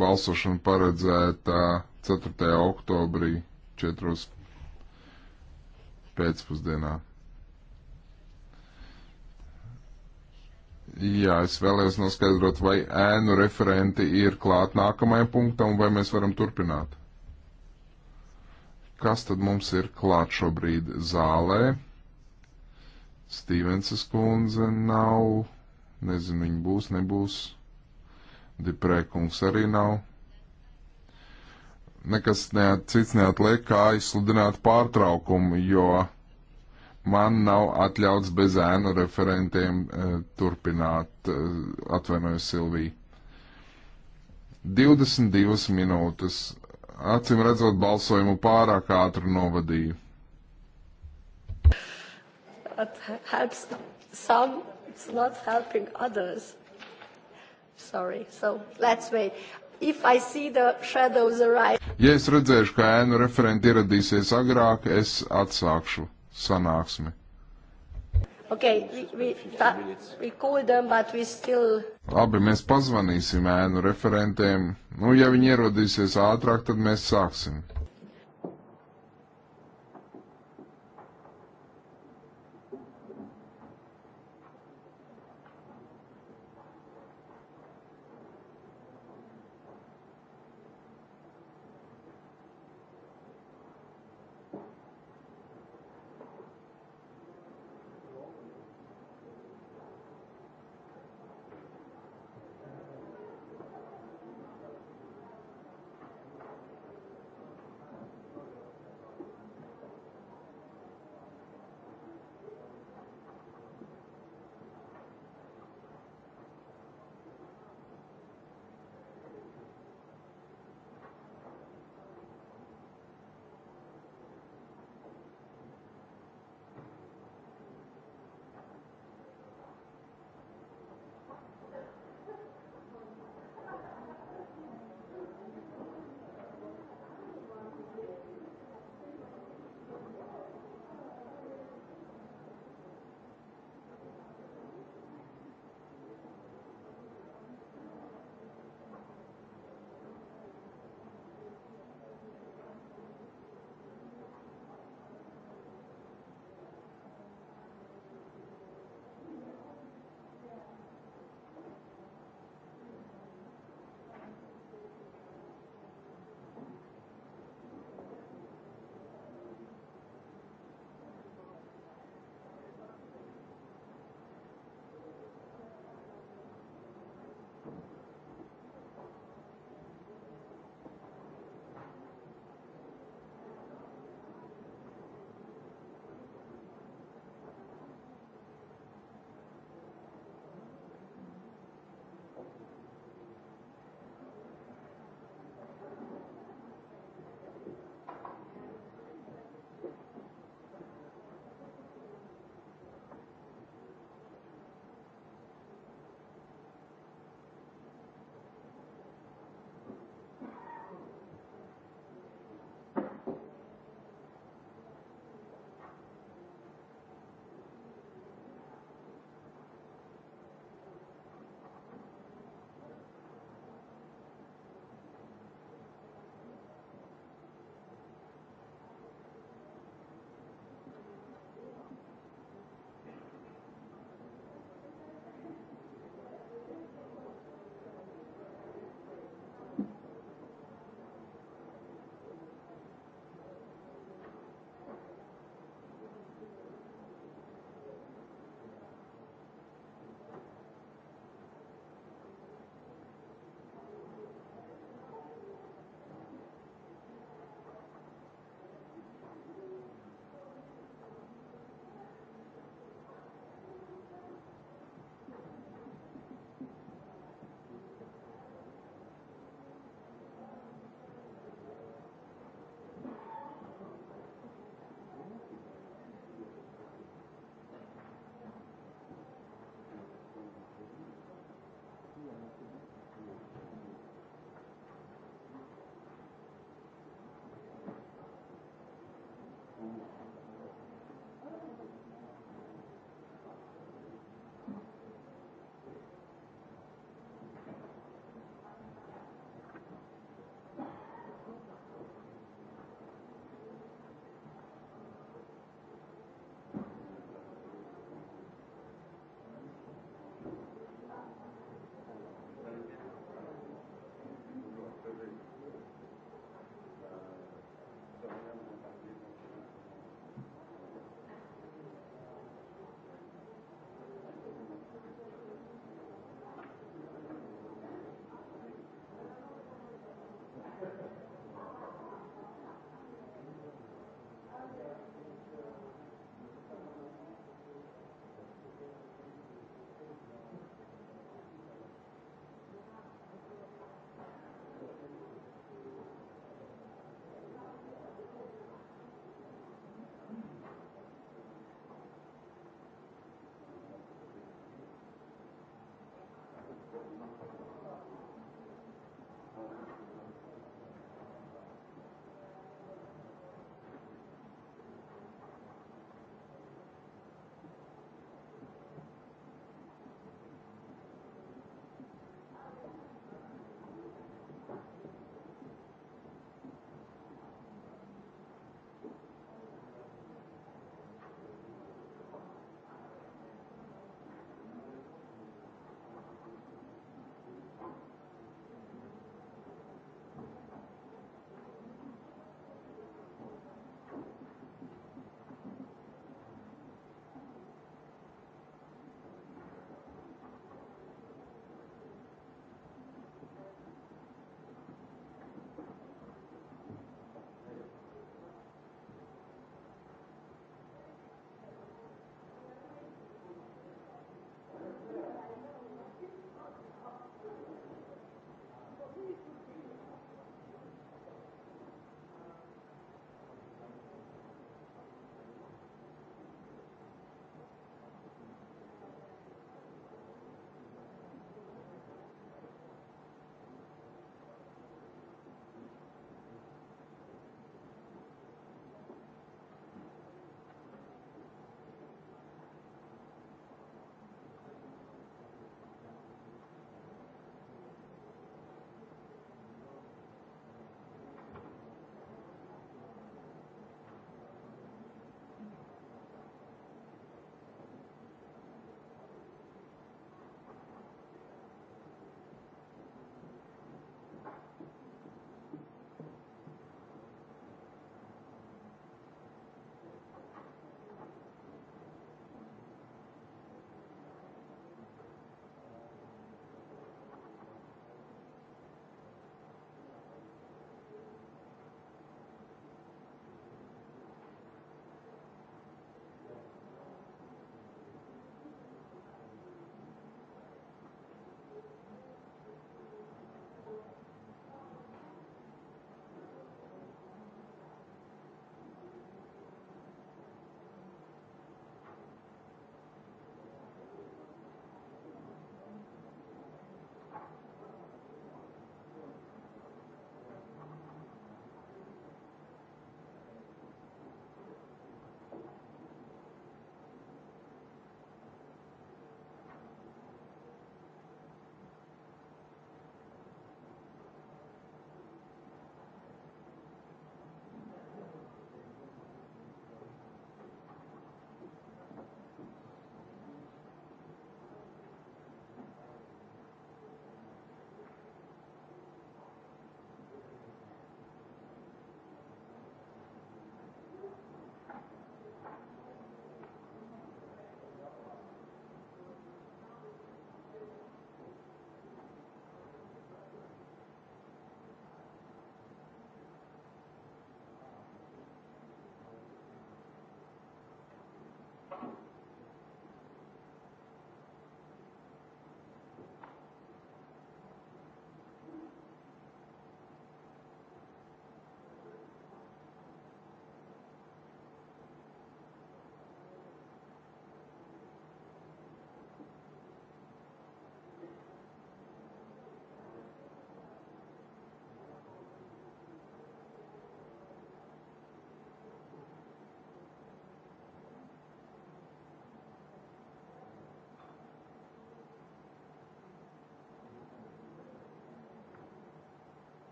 Balsošana paredzēta 4. oktobrī 4. pēcpusdienā. Jā, es vēlējos noskaidrot, vai ēnu referenti ir klāt nākamajam punktam, vai mēs varam turpināt. Kas tad mums ir klāt šobrīd zālē? Stīvenses kundze nav, nezinu, viņa būs, nebūs. Diprēkungs arī nav. Nekas neat, cits neatliek, kā izsludināt pārtraukumu, jo man nav atļauts bez ēnu referentiem uh, turpināt, uh, e, atvainojos Silviju. 22 minūtes. Acim redzot, balsojumu pārāk ātri novadīju. It helps some, it's not helping others. Sorry. So let's wait. If I see the shadows arrive. Ja es redzēšu, ka ēnu referenti ieradīsies agrāk, es atsākšu sanāksmi. Okay, we, we, we call them, but we still... Labi, mēs pazvanīsim ēnu referentiem. Nu, ja viņi ierodīsies ātrāk, tad mēs sāksim.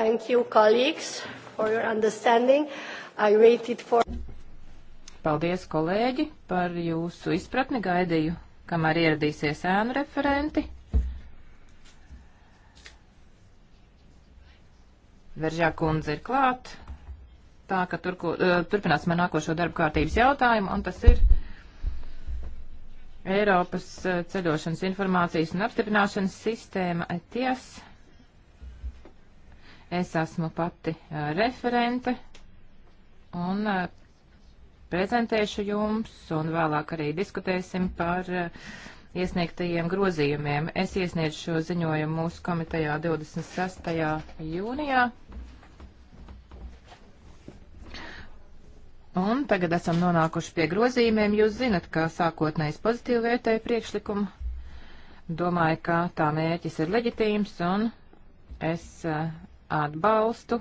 Thank you, colleagues, for your understanding. I waited for. Paldies, kolēģi, par jūsu izpratni gaidīju, kamēr ieradīsies ēnu referenti. Veržā kundze ir klāt, tā ka turku, eh, turpināsim ar nākošo darba kārtības jautājumu, un tas ir. Eiropas eh, ceļošanas informācijas un apstiprināšanas sistēma ETIAS Es esmu pati referente un prezentēšu jums, un vēlāk arī diskutēsim par iesniegtajiem grozījumiem. Es iesniedzu šo ziņojumu mūsu komitejā 26. jūnijā. Un tagad esam nonākuši pie grozījumiem. Jūs zinat, ka sākotnējs pozitīvi vērtēja priekšlikumu. Domāju, ka tā mērķis ir leģitīms, un es atbalstu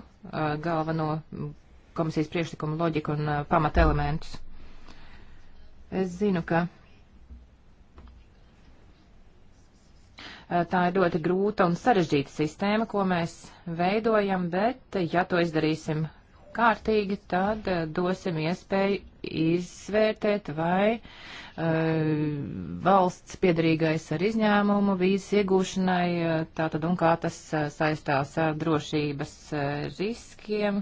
galveno komisijas priekšlikumu loģiku un pamata elementus. Es zinu, ka tā ir ļoti grūta un sarežģīta sistēma, ko mēs veidojam, bet ja to izdarīsim kārtīgi, tad dosim iespēju izvērtēt, vai uh, valsts piedarīgais ar izņēmumu vīzes iegūšanai, uh, tātad un kā tas uh, saistās ar drošības riskiem,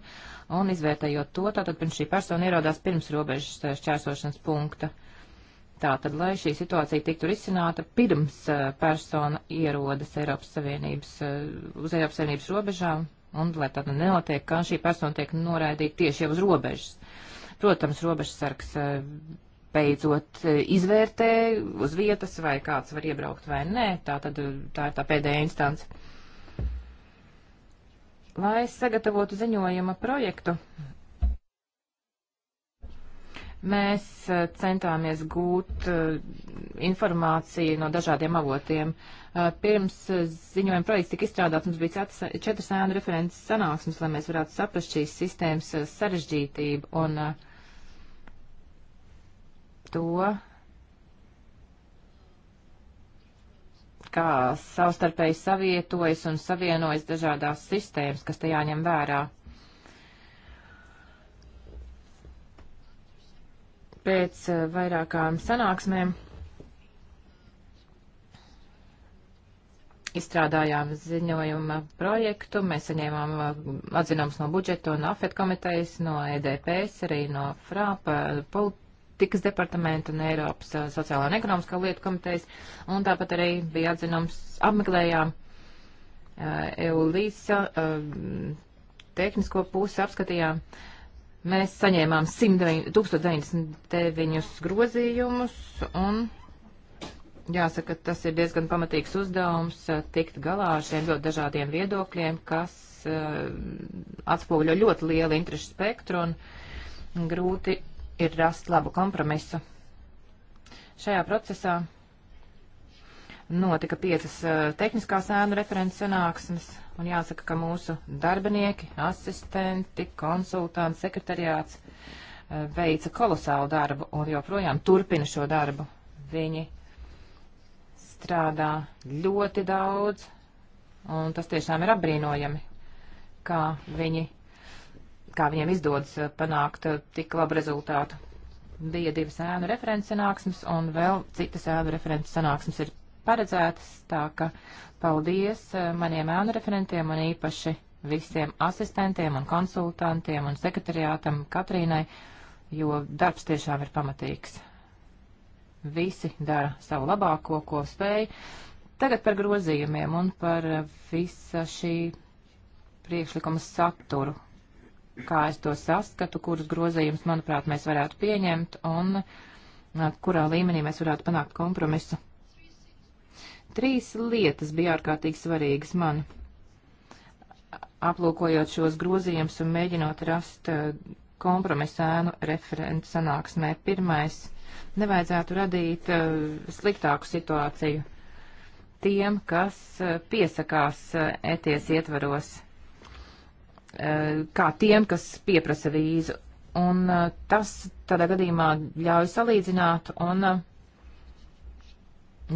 un izvērtējot to, tātad pirms šī persona ierodās pirms robežas šķērsošanas punkta. Tātad, lai šī situācija tiktu risināta pirms persona ierodas Eiropas Savienības, uz Eiropas Savienības robežām, un lai tāda nenotiek, ka šī persona tiek noraidīta tieši jau uz robežas. Uh, Protams, robežsargs eh, beidzot eh, izvērtē uz vietas, vai kāds var iebraukt vai nē. Tā, tad, eh, tā ir tā pēdējā instance. Lai sagatavotu ziņojuma projektu, mēs centāmies gūt informāciju no dažādiem avotiem. Pirms ziņojuma projekts tika izstrādāts, mums bija četras ēnu references sanāksmes, lai mēs varētu saprast šīs sistēmas sarežģītību un uh, to, kā savstarpēji savietojas un savienojas dažādās sistēmas, kas te jāņem vērā. Pēc eh, vairākām sanāksmēm izstrādājām ziņojuma projektu, mēs saņēmām eh, atzinums no budžeta un afet komitejas, no EDPS, arī no FRAP, eh, pol politikas departamentu un Eiropas sociālā un ekonomiskā lietu komitejas, un tāpat arī bija atzinums apmeklējām EULISA tehnisko pusi, apskatījām. Mēs saņēmām 1099 grozījumus un jāsaka, tas ir diezgan pamatīgs uzdevums tikt galā ar šiem ļoti dažādiem viedokļiem, kas uh, atspoguļo ļoti lielu interešu spektru un grūti ir rast labu kompromisu. Šajā procesā notika piecas eh, tehniskās ēnu referents sanāksmes, un jāsaka, ka mūsu darbinieki, asistenti, konsultanti, sekretariāts eh, veica kolosālu darbu un joprojām turpina šo darbu. Viņi strādā ļoti daudz, un tas tiešām ir apbrīnojami, kā viņi kā viņiem izdodas eh, panākt eh, tik labu rezultātu. Bija divas ēnu referents sanāksmes, un vēl citas ēnu referents sanāksmes ir paredzētas, tā ka paldies eh, maniem ēnu referentiem un īpaši visiem asistentiem un konsultantiem un sekretariātam Katrīnai, jo darbs tiešām ir pamatīgs. Visi dara savu labāko, ko spēj. Tagad par grozījumiem un par visa šī priekšlikuma saturu kā es to saskatu, kurus grozījumus, manuprāt, mēs varētu pieņemt un kurā līmenī mēs varētu panākt kompromisu. Trīs lietas bija ārkārtīgi svarīgas man, aplūkojot šos grozījumus un mēģinot rast uh, kompromisu ēnu referentu sanāksmē. Pirmais, nevajadzētu radīt uh, sliktāku situāciju tiem, kas uh, piesakās ETS ietvaros Eh, kā tiem, kas pieprasa vīzu. Un eh, tas tādā gadījumā ļauj salīdzināt un eh,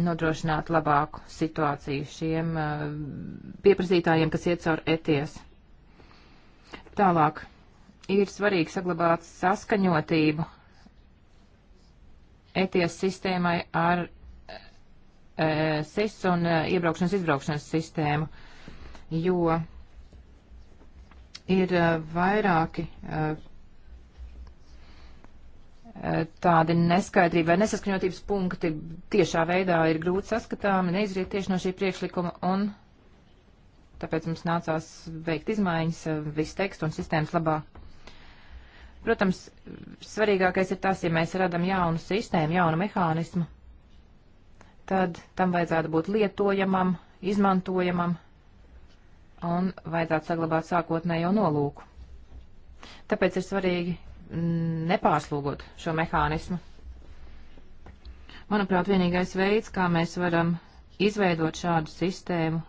nodrošināt labāku situāciju šiem pieprasītājiem, kas iet caur ETS. Tālāk ir svarīgi saglabāt saskaņotību ETS sistēmai ar SIS e un iebraukšanas izbraukšanas sistēmu, jo ir eh, vairāki eh, eh, tādi neskaidrība vai nesaskaņotības punkti tiešā veidā ir grūti saskatāmi, neizriet tieši no šī priekšlikuma, un tāpēc mums nācās veikt izmaiņas visu tekstu un sistēmas labā. Protams, svarīgākais ir tas, ja mēs radam jaunu sistēmu, jaunu mehānismu, tad tam vajadzētu būt lietojamam, izmantojamam, un vajadzētu saglabāt sākotnējo nolūku. Tāpēc ir svarīgi mm, nepārslūgot šo mehānismu. Manuprāt, vienīgais veids, kā mēs varam izveidot šādu sistēmu,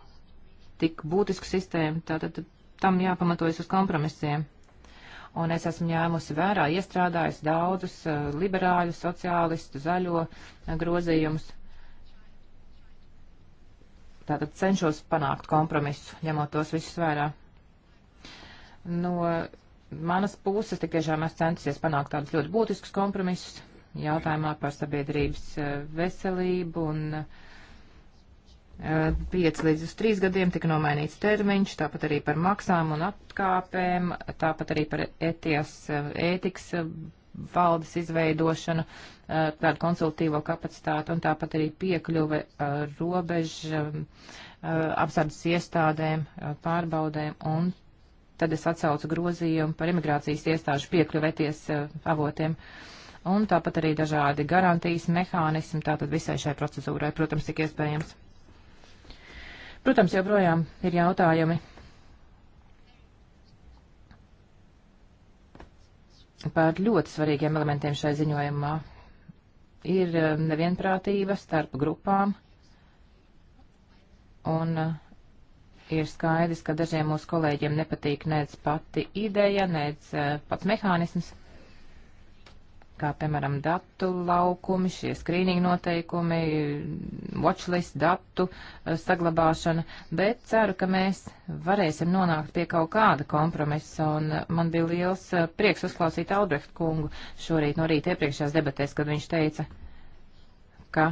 tik būtisku sistēmu, tātad tam jāpamatojas uz kompromisiem. Un es esmu ņēmusi vērā, iestrādājusi daudzus eh, liberāļu, sociālistu, zaļo eh, grozījumus tātad cenšos panākt kompromisu, ņemot tos visus vērā. No manas puses tik tiešām es centusies panākt tādus ļoti būtiskus kompromisus jautājumā par sabiedrības eh, veselību un 5 eh, līdz uz 3 gadiem tika nomainīts termiņš, tāpat arī par maksām un atkāpēm, tāpat arī par ETIAS eh, ētikas valdes izveidošanu, eh, tādu konsultīvo kapacitātu un tāpat arī piekļuve eh, robežu eh, apsardzes iestādēm, pārbaudēm un tad es atsaucu grozījumu par imigrācijas iestāžu piekļuvēties avotiem. Un tāpat arī dažādi garantijas mehānismi, tātad visai šai procedūrai, protams, tik iespējams. Protams, joprojām ir jautājumi par ļoti svarīgiem elementiem šai ziņojumā. Ir eh, nevienprātība starp grupām, un eh, ir skaidrs, ka dažiem mūsu kolēģiem nepatīk nec pati ideja, nec eh, pats mehānisms kā piemēram datu laukumi, šie skrīningi noteikumi, watchlist, datu eh, saglabāšana, bet ceru, ka mēs varēsim nonākt pie kaut kāda kompromisa, un eh, man bija liels eh, prieks uzklausīt Albrecht kungu šorīt no rīta iepriekšējās debatēs, kad viņš teica, ka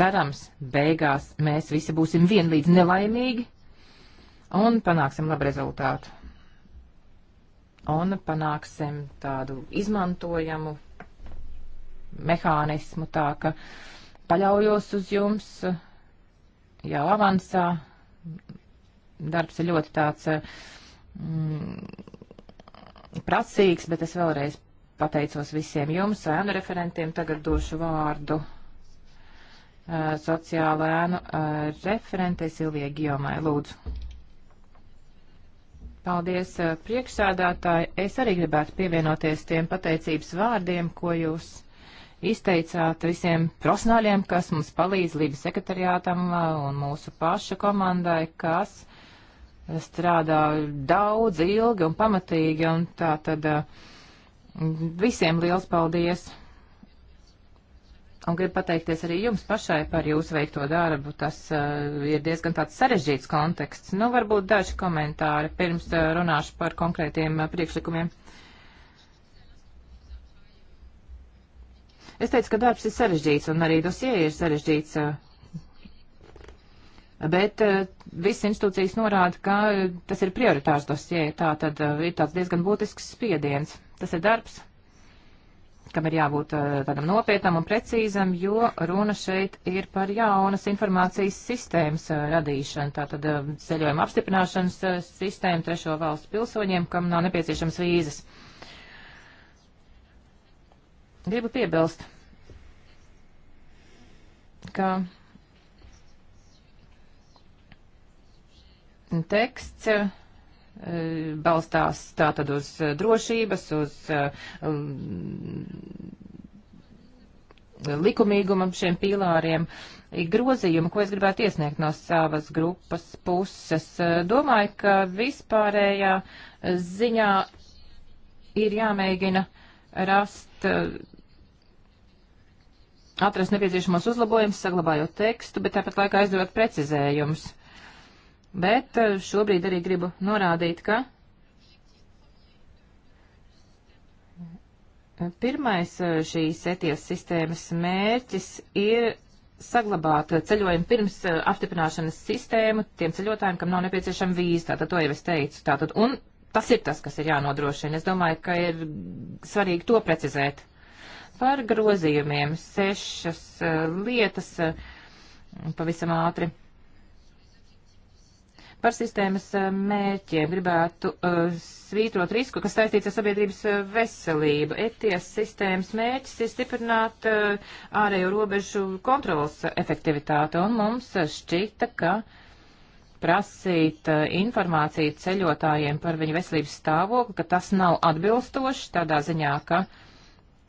cerams, beigās mēs visi būsim vienlīdz nelaimīgi un panāksim labu rezultātu. Un panāksim tādu izmantojamu mehānismu, tā ka paļaujos uz jums jau avansā. Darbs ir ļoti tāds mm, prasīgs, bet es vēlreiz pateicos visiem jums, ēnu referentiem. Tagad došu vārdu uh, sociālo ēnu uh, referentei Silvijai Gijomai. Lūdzu. Paldies, uh, priekšsēdātāji. Es arī gribētu pievienoties tiem pateicības vārdiem, ko jūs izteicāt visiem profesionāļiem, kas mums palīdz Lībijas sekretariātam uh, un mūsu paša komandai, kas strādā daudz, ilgi un pamatīgi, un tā tad uh, visiem liels paldies! Un gribu pateikties arī jums pašai par jūsu veikto darbu. Tas uh, ir diezgan tāds sarežģīts konteksts. Nu, varbūt daži komentāri pirms uh, runāšu par konkrētiem uh, priekšlikumiem. Es teicu, ka darbs ir sarežģīts un arī dosie ir sarežģīts. Eh, bet eh, visas institūcijas norāda, ka eh, tas ir prioritārs dosie. Tā tad ir tāds diezgan būtisks spiediens. Tas ir darbs, kam ir jābūt tādam nopietnam un precīzam, jo runa šeit ir par jaunas informācijas sistēmas radīšanu, tātad ceļojuma apstiprināšanas sistēmu trešo valstu pilsoņiem, kam nav nepieciešams vīzes. Gribu piebilst, ka teksts eh, balstās tātad uz eh, drošības, uz eh, um, likumīguma šiem pīlāriem. Grozījumu, ko es gribētu iesniegt no savas grupas puses, domāju, ka vispārējā ziņā ir jāmēģina uh, rast, eh, atrast nepieciešamos uzlabojumus, saglabājot tekstu, bet tāpat laikā aizdot precizējumus. Bet eh, šobrīd arī gribu norādīt, ka pirmais eh, šīs etijas sistēmas mērķis ir saglabāt ceļojumu pirms apstiprināšanas sistēmu tiem ceļotājiem, kam nav nepieciešama vīza. Tātad to jau es teicu. Tātad, un tas ir tas, kas ir jānodrošina. Es domāju, ka ir svarīgi to precizēt. Par grozījumiem sešas eh, lietas eh, pavisam ātri. Par sistēmas eh, mērķiem gribētu uh, svītrot risku, kas saistīts ar sabiedrības veselību. ETIES sistēmas mērķis ir stiprināt uh, ārējo robežu kontrolas efektivitāti, un mums šķita, ka uh, prasīt uh, informāciju ceļotājiem par viņu veselības stāvokli, ka tas nav atbilstoši tādā ziņā, ka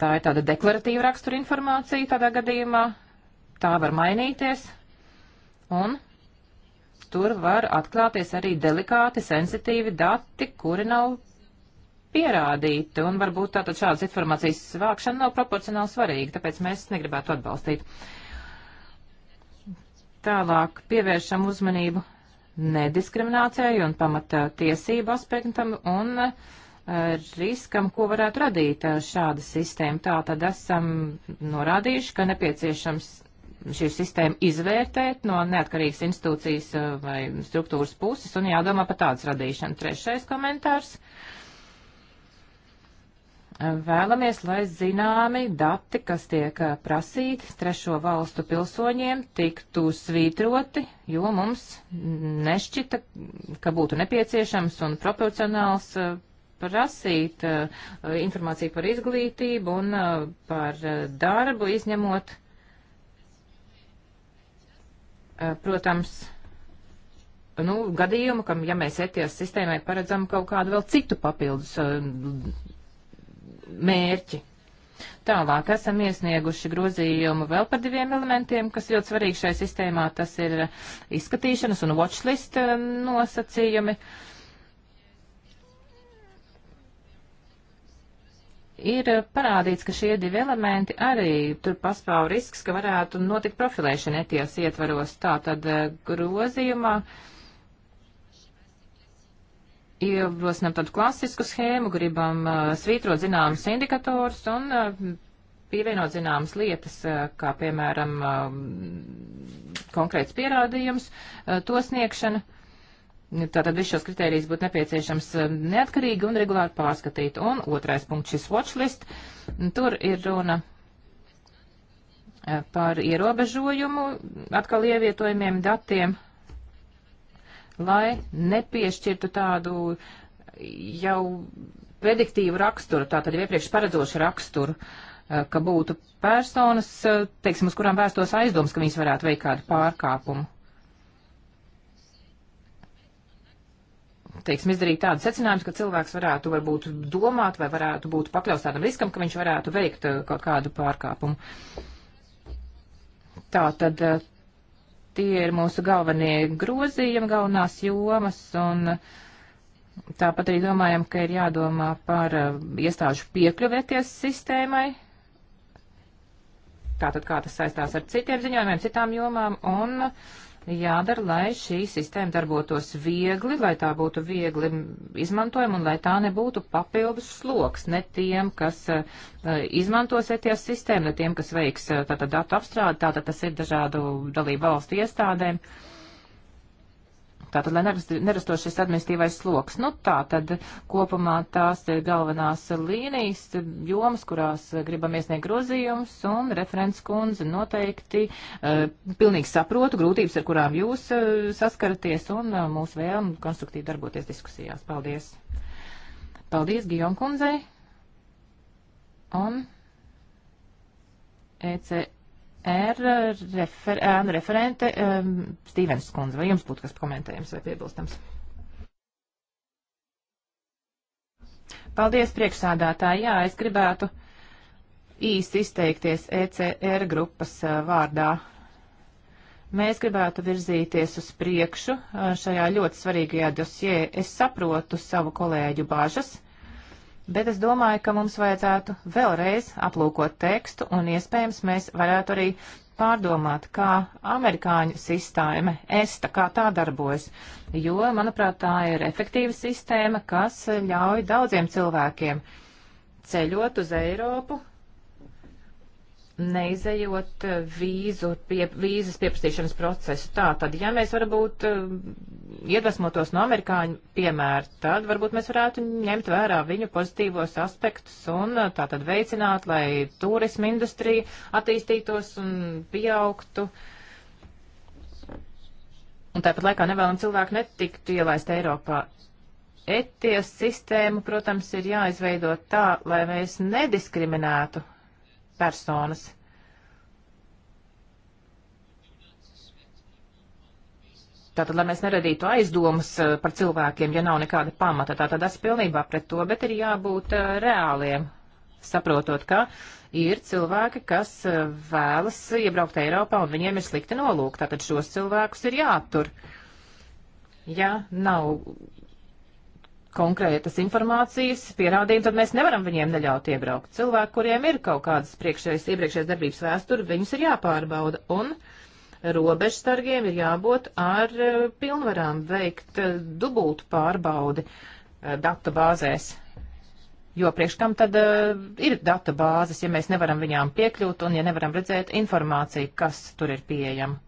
tā ir tāda deklaratīva rakstura informācija tādā gadījumā, tā var mainīties, un tur var atklāties arī delikāti, sensitīvi dati, kuri nav pierādīti, un varbūt tātad šādas informācijas vākšana nav proporcionāli svarīga, tāpēc mēs negribētu atbalstīt. Tālāk pievēršam uzmanību nediskriminācijai un pamata tiesību aspektam un eh, riskam, ko varētu radīt eh, šāda sistēma. Tā tad esam norādījuši, ka nepieciešams šī sistēma izvērtēt no neatkarīgas institūcijas eh, vai struktūras puses un jādomā par tādas radīšanu. Trešais komentārs. Uh, Vēlamies, lai zināmi dati, kas tiek prasīti trešo valstu pilsoņiem, tiktu svītroti, jo mums nešķita, ka būtu nepieciešams un proporcionāls prasīt informāciju par izglītību un par darbu, izņemot, protams, nu, gadījumu, kam, ja mēs ETS sistēmai paredzam kaut kādu vēl citu papildus mērķi. Tālāk esam iesnieguši grozījumu vēl par diviem elementiem, kas ļoti svarīgi šai sistēmā. Tas ir izskatīšanas un watchlist eh, nosacījumi. Ir parādīts, ka šie divi elementi arī tur pastāv risks, ka varētu notikt profilēšana etiesa ietvaros. Tātad eh, grozījumā uh, ierosinām tādu klasisku schēmu, gribam uh, svītrot zināmas indikators un uh, pievienot zināmas lietas, uh, kā piemēram uh, konkrēts pierādījums, uh, to sniegšana. Tātad visus šos kritērijus būtu nepieciešams uh, neatkarīgi un regulāri pārskatīt. Un otrais punkts, šis watchlist, tur ir runa uh, par ierobežojumu atkal ievietojumiem datiem lai nepiešķirtu tādu jau prediktīvu raksturu, tātad jau iepriekš paredzošu raksturu, eh, ka būtu personas, eh, teiksim, uz kurām vērstos aizdoms, ka viņas varētu veikt kādu pārkāpumu. Teiksim, izdarīt tādu secinājumu, ka cilvēks varētu varbūt domāt vai varētu būt pakļauts tādam riskam, ka viņš varētu veikt eh, kaut kādu pārkāpumu. Tā tad Tie ir mūsu galvenie grozījumi, galvenās jomas, un tāpat arī domājam, ka ir jādomā par eh, iestāžu piekļuvieties sistēmai, tātad kā tas saistās ar citiem ziņojumiem, citām jomām, un uh, jādara, lai šī sistēma darbotos viegli, lai tā būtu viegli izmantojama un lai tā nebūtu papildus sloks ne tiem, kas uh, eh, izmantos ETS sistēmu, ne tiem, kas veiks uh, tātad datu apstrādi, tātad tas ir dažādu dalību valstu iestādēm. Uh, tātad, lai nerastos šis administīvais sloks. Nu, tā tad kopumā tās ir galvenās līnijas, jomas, kurās gribam iesniegt grozījumus, un referents kundze noteikti uh, pilnīgi saprotu grūtības, ar kurām jūs uh, saskaraties, un uh, mūsu vēlam konstruktīvi darboties diskusijās. Paldies! Paldies Gijom kundzei! Un ECE. R refer, ēnu referente um, Stīvens Skundze. Vai jums būtu kas komentējams vai piebilstams? Paldies, priekšsādātāji. Jā, es gribētu īsti izteikties ECR grupas uh, vārdā. Mēs gribētu virzīties uz priekšu uh, šajā ļoti svarīgajā dosjē. Es saprotu savu kolēģu bāžas. Uh, bet es domāju, ka mums vajadzētu vēlreiz aplūkot tekstu un iespējams mēs varētu arī pārdomāt, kā amerikāņu sistēma, ESTA, kā tā darbojas, jo, manuprāt, tā ir efektīva sistēma, kas ļauj daudziem cilvēkiem ceļot uz Eiropu, neizejot eh, vīzu, pie, vīzas pieprasīšanas procesu. Tā tad, ja mēs varbūt eh, iedvesmotos no amerikāņu piemēra, tad varbūt mēs varētu ņemt vērā viņu pozitīvos aspektus un eh, tā tad veicināt, lai turisma industrija attīstītos un pieaugtu. Un tāpat laikā nevēlam cilvēku netiktu ielaist Eiropā. Etijas sistēmu, protams, ir jāizveido tā, lai mēs nediskriminētu personas. Tātad, lai mēs neradītu aizdomas eh, par cilvēkiem, ja nav nekāda pamata, tātad esmu pilnībā pret to, bet ir jābūt eh, reāliem, saprotot, ka ir cilvēki, kas eh, vēlas iebraukt Eiropā un viņiem ir slikti nolūk, tātad šos cilvēkus ir jāaptur. Ja nav konkrētas informācijas, pierādījumu, tad mēs nevaram viņiem neļaut iebraukt. Cilvēki, kuriem ir kaut kādas priekšējas, iepriekšējas darbības vēsturi, viņus ir jāpārbauda. Un robežstargiem ir jābūt ar eh, pilnvarām veikt eh, dubultu pārbaudi eh, datu bāzēs. Jo priekš kam tad uh, ir datu bāzes, ja mēs nevaram viņām piekļūt un ja nevaram redzēt informāciju, kas tur ir pieejama?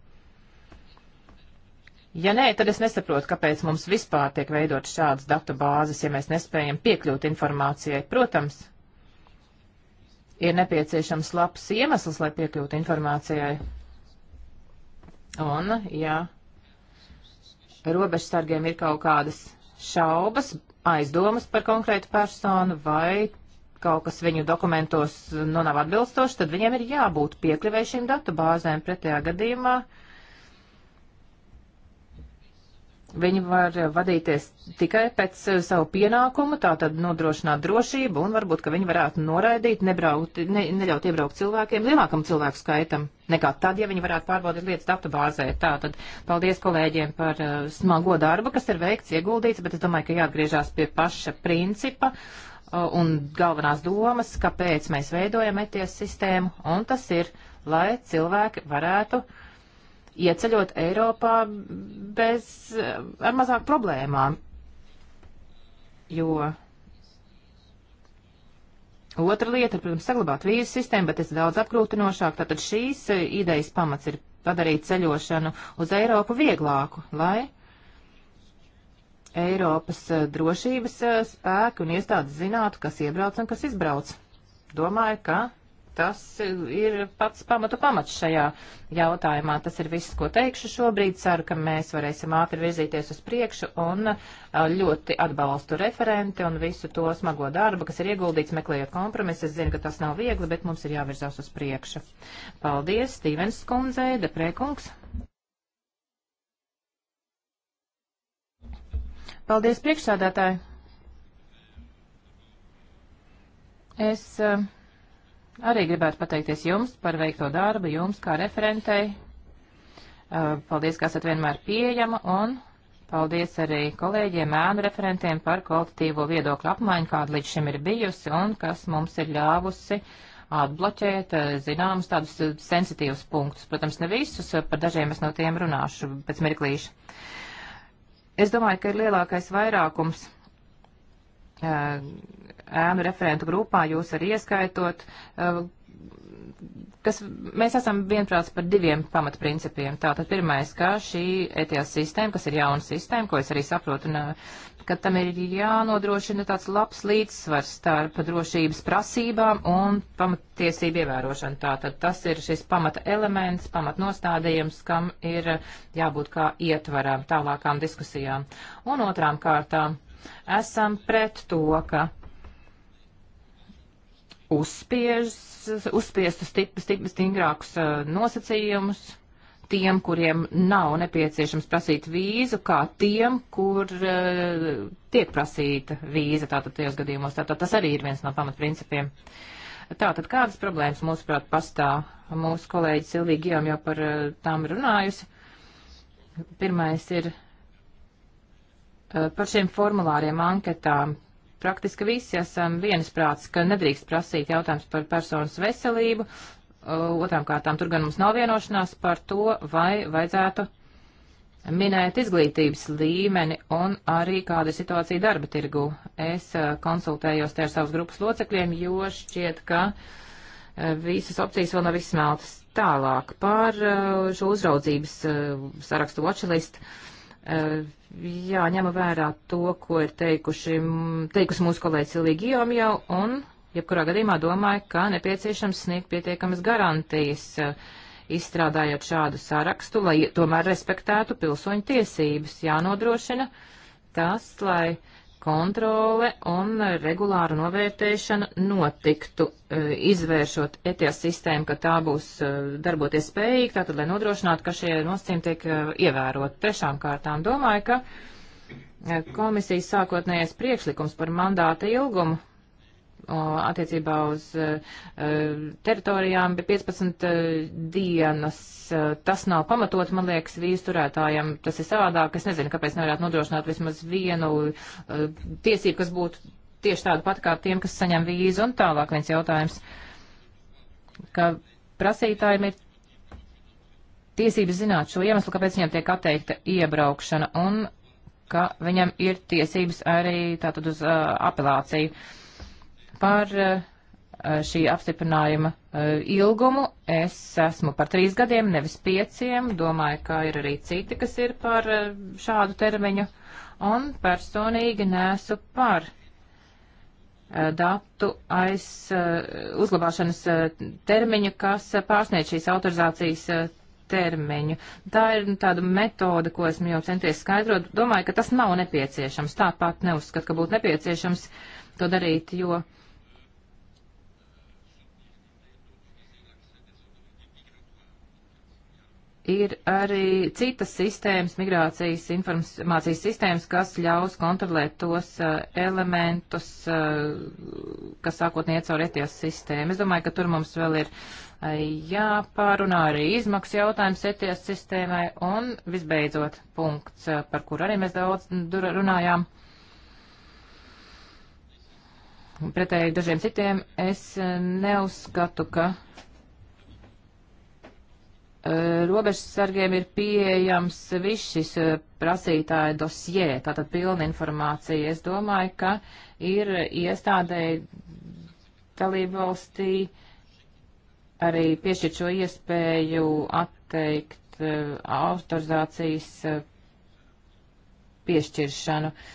Ja nē, tad es nesaprotu, kāpēc mums vispār tiek veidot šādas datu bāzes, ja mēs nespējam piekļūt informācijai. Protams, ir nepieciešams labs iemesls, lai piekļūtu informācijai. Un, ja robežsargiem ir kaut kādas šaubas, aizdomas par konkrētu personu vai kaut kas viņu dokumentos nu nav atbilstoši, tad viņiem ir jābūt piekļuvējušiem datu bāzēm. Pretējā gadījumā uh, Viņi var vadīties tikai pēc eh, savu pienākumu, tā tad nodrošināt drošību un varbūt, ka viņi varētu noraidīt, nebraukt, ne, neļaut iebraukt cilvēkiem, lielākam cilvēku skaitam, nekā tad, ja viņi varētu pārbaudīt lietas datu bāzē. Tā tad paldies kolēģiem par uh, smago darbu, kas ir veikts, ieguldīts, bet es domāju, ka jāatgriežās pie paša principa uh, un galvenās domas, kāpēc mēs veidojam ETS sistēmu, un tas ir, lai cilvēki varētu uh, ieceļot Eiropā bez, ar mazāk problēmām, jo Otra lieta ir, protams, saglabāt vīzu sistēmu, bet tas ir daudz apgrūtinošāk. Tātad šīs idejas pamats ir padarīt ceļošanu uz Eiropu vieglāku, lai Eiropas eh, drošības eh, spēki un iestādes zinātu, kas iebrauc un kas izbrauc. Domāju, ka Tas ir pats pamatu pamats šajā jautājumā. Tas ir viss, ko teikšu šobrīd. Ceru, ka mēs varēsim ātri virzīties uz priekšu un ļoti atbalstu referenti un visu to smago darbu, kas ir ieguldīts meklējot kompromisu. Es zinu, ka tas nav viegli, bet mums ir jāvirzās uz priekšu. Paldies, Stīvens Skundzei, Deprēkungs. Paldies, priekšsādātāji. Es uh, Arī gribētu pateikties jums par veikto darbu, jums kā referentei. Paldies, ka esat vienmēr pieejama un paldies arī kolēģiem, ēnu referentiem par kvalitatīvo viedokļu apmaiņu, kāda līdz šim ir bijusi un kas mums ir ļāvusi atbloķēt zināmus tādus sensitīvus punktus. Protams, ne visus, par dažiem es no tiem runāšu pēc mirklīša. Es domāju, ka ir lielākais vairākums Eh, ēnu referentu grupā, jūs arī ieskaitot, eh, kas mēs esam vienprāts par diviem pamatprincipiem. Tātad pirmais, ka šī ETS sistēma, kas ir jauna sistēma, ko es arī saprotu, un, ka tam ir jānodrošina tāds labs līdzsvars starp drošības prasībām un pamatiesību ievērošanu. Tātad tas ir šis pamata elements, pamatnostādījums, kam ir jābūt kā ietvaram tālākām diskusijām. Un otrām kārtām esam pret to, ka uzspiež, uzspiestu stip, stip, stingrākus uh, nosacījumus tiem, kuriem nav nepieciešams prasīt vīzu, kā tiem, kur uh, tiek prasīta vīza, tātad tajos gadījumos. Tātad tas arī ir viens no pamatprincipiem. Tātad kādas problēmas mūsuprāt pastāv? Mūsu kolēģi Silvija Gijom jau par uh, tām runājusi. Pirmais ir Eh, par šiem formulāriem anketām praktiski visi esam viensprāts, ka nedrīkst prasīt jautājums par personas veselību. Eh, otrām kārtām tur gan mums nav vienošanās par to, vai vajadzētu minēt izglītības līmeni un arī kāda ir situācija darba tirgu. Es eh, konsultējos te ar savas grupas locekļiem, jo šķiet, ka visas opcijas vēl nav izsmeltas tālāk par šo uzraudzības sarakstu watchlist. Uh, jā, ņem vērā to, ko ir teikuši, teikusi mūsu kolēģi Silvija Gijom jau, un jebkurā gadījumā domāju, ka nepieciešams sniegt pietiekamas garantijas, eh, izstrādājot šādu sarakstu, lai tomēr respektētu pilsoņu tiesības. Jānodrošina tas, lai uh, kontrole un regulāra novērtēšana notiktu, e, izvēršot ETIAS sistēmu, ka tā būs e, darboties spējīga, tātad, lai nodrošinātu, ka šie nosacījumi tiek e, ievērot. Trešām kārtām domāju, ka komisijas sākotnējais priekšlikums par mandāta ilgumu attiecībā uz e, e, teritorijām bija 15 e, dienas. Tas nav pamatot, man liekas, vīzu turētājiem. Tas ir savādāk. Es nezinu, kāpēc nevarētu nodrošināt vismaz vienu tiesību, kas būtu tieši tāda pat kā tiem, kas saņem vīzu. Un tālāk viens jautājums, ka prasītājiem ir tiesības zināt šo iemeslu, kāpēc viņam tiek atteikta iebraukšana un ka viņam ir tiesības arī tātad uz uh, apelāciju. Uh, par eh, šī apstiprinājuma eh, ilgumu. Es esmu par trīs gadiem, nevis pieciem. Domāju, ka ir arī citi, kas ir par eh, šādu termiņu. Un personīgi nesu par datu aiz uzglabāšanas termiņu, kas pārsniedz šīs autorizācijas termiņu. Tā ir tāda metode, ko esmu jau centies skaidrot. Domāju, ka tas nav nepieciešams. Tāpat neuzskatu, ka būtu nepieciešams to darīt, jo uh, ir arī citas sistēmas, migrācijas informācijas sistēmas, kas ļaus kontrolēt tos uh, elementus, uh, kas sākotnēji caur ETIAS sistēmu. Es domāju, ka tur mums vēl ir uh, jāpārunā arī izmaksu jautājums ETIAS sistēmai un visbeidzot punkts, uh, par kur arī mēs daudz runājām. Pretēji dažiem citiem es neuzskatu, ka Eh, robežsargiem ir pieejams viss šis eh, prasītāja dosjē, tātad pilna informācija. Es domāju, ka ir iestādēji dalību valstī arī piešķirt šo iespēju atteikt eh, autorizācijas piešķiršanu. Uh,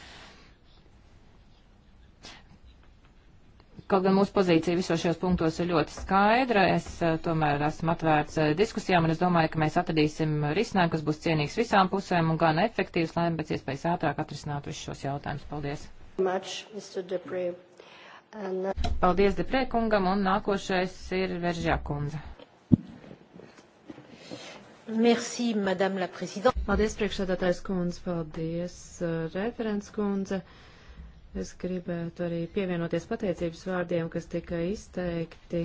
Kaut gan mūsu pozīcija visos šajos punktos ir ļoti skaidra, es eh, tomēr esmu atvērts eh, diskusijām un es domāju, ka mēs atradīsim risinājumu, kas būs cienīgs visām pusēm un gan efektīvs, lai pēc iespējas ātrāk atrisinātu visus šos jautājumus. Paldies! Much, And... Uh, paldies Deprē kungam un nākošais ir Veržā kundze. Merci, Madame la Présidente. Paldies, priekšsēdētājs kundze, paldies, uh, referents kundze. Uh, Es gribētu arī pievienoties pateicības vārdiem, kas tika izteikti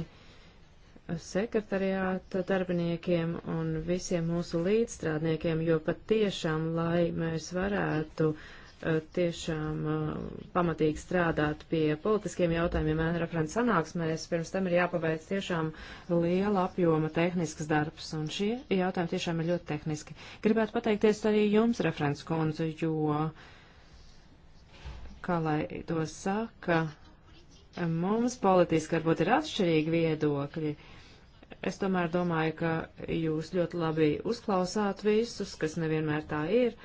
sekretariāta darbiniekiem un visiem mūsu līdzstrādniekiem, jo pat tiešām, lai mēs varētu eh, tiešām eh, pamatīgi strādāt pie politiskiem jautājumiem, ēna referents sanāksmēs, pirms tam ir jāpaveic tiešām liela apjoma tehnisks darbs, un šie jautājumi tiešām ir ļoti tehniski. Gribētu pateikties arī jums, referents kundze, jo uh, kā lai to saka, mums politiski varbūt ir atšķirīgi viedokļi. Es tomēr domāju, ka jūs ļoti labi uzklausāt visus, kas nevienmēr tā ir,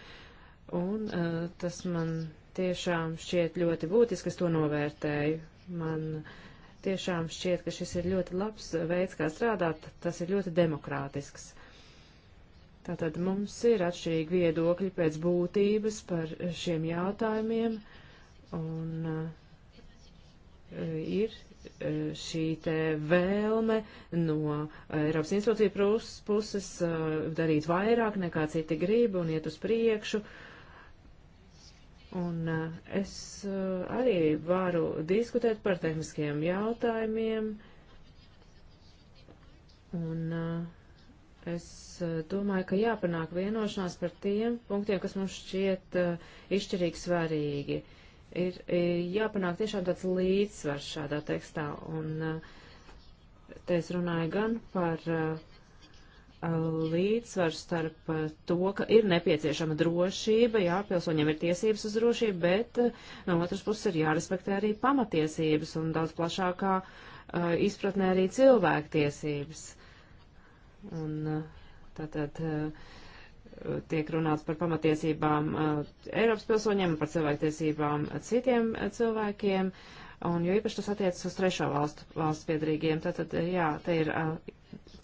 un uh, tas man tiešām šķiet ļoti būtiski, es to novērtēju. Man tiešām šķiet, ka šis ir ļoti labs veids, kā strādāt, tas ir ļoti demokrātisks. Tātad mums ir atšķirīgi viedokļi pēc būtības par šiem jautājumiem. Uh, Un e, ir e, šī te vēlme no Eiropas institūcija puses e, darīt vairāk nekā citi grib un iet uz priekšu. Un es arī varu diskutēt par tehniskiem jautājumiem. Un es domāju, ka jāpanāk vienošanās par tiem punktiem, kas mums šķiet izšķirīgi svarīgi. Uh, ir e, jāpanāk tiešām tāds līdzsvars šādā tekstā. Un e, te es runāju gan par e, līdzsvaru starp to, ka ir nepieciešama drošība, jā, pilsoņiem ir tiesības uz drošību, bet no otras puses ir jārespektē arī pamatiesības un daudz plašākā uh, izpratnē arī cilvēktiesības. Un tātad. Uh, tiek runāts par pamatiesībām uh, Eiropas pilsoņiem, par cilvēktiesībām citiem uh, cilvēkiem, un jo īpaši tas attiecas uz trešo valstu, valstu piedrīgiem. Tātad, uh, jā, te ir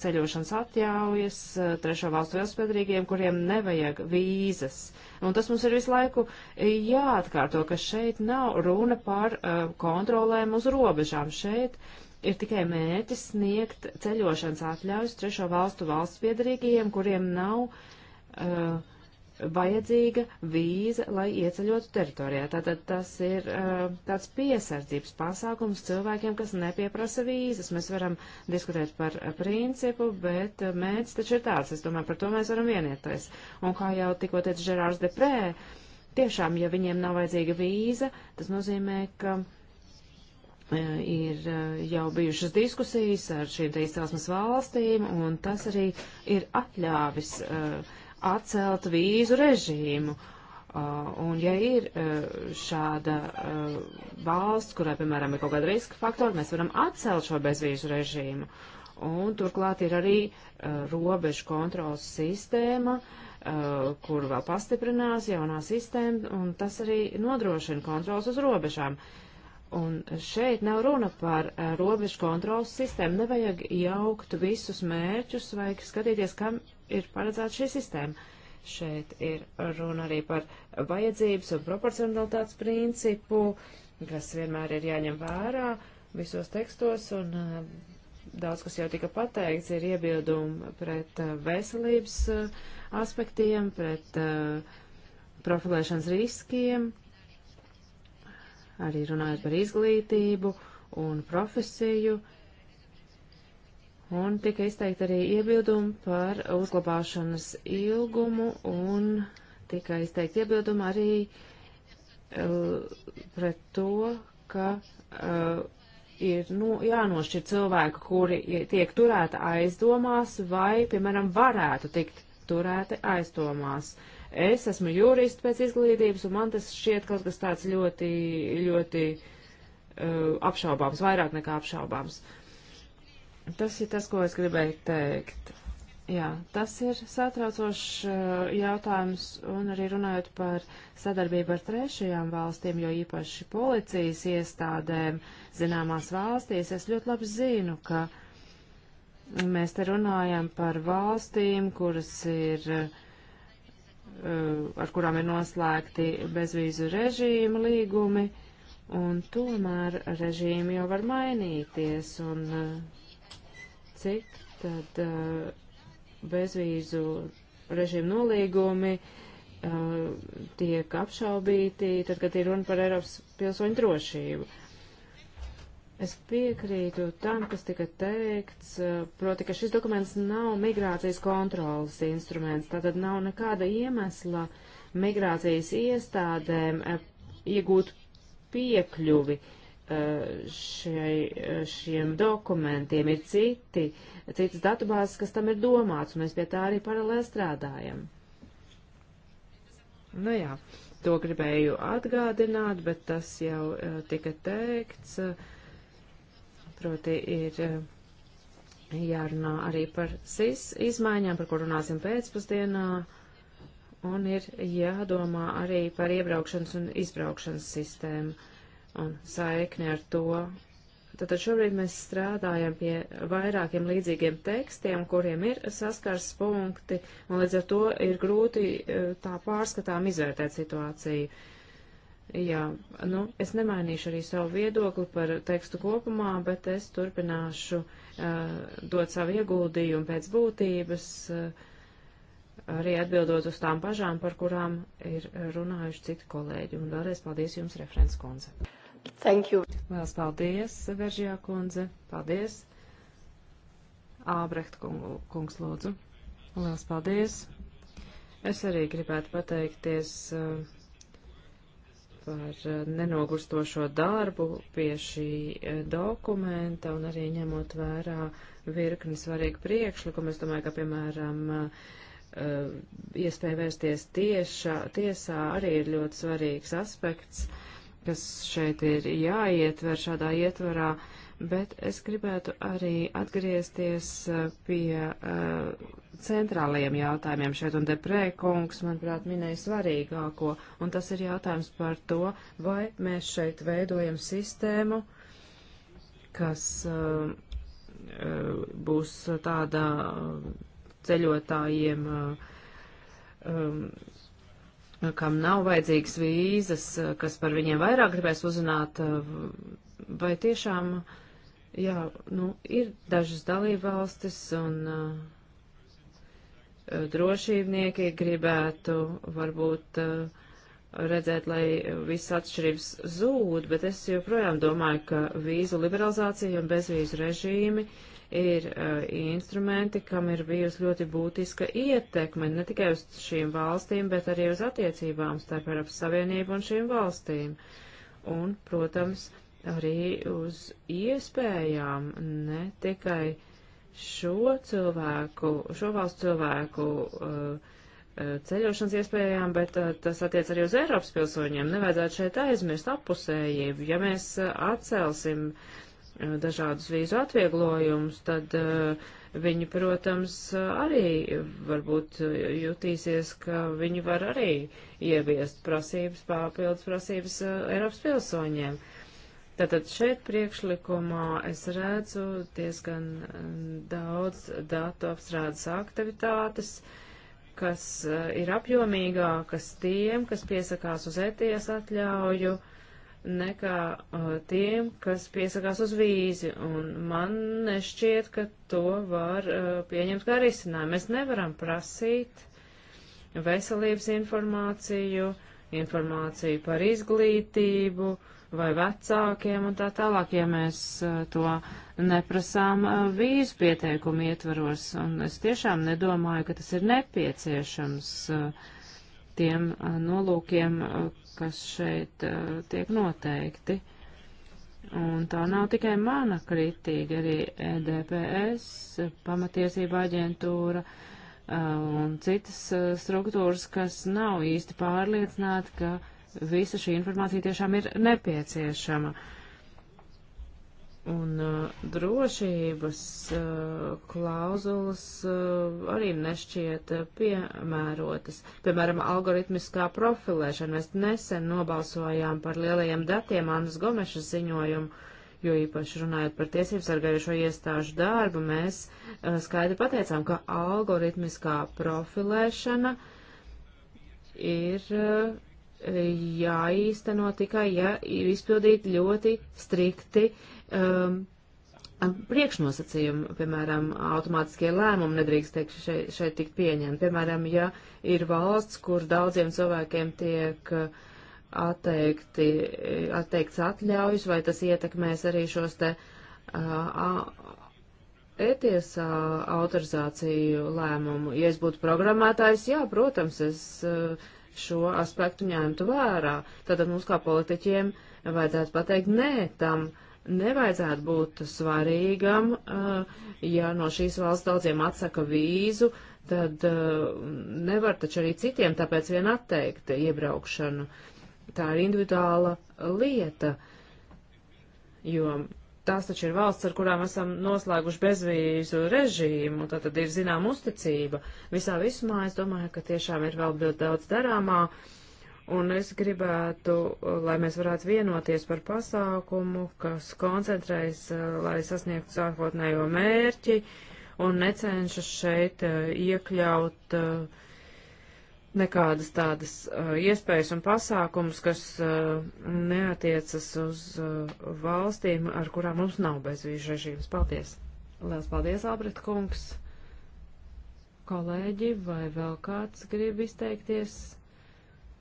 ceļošanas atļaujas trešo valstu vēlspēdrīgiem, kuriem nevajag vīzas. Un tas mums ir visu laiku jāatkārto, ka šeit nav runa par uh, kontrolēm uz robežām. Šeit ir tikai mērķis sniegt ceļošanas atļaujas trešo valstu valsts piedarīgajiem, kuriem nav uh, vajadzīga vīza, lai ieceļotu teritorijā. Tātad tas ir uh, tāds piesardzības pasākums cilvēkiem, kas nepieprasa vīzas. Mēs varam diskutēt par principu, bet uh, mērķis taču ir tāds. Es domāju, par to mēs varam vienoties. Un kā jau tikko teica Žerārs Deprē, tiešām, ja viņiem nav vajadzīga vīza, tas nozīmē, ka uh, ir uh, jau bijušas diskusijas ar šīm te izcelsmes valstīm, un tas arī ir atļāvis uh, atcelt vīzu režīmu. Uh, un ja ir uh, šāda uh, valsts, kurai, piemēram, ir kaut kāda riska faktori, mēs varam atcelt šo bezvīzu režīmu. Un turklāt ir arī uh, robežu kontrols sistēma, uh, kur vēl pastiprinās jaunā sistēma, un tas arī nodrošina kontrols uz robežām. Uh, Un šeit nav runa par eh, robežu kontrolas sistēmu. Nevajag jaukt visus mērķus, vajag skatīties, kam ir paredzēta šī sistēma. Šeit ir runa arī par vajadzības un proporcionalitātes principu, kas vienmēr ir jāņem vērā visos tekstos, un eh, daudz, kas jau tika pateikts, ir iebildumi pret eh, veselības aspektiem, pret profilēšanas riskiem, arī runājot par izglītību un profesiju. Un tika izteikti arī iebildumi par uzglabāšanas ilgumu un tika izteikti iebildumi arī eh, pret to, ka uh, ir nu, jānošķir cilvēki, kuri tiek turēti aizdomās vai, piemēram, varētu tikt turēti aizdomās. Uh, Es esmu jurists pēc izglītības, un man tas šķiet kaut kas tāds ļoti, ļoti uh, apšaubāms, vairāk nekā apšaubāms. Tas ir tas, ko es gribēju teikt. Jā, tas ir satraucošs uh, jautājums, un arī runājot par sadarbību ar trešajām valstīm, jo īpaši policijas iestādēm zināmās valstīs, es ļoti labi zinu, ka mēs te runājam par valstīm, kuras ir uh, Eh, ar kurām ir noslēgti bezvīzu režīma līgumi, un tomēr režīmi jau var mainīties, un eh, cik tad eh, bezvīzu režīmu nolīgumi tiek apšaubīti, tad, kad ir runa par Eiropas pilsoņu drošību. Es piekrītu tam, kas tika teikts, eh, proti, ka šis dokuments nav migrācijas kontrolas instruments, tātad nav nekāda iemesla migrācijas iestādēm eh, iegūt piekļuvi eh, šai, šiem dokumentiem. Ir citi, citas datubāzes, kas tam ir domāts, un mēs pie tā arī paralēli strādājam. Nu jā, to gribēju atgādināt, bet tas jau tika teikts. Uh, proti ir eh, jārunā arī par SIS izmaiņām, par ko runāsim pēcpusdienā, un ir jādomā arī par iebraukšanas un izbraukšanas sistēmu un saikni ar to. Tātad šobrīd mēs strādājam pie vairākiem līdzīgiem tekstiem, kuriem ir saskars punkti, un līdz ar to ir grūti eh, tā pārskatām izvērtēt situāciju. Uh, Jā, nu, es nemainīšu arī savu viedokli par tekstu kopumā, bet es turpināšu uh, dot savu ieguldījumu pēc būtības, uh, arī atbildot uz tām pažām, par kurām ir runājuši citi kolēģi. Un vēlreiz paldies jums, referents kundze. Thank you. Vēlas paldies, Veržijā kundze. Paldies. Ābrecht kungu, kungs lūdzu. Lielas paldies. Es arī gribētu pateikties. Uh, par eh, nenogurstošo darbu pie šī eh, dokumenta un arī ņemot vērā virkni svarīgu priekšlikumu. Es domāju, ka, piemēram, eh, iespēja vērsties tiešā, tiesā arī ir ļoti svarīgs aspekts, kas šeit ir jāietver šādā ietvarā. Uh, bet es gribētu arī atgriezties eh, pie uh, centrālajiem jautājumiem šeit, un Deprē kungs, manuprāt, minēja svarīgāko, un tas ir jautājums par to, vai mēs šeit veidojam sistēmu, kas uh, būs tāda ceļotājiem. Uh, um, kam nav vajadzīgas vīzas, kas par viņiem vairāk gribēs uzzināt, vai tiešām uh, Jā, nu, ir dažas dalībvalstis un uh, drošībnieki gribētu varbūt uh, redzēt, lai visas atšķirības zūd, bet es joprojām domāju, ka vīzu liberalizācija un bezvīzu režīmi ir uh, instrumenti, kam ir bijusi ļoti būtiska ietekme ne tikai uz šīm valstīm, bet arī uz attiecībām starp Eiropas Savienību un šīm valstīm. Un, protams, uh, arī uz iespējām ne tikai šo cilvēku, šo valstu cilvēku uh, uh, ceļošanas iespējām, bet uh, tas attiec arī uz Eiropas pilsoņiem. Nevajadzētu šeit aizmirst appusējību. Ja mēs uh, atcelsim uh, dažādus vīzu atvieglojumus, tad uh, viņi, protams, arī varbūt jutīsies, ka viņi var arī ieviest prasības, pārpildus prasības Eiropas pilsoņiem. Uh, Tātad šeit priekšlikumā es redzu diezgan um, daudz datu apstrādes aktivitātes, kas uh, ir apjomīgākas tiem, kas piesakās uz ETS atļauju, nekā uh, tiem, kas piesakās uz vīzi. Un man nešķiet, ka to var uh, pieņemt kā risinājumu. Mēs nevaram prasīt veselības informāciju, informāciju par izglītību, uh, vai vecākiem un tā tālāk, ja mēs eh, to neprasām eh, vīzu pieteikumu ietvaros. Un es tiešām nedomāju, ka tas ir nepieciešams eh, tiem nolūkiem, kas šeit tiek noteikti. Un tā nav tikai mana kritīga, arī EDPS, pamatiesība aģentūra un citas struktūras, kas nav īsti pārliecināti, ka visa šī informācija tiešām ir nepieciešama. Un uh, drošības uh, klauzulas uh, arī nešķiet uh, piemērotas. Piemēram, algoritmiskā profilēšana. Mēs nesen nobalsojām par lielajiem datiem Annas Gomešas ziņojumu, jo īpaši runājot par tiesības sargājušo iestāžu darbu, mēs uh, skaidri pateicām, ka algoritmiskā profilēšana ir. Uh, jāīsteno tikai, ja ir izpildīti ļoti strikti um, priekšnosacījumi, piemēram, automātiskie lēmumi nedrīkst teikt šeit, šeit tikt pieņemti. Piemēram, ja ir valsts, kur daudziem cilvēkiem tiek uh, atteikti, atteikts atļaujas, vai tas ietekmēs arī šos te uh, ētiesā autorizāciju lēmumu. Ja es būtu programmētājs, jā, protams, es uh, šo aspektu ņemtu vērā. Tātad mums kā politiķiem vajadzētu pateikt nē tam. Nevajadzētu būt svarīgam, eh, ja no šīs valsts daudziem atsaka vīzu, tad eh, nevar taču arī citiem tāpēc vien atteikt iebraukšanu. Tā ir individuāla lieta, jo tās taču ir valsts, ar kurām esam noslēguši bezvīzu režīmu, tā tad ir zinām uzticība. Visā visumā es domāju, ka tiešām ir vēl ļoti daudz darāmā, un es gribētu, lai mēs varētu vienoties par pasākumu, kas koncentrējas, eh, lai sasniegtu sākotnējo mērķi, un necenšas šeit eh, iekļaut uh, nekādas tādas uh, iespējas un pasākums, kas uh, neatiecas uz uh, valstīm, ar kurām mums nav bezvīžu režīms. Paldies! Lielas paldies, Albrecht kungs! Kolēģi, vai vēl kāds grib izteikties?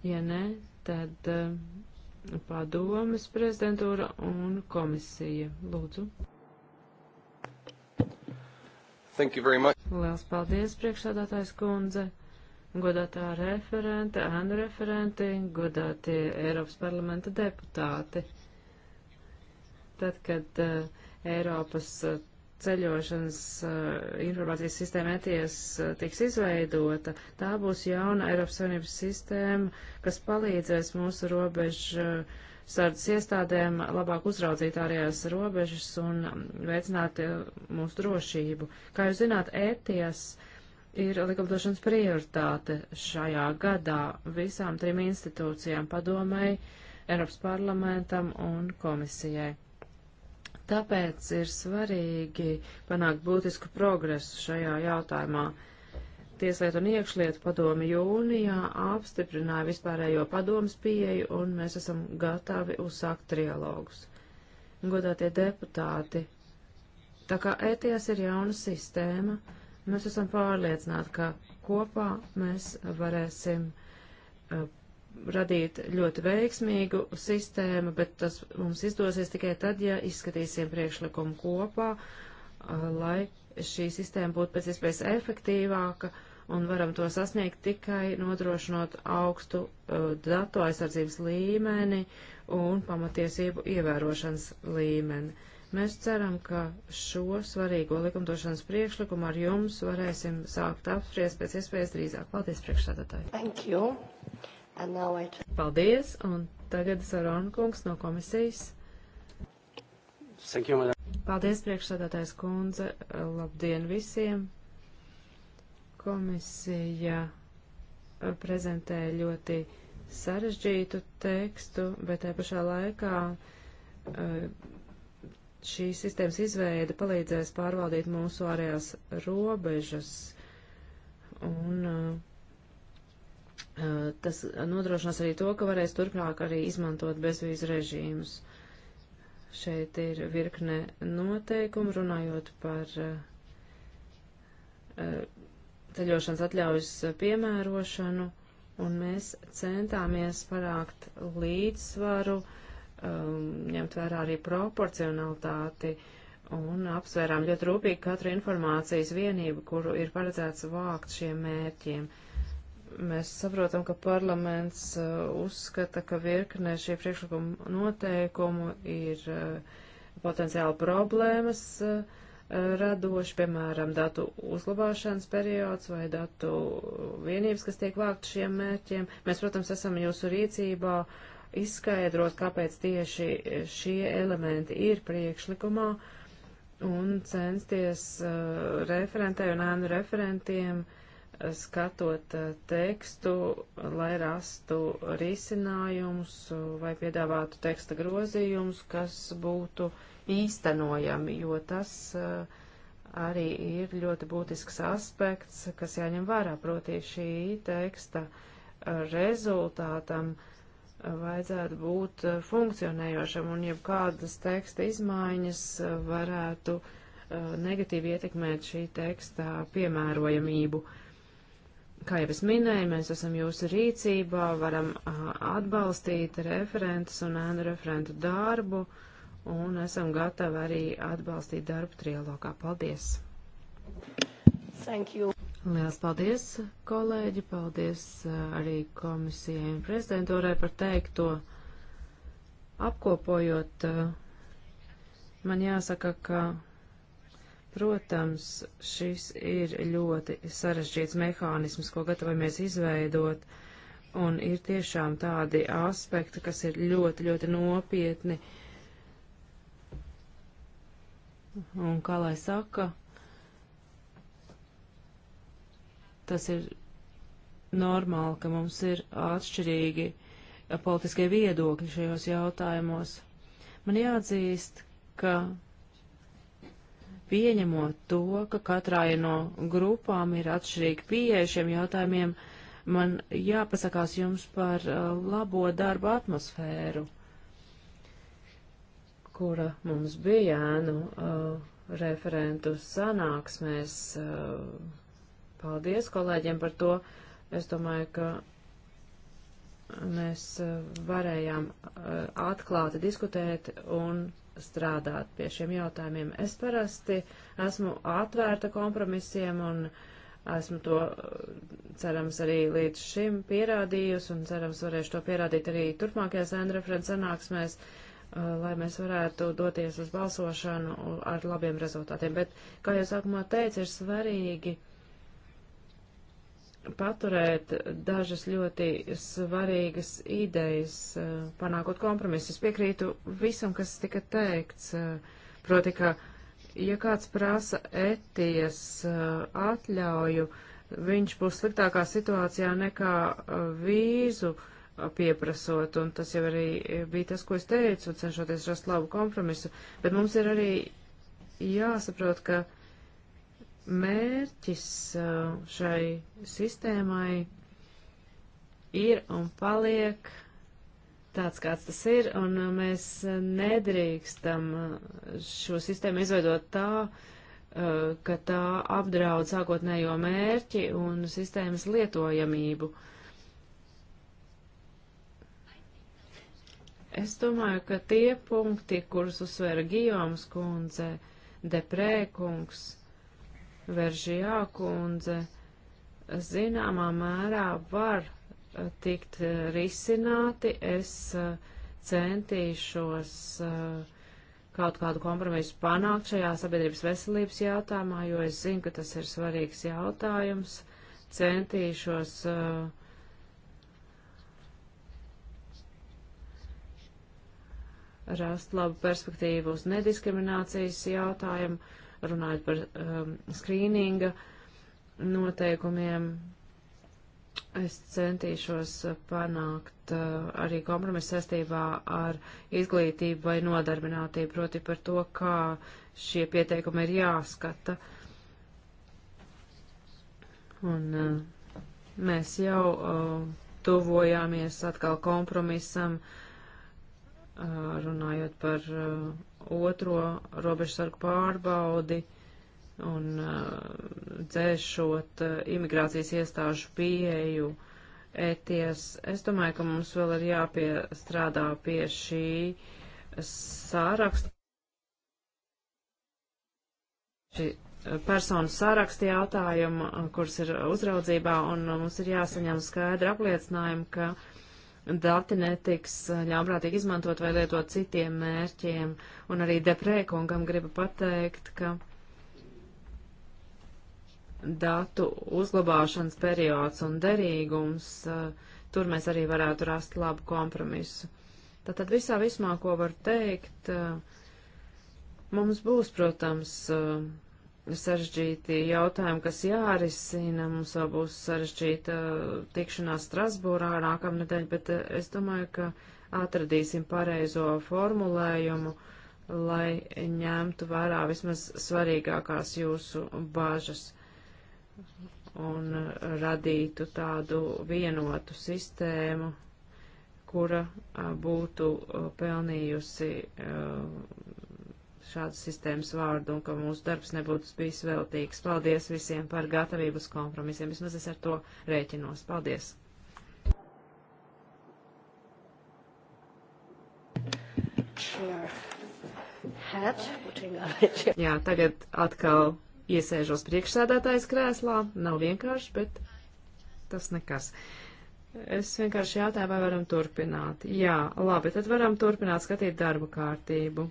Ja nē, tad uh, padomes prezidentūra un komisija. Lūdzu! Thank you very much. Lielas paldies, priekšsādātājs kundze! godātā referente, ēnu referenti, godātie Eiropas parlamenta deputāti. Tad, kad uh, Eiropas uh, ceļošanas uh, informācijas sistēma ETIES uh, tiks izveidota, tā būs jauna Eiropas Savienības sistēma, kas palīdzēs mūsu robežu uh, sardzes iestādēm labāk uzraudzīt ārējās robežas un mm, veicināt uh, mūsu drošību. Kā jūs zināt, ETIES uh, ir likumdošanas prioritāte šajā gadā visām trim institūcijām - padomai, Eiropas parlamentam un komisijai. Tāpēc ir svarīgi panākt būtisku progresu šajā jautājumā. Tieslietu un iekšlietu padomi jūnijā apstiprināja vispārējo padomas pieeju, un mēs esam gatavi uzsākt trialogus. Godātie deputāti, tā kā ETS ir jauna sistēma, uh, Mēs esam pārliecināti, ka kopā mēs varēsim uh, radīt ļoti veiksmīgu sistēmu, bet tas mums izdosies tikai tad, ja izskatīsim priekšlikumu kopā, uh, lai šī sistēma būtu pēc iespējas efektīvāka un varam to sasniegt tikai nodrošinot augstu uh, datu aizsardzības līmeni un pamatiesību ievērošanas līmeni. Mēs ceram, ka šo svarīgo likumdošanas priekšlikumu ar jums varēsim sākt apspriest pēc iespējas drīzāk. Paldies, priekšsēdētāji! Thank you! And now I... Paldies! Un tagad Sarona kungs no komisijas. Thank you, madam. Paldies, priekšsēdētājs kundze! Labdien visiem! Komisija uh, prezentēja ļoti sarežģītu tekstu, bet te pašā laikā uh, Šīs sistēmas izveida palīdzēs pārvaldīt mūsu ārējās robežas un uh, uh, tas nodrošinās arī to, ka varēs turpmāk arī izmantot bezvīzu režīmus. Šeit ir virkne noteikumu runājot par uh, uh ceļošanas atļaujas piemērošanu, un mēs centāmies parākt līdzsvaru uh, um, ņemt vērā arī proporcionalitāti un apsvērām ļoti rūpīgi katru informācijas vienību, kuru ir paredzēts vākt šiem mērķiem. Mēs saprotam, ka parlaments uh, uzskata, ka virkne šie priekšlikuma noteikumu ir uh, potenciāli problēmas. Uh, radoši, piemēram, datu uzglabāšanas periods vai datu vienības, kas tiek vākt šiem mērķiem. Mēs, protams, esam jūsu rīcībā izskaidrot, kāpēc tieši šie elementi ir priekšlikumā un censties uh, referentē un ēnu referentiem uh, skatot uh, tekstu, lai rastu risinājumus uh, vai piedāvātu teksta grozījumus, kas būtu īstenojami, jo tas uh, arī ir ļoti būtisks aspekts, kas jāņem vērā, proti šī teksta uh, rezultātam uh, vajadzētu būt eh, funkcionējošam un jeb kādas teksta izmaiņas eh, varētu eh, negatīvi ietekmēt šī teksta piemērojamību. Kā jau es minēju, mēs esam jūsu rīcībā, varam atbalstīt referentus un ēnu referentu darbu un esam gatavi arī atbalstīt darbu trialogā. Paldies! Thank you! Lielas paldies, kolēģi, paldies eh, arī komisijai un prezidentūrai par teikto. Apkopojot, eh, man jāsaka, ka Protams, šis ir ļoti sarežģīts mehānisms, ko gatavojamies izveidot, un ir tiešām tādi aspekti, kas ir ļoti, ļoti nopietni. Un kā lai saka, Tas ir normāli, ka mums ir atšķirīgi politiskie viedokļi šajos jautājumos. Man jāatzīst, ka pieņemot to, ka katrai no grupām ir atšķirīgi pieeja šiem jautājumiem, man jāpasakās jums par uh, labo darba atmosfēru, kura mums bija ēnu uh, referentu sanāksmēs. Uh, Paldies kolēģiem par to. Es domāju, ka mēs eh, varējām eh, atklāti diskutēt un strādāt pie šiem jautājumiem. Es parasti esmu atvērta kompromisiem un esmu to, eh, cerams, arī līdz šim pierādījusi un cerams varēšu to pierādīt arī turpmākajās endreferents sanāksmēs lai mēs varētu doties uz balsošanu ar labiem rezultātiem. Bet, kā jau sākumā teicu, ir svarīgi uh, paturēt dažas ļoti svarīgas idejas, eh, panākot kompromisu. Es piekrītu visam, kas tika teikts, eh, proti, ka, ja kāds prasa etijas eh, atļauju, viņš būs sliktākā situācijā nekā vīzu pieprasot, un tas jau arī bija tas, ko es teicu, cenšoties rast labu kompromisu, bet mums ir arī jāsaprot, ka mērķis uh, šai sistēmai ir un paliek tāds, kāds tas ir, un uh, mēs nedrīkstam uh, šo sistēmu izveidot tā, ka tā apdraud sākotnējo mērķi un sistēmas lietojamību. Es domāju, ka tie punkti, kurus uzsvēra Gijoms kundze, Deprē kungs, Veržijā kundze zināmā mērā var eh, tikt eh, risināti. Es eh, centīšos kaut kādu kompromisu panākt šajā sabiedrības veselības jautājumā, jo es zinu, ka tas ir svarīgs jautājums. Centīšos uh, rast labu perspektīvu uz nediskriminācijas jautājumu runājot par um, skrīninga noteikumiem. Es centīšos panākt uh, arī kompromisu saistībā ar izglītību vai nodarbinātību, proti par to, kā šie pieteikumi ir jāskata. Un uh, mēs jau uh, tuvojāmies atkal kompromisam uh, runājot par otro robežsargu pārbaudi un dzēšot imigrācijas iestāžu pieeju ēties. E es domāju, ka mums vēl ir jāpiestrādā pie šī sāraksta. Šī personu sāraksta jautājuma, kuras ir uzraudzībā, un mums ir jāsaņem skaidra apliecinājuma, ka dati netiks eh, ļaunprātīgi izmantot vai lietot citiem mērķiem. Un arī deprēkungam gribu pateikt, ka datu uzglabāšanas periods un derīgums, eh, tur mēs arī varētu rast labu kompromisu. Tātad visā vismā, ko var teikt, eh, mums būs, protams, sarežģīti jautājumi, kas jārisina. Mums vēl būs sarežģīta tikšanās Strasbūrā nākamnedēļ, bet eh, es domāju, ka atradīsim pareizo formulējumu, lai ņemtu vērā vismaz svarīgākās jūsu bažas un eh, radītu tādu vienotu sistēmu, kura eh, būtu pelnījusi šādas sistēmas vārdu un ka mūsu darbs nebūtu bijis veltīgs. Paldies visiem par gatavības kompromisiem. Vismaz es ar to rēķinos. Paldies! Jā, tagad atkal iesēžos priekšsēdētājas krēslā. Nav vienkārši, bet tas nekas. Es vienkārši jautāju, vai varam turpināt. Jā, labi, tad varam turpināt skatīt darba kārtību.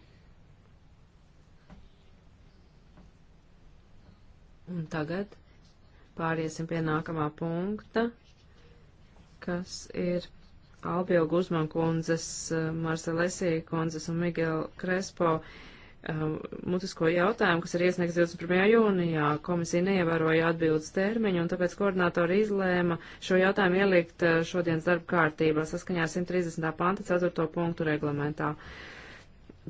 Un tagad pāriesim pie nākamā punkta, kas ir Albija Guzman kundzes, eh, Marcelesī kundzes un Miguel Krespo um, eh, mutisko jautājumu, kas ir iesniegts 21. jūnijā. Komisija neievēroja atbildes termiņu, un tāpēc koordinātori izlēma šo jautājumu ielikt eh, šodienas darba kārtībā saskaņā 130. panta 4. punktu reglamentā. Uh,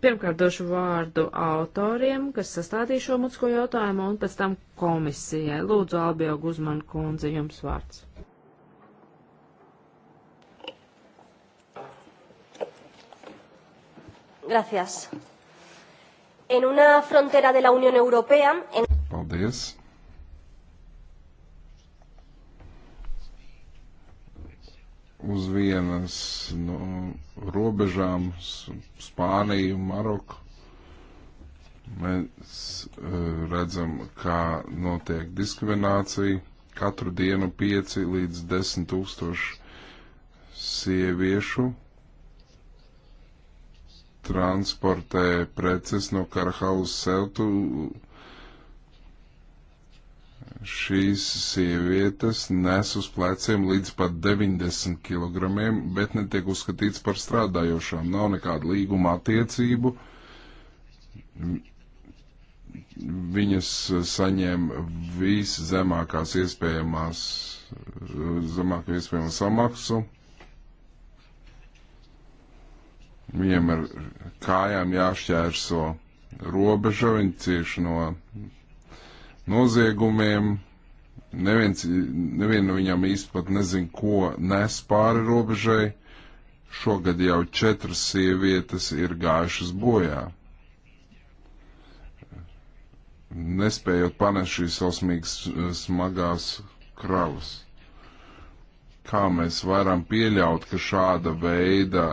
Pirmkārt došu vārdu autoriem, kas sastādīja šo mutisko jautājumu, un pēc tam komisijai. Lūdzu, Albija Guzman kundze, jums vārds. Gracias. En una frontera de la Unión Europea. En... Paldies. uz vienas no nu, robežām Spāniju, Maroku. Mēs e, redzam, kā notiek diskriminācija. Katru dienu 5 līdz 10 tūkstoši sieviešu transportē preces no Karhaus Seltu šīs sievietes nes uz pleciem līdz pat 90 kg, bet netiek uzskatīts par strādājošām. Nav nekāda līguma attiecību. Viņas saņem viszemākās iespējamās, zemāko iespējamo samaksu. Viņiem ar kājām jāšķērso robeža, viņi cieši no noziegumiem. Neviens, nevienu viņam īsti pat nezin, ko nes pāri robežai. Šogad jau četras sievietes ir gājušas bojā. Nespējot panest šīs osmīgas smagās kravas. Kā mēs varam pieļaut, ka šāda veida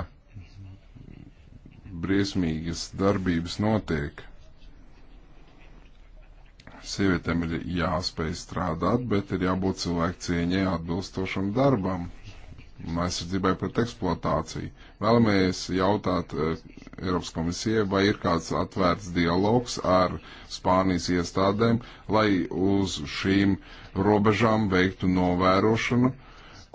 briesmīgas darbības notiek? Sievietēm ir jāspēj strādāt, bet ir jābūt cilvēku cieņai atbilstošam darbam un aizsardzībai pret eksploatāciju. Vēlamies jautāt eh, Eiropas komisijai, vai ir kāds atvērts dialogs ar Spānijas iestādēm, lai uz šīm robežām veiktu novērošanu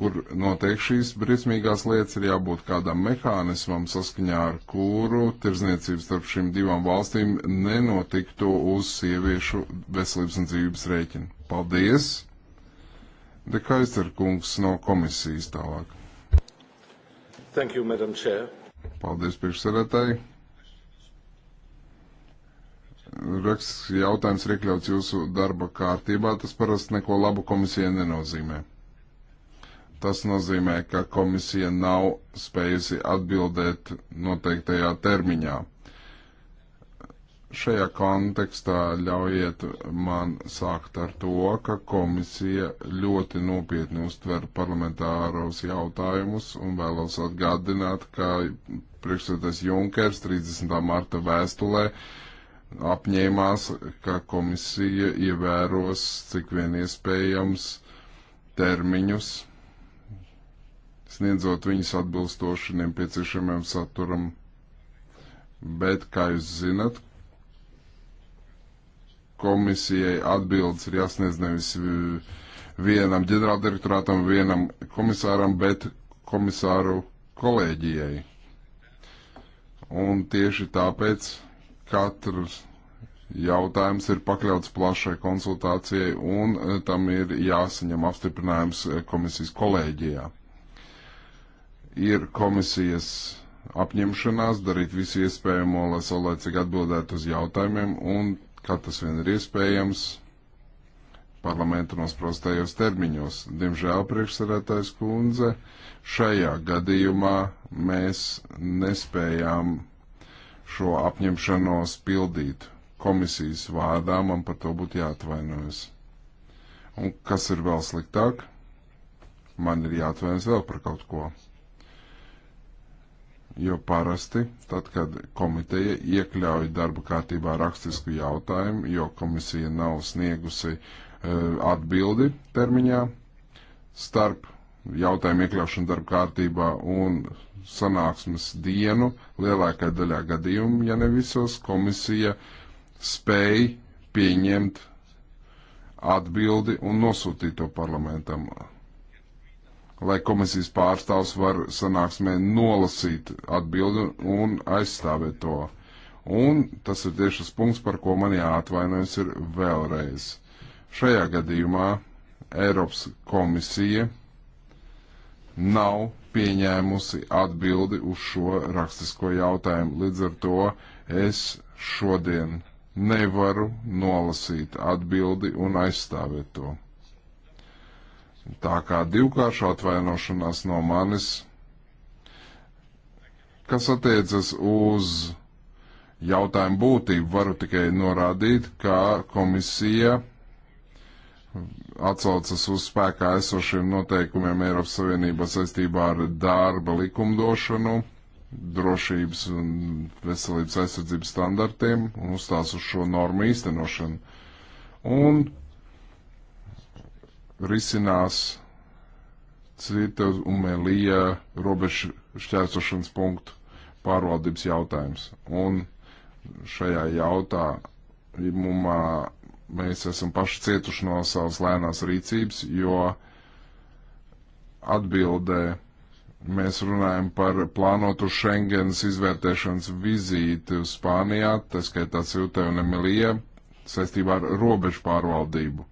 kur notiek šīs briesmīgās lietas, ir jābūt kādam mehānismam, saskaņā ar kuru tirzniecības starp šīm divām valstīm nenotiktu uz sieviešu veselības un dzīvības rēķina. Paldies! De Kaiser kungs no komisijas tālāk. Thank you, Madam Chair. Paldies, priekšsēdētāji. Raksts jautājums ir iekļauts jūsu darba kārtībā. Tas parasti neko labu komisijai nenozīmē. Tas nozīmē, ka komisija nav spējusi atbildēt noteiktajā termiņā. Šajā kontekstā ļaujiet man sākt ar to, ka komisija ļoti nopietni uztver parlamentāros jautājumus un vēlos atgādināt, ka priekšsēdētājs Junkers 30. marta vēstulē apņēmās, ka komisija ievēros cik vien iespējams termiņus sniedzot viņus atbilstoši nepieciešamiem saturam. Bet, kā jūs zinat, komisijai atbildes ir jāsniedz nevis e, vienam ģenerāldirektorātam, vienam komisāram, bet komisāru kolēģijai. Un tieši tāpēc katrs jautājums ir pakļauts plašai konsultācijai un e, tam ir jāsaņem apstiprinājums e, komisijas kolēģijā ir komisijas apņemšanās darīt visu iespējamo, lai saulēcīgi atbildētu uz jautājumiem un, kā tas vien ir iespējams, parlamentu nosprostajos termiņos. Diemžēl priekšsarētājs kundze šajā gadījumā mēs nespējām šo apņemšanos pildīt. Komisijas vārdā man par to būtu jāatvainojas. Un kas ir vēl sliktāk? Man ir jāatvainojas vēl par kaut ko. Jo parasti, tad, kad komiteja iekļauj darba kārtībā rakstisku jautājumu, jo komisija nav sniegusi e, atbildi termiņā starp jautājumu iekļaušanu darba kārtībā un sanāksmes dienu, lielākā daļā gadījumu, ja ne visos, komisija spēj pieņemt atbildi un nosūtīt to parlamentam lai komisijas pārstāvs var sanāksmē nolasīt atbildi un aizstāvēt to. Un tas ir tieši tas punkts, par ko man jāatvainojas ir vēlreiz. Šajā gadījumā Eiropas komisija nav pieņēmusi atbildi uz šo rakstisko jautājumu. Līdz ar to es šodien nevaru nolasīt atbildi un aizstāvēt to. Tā kā divkārša atvainošanās no manis, kas attiecas uz jautājumu būtību, varu tikai norādīt, ka komisija atsaucas uz spēkā esošiem noteikumiem Eiropas Savienībā saistībā ar darba likumdošanu, drošības un veselības aizsardzības standartiem un uzstās uz šo normu īstenošanu. Un risinās cita un līja robežu šķērsošanas punktu pārvaldības jautājums. Un šajā jautājumā mēs esam paši cietuši no savas lēnās rīcības, jo atbildē mēs runājam par plānotu Schengens izvērtēšanas vizīti uz Spānijā, tas skaitā Ciutē un Emilija, saistībā ar robežu pārvaldību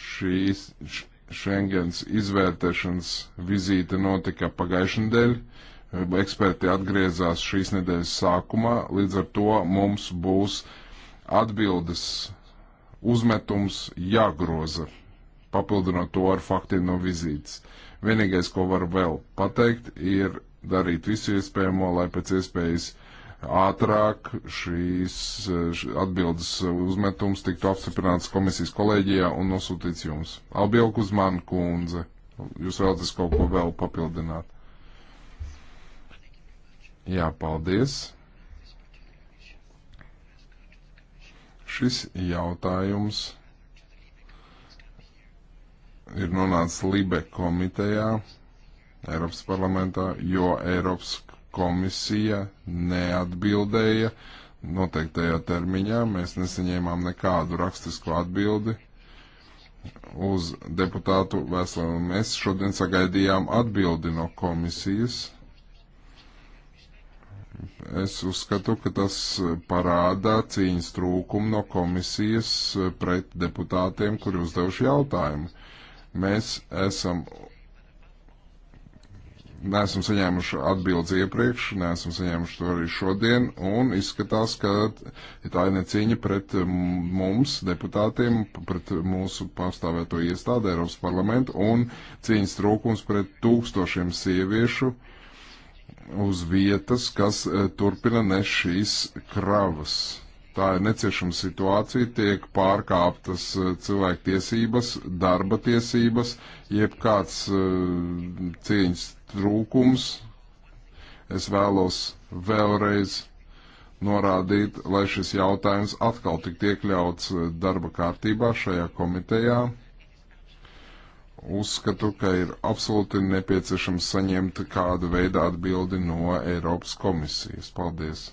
šīs Schengens izvērtēšanas vizīte notika pagājušajā nedēļā. Eksperti atgriezās šīs nedēļas sākumā, līdz ar to mums būs atbildes uzmetums jāgroza, papildinot to ar faktiem no vizītes. Vienīgais, ko varu vēl pateikt, ir darīt visu iespējamo, lai pēc iespējas ātrāk šīs atbildes uzmetums tiktu apstiprināts komisijas kolēģijā un nosūtīts jums. Albielk uz mani, kundze. Jūs vēlaties kaut ko vēl papildināt? Jā, paldies. Šis jautājums ir nonācis Libe komitejā Eiropas parlamentā, jo Eiropas komisija neatbildēja noteiktajā termiņā. Mēs nesaņēmām nekādu rakstisku atbildi uz deputātu vēstuli. Mēs šodien sagaidījām atbildi no komisijas. Es uzskatu, ka tas parāda cīņas trūkumu no komisijas pret deputātiem, kuri uzdevuši jautājumu. Mēs esam neesam saņēmuši atbildes iepriekš, neesam saņēmuši to arī šodien, un izskatās, ka tā ir necīņa pret mums, deputātiem, pret mūsu pārstāvēto iestādi Eiropas parlamentu, un cīņas trūkums pret tūkstošiem sieviešu uz vietas, kas e, turpina nes šīs kravas. Tā ir neciešama situācija, tiek pārkāptas e, cilvēktiesības, darba tiesības, jebkāds uh, e, cīņas trūkums. Es vēlos vēlreiz norādīt, lai šis jautājums atkal tikt iekļauts eh, darba kārtībā šajā komitejā. Uzskatu, ka ir absolūti nepieciešams saņemt kādu veidu atbildi no Eiropas komisijas. Paldies!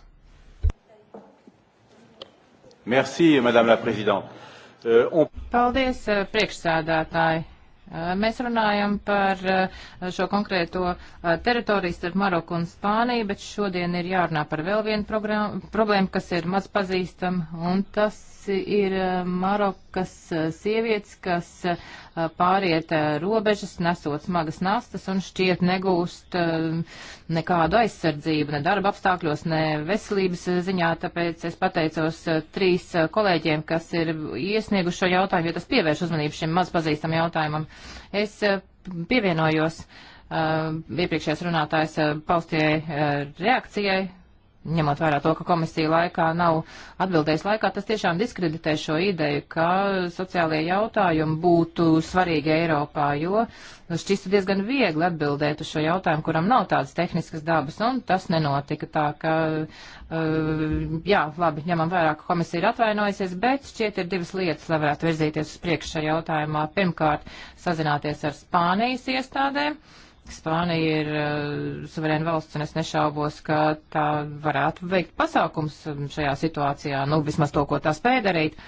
Merci, Madame la Présidente. Uh, on... Paldies, eh, priekšsēdētāji. Eh, mēs runājam par eh, šo konkrēto eh, teritoriju starp Maroku un Spāniju, bet šodien ir jārunā par vēl vienu problēmu, kas ir maz pazīstam, un tas ir Marokas sievietes, kas pāriet robežas, nesot smagas nastas un šķiet negūst nekādu aizsardzību, ne darba apstākļos, ne veselības ziņā, tāpēc es pateicos trīs kolēģiem, kas ir iesnieguši šo jautājumu, jo tas pievērš uzmanību šim maz pazīstam jautājumam. Es eh, pievienojos eh, iepriekšējās runātājas eh, paustajai reakcijai ņemot vērā to, ka komisija laikā nav atbildējusi laikā, tas tiešām diskreditē šo ideju, ka sociālajie jautājumi būtu svarīgi Eiropā, jo šķistu diezgan viegli atbildēt uz šo jautājumu, kuram nav tādas tehniskas dabas, un tas nenotika tā, ka, uh, jā, labi, ņemam vērā, ka komisija ir atvainojusies, bet šķiet ir divas lietas, lai varētu virzīties uz priekšu šajā jautājumā. Pirmkārt, sazināties ar Spānijas iestādēm. Uh, Spānija ir uh, suverēna valsts, un es nešaubos, ka tā varētu veikt pasākums šajā situācijā, nu, vismaz to, ko tā spēja darīt.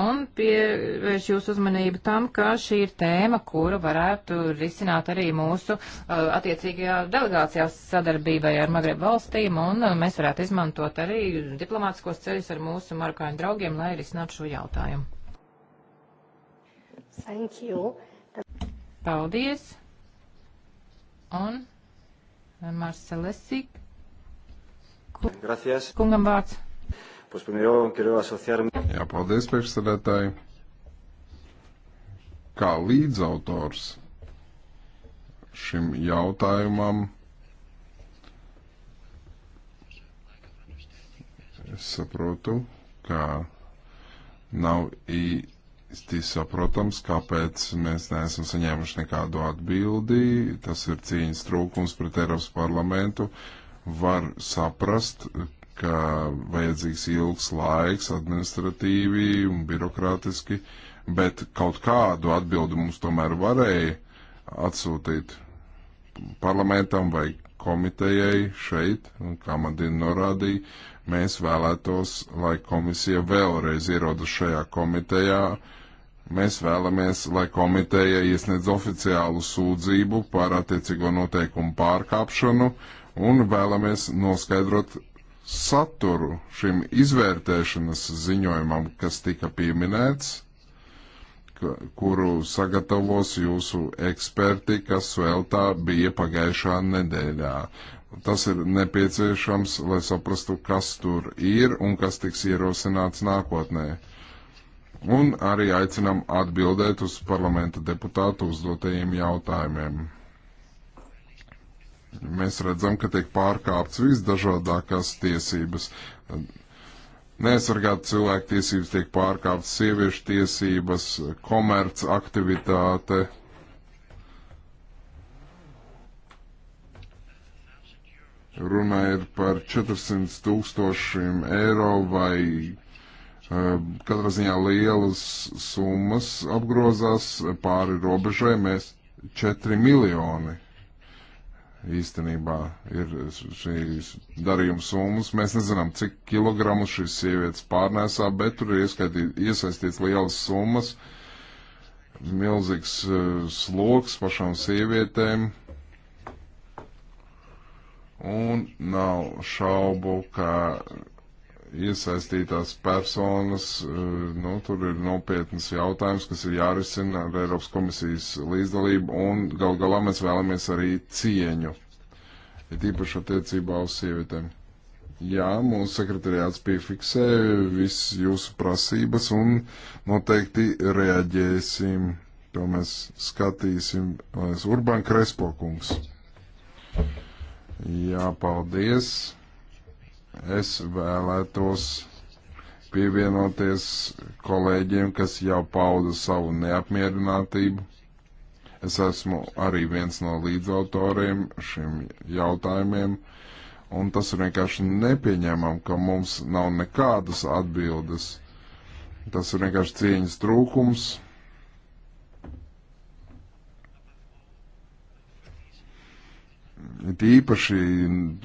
Un pievērš jūs uzmanību tam, ka šī ir tēma, kuru varētu risināt arī mūsu uh, attiecīgajā delegācijā sadarbībai ar Magreb valstīm, un uh, mēs varētu izmantot arī diplomātiskos ceļus ar mūsu marokāņu draugiem, lai risinātu šo jautājumu. Thank you. Paldies! un eh, Marcelesik. Gracias. Kungam vārds. Pues primero quiero asociarme. Jā, paldies priekšsēdētāji. Kā līdzautors šim jautājumam. Es saprotu, ka nav īsti īsti saprotams, kāpēc mēs neesam saņēmuši nekādu atbildi. Tas ir cīņas trūkums pret Eiropas parlamentu. Var saprast, ka vajadzīgs ilgs laiks administratīvi un birokrātiski, bet kaut kādu atbildi mums tomēr varēja atsūtīt parlamentam vai komitejai šeit, kā Madina norādīja, mēs vēlētos, lai komisija vēlreiz ierodas šajā komitejā Mēs vēlamies, lai komiteja iesniedz oficiālu sūdzību par attiecīgo noteikumu pārkāpšanu un vēlamies noskaidrot saturu šim izvērtēšanas ziņojumam, kas tika pieminēts, kuru sagatavos jūsu eksperti, kas Sueltā bija pagājušā nedēļā. Tas ir nepieciešams, lai saprastu, kas tur ir un kas tiks ierosināts nākotnē un arī aicinām atbildēt uz parlamenta deputātu uzdotajiem jautājumiem. Mēs redzam, ka tiek pārkāpts visdažādākās tiesības. Nesargāt cilvēku tiesības tiek pārkāptas sieviešu tiesības, komerc aktivitāte. Runa ir par 400 tūkstošiem eiro vai Katrā ziņā lielas summas apgrozās pāri robežai. Mēs 4 miljoni īstenībā ir šīs darījuma summas. Mēs nezinām, cik kilogramus šīs sievietes pārnēsā, bet tur ir iesaistīts lielas summas, milzīgs sloks pašām sievietēm. Un nav šaubu, ka iesaistītās personas, eh, nu, tur ir nopietnas jautājums, kas ir jārisina ar Eiropas komisijas līdzdalību, un gal galā mēs vēlamies arī cieņu, ir tīpaši attiecībā uz sievietēm. Jā, mūsu sekretariāts piefiksē visas jūsu prasības un noteikti reaģēsim. To mēs skatīsim. Urbāna Krespo kungs. Jā, paldies. Es vēlētos pievienoties kolēģiem, kas jau pauda savu neapmierinātību. Es esmu arī viens no līdzautoriem šim jautājumiem, un tas ir vienkārši nepieņemam, ka mums nav nekādas atbildes. Tas ir vienkārši cieņas trūkums. Tīpaši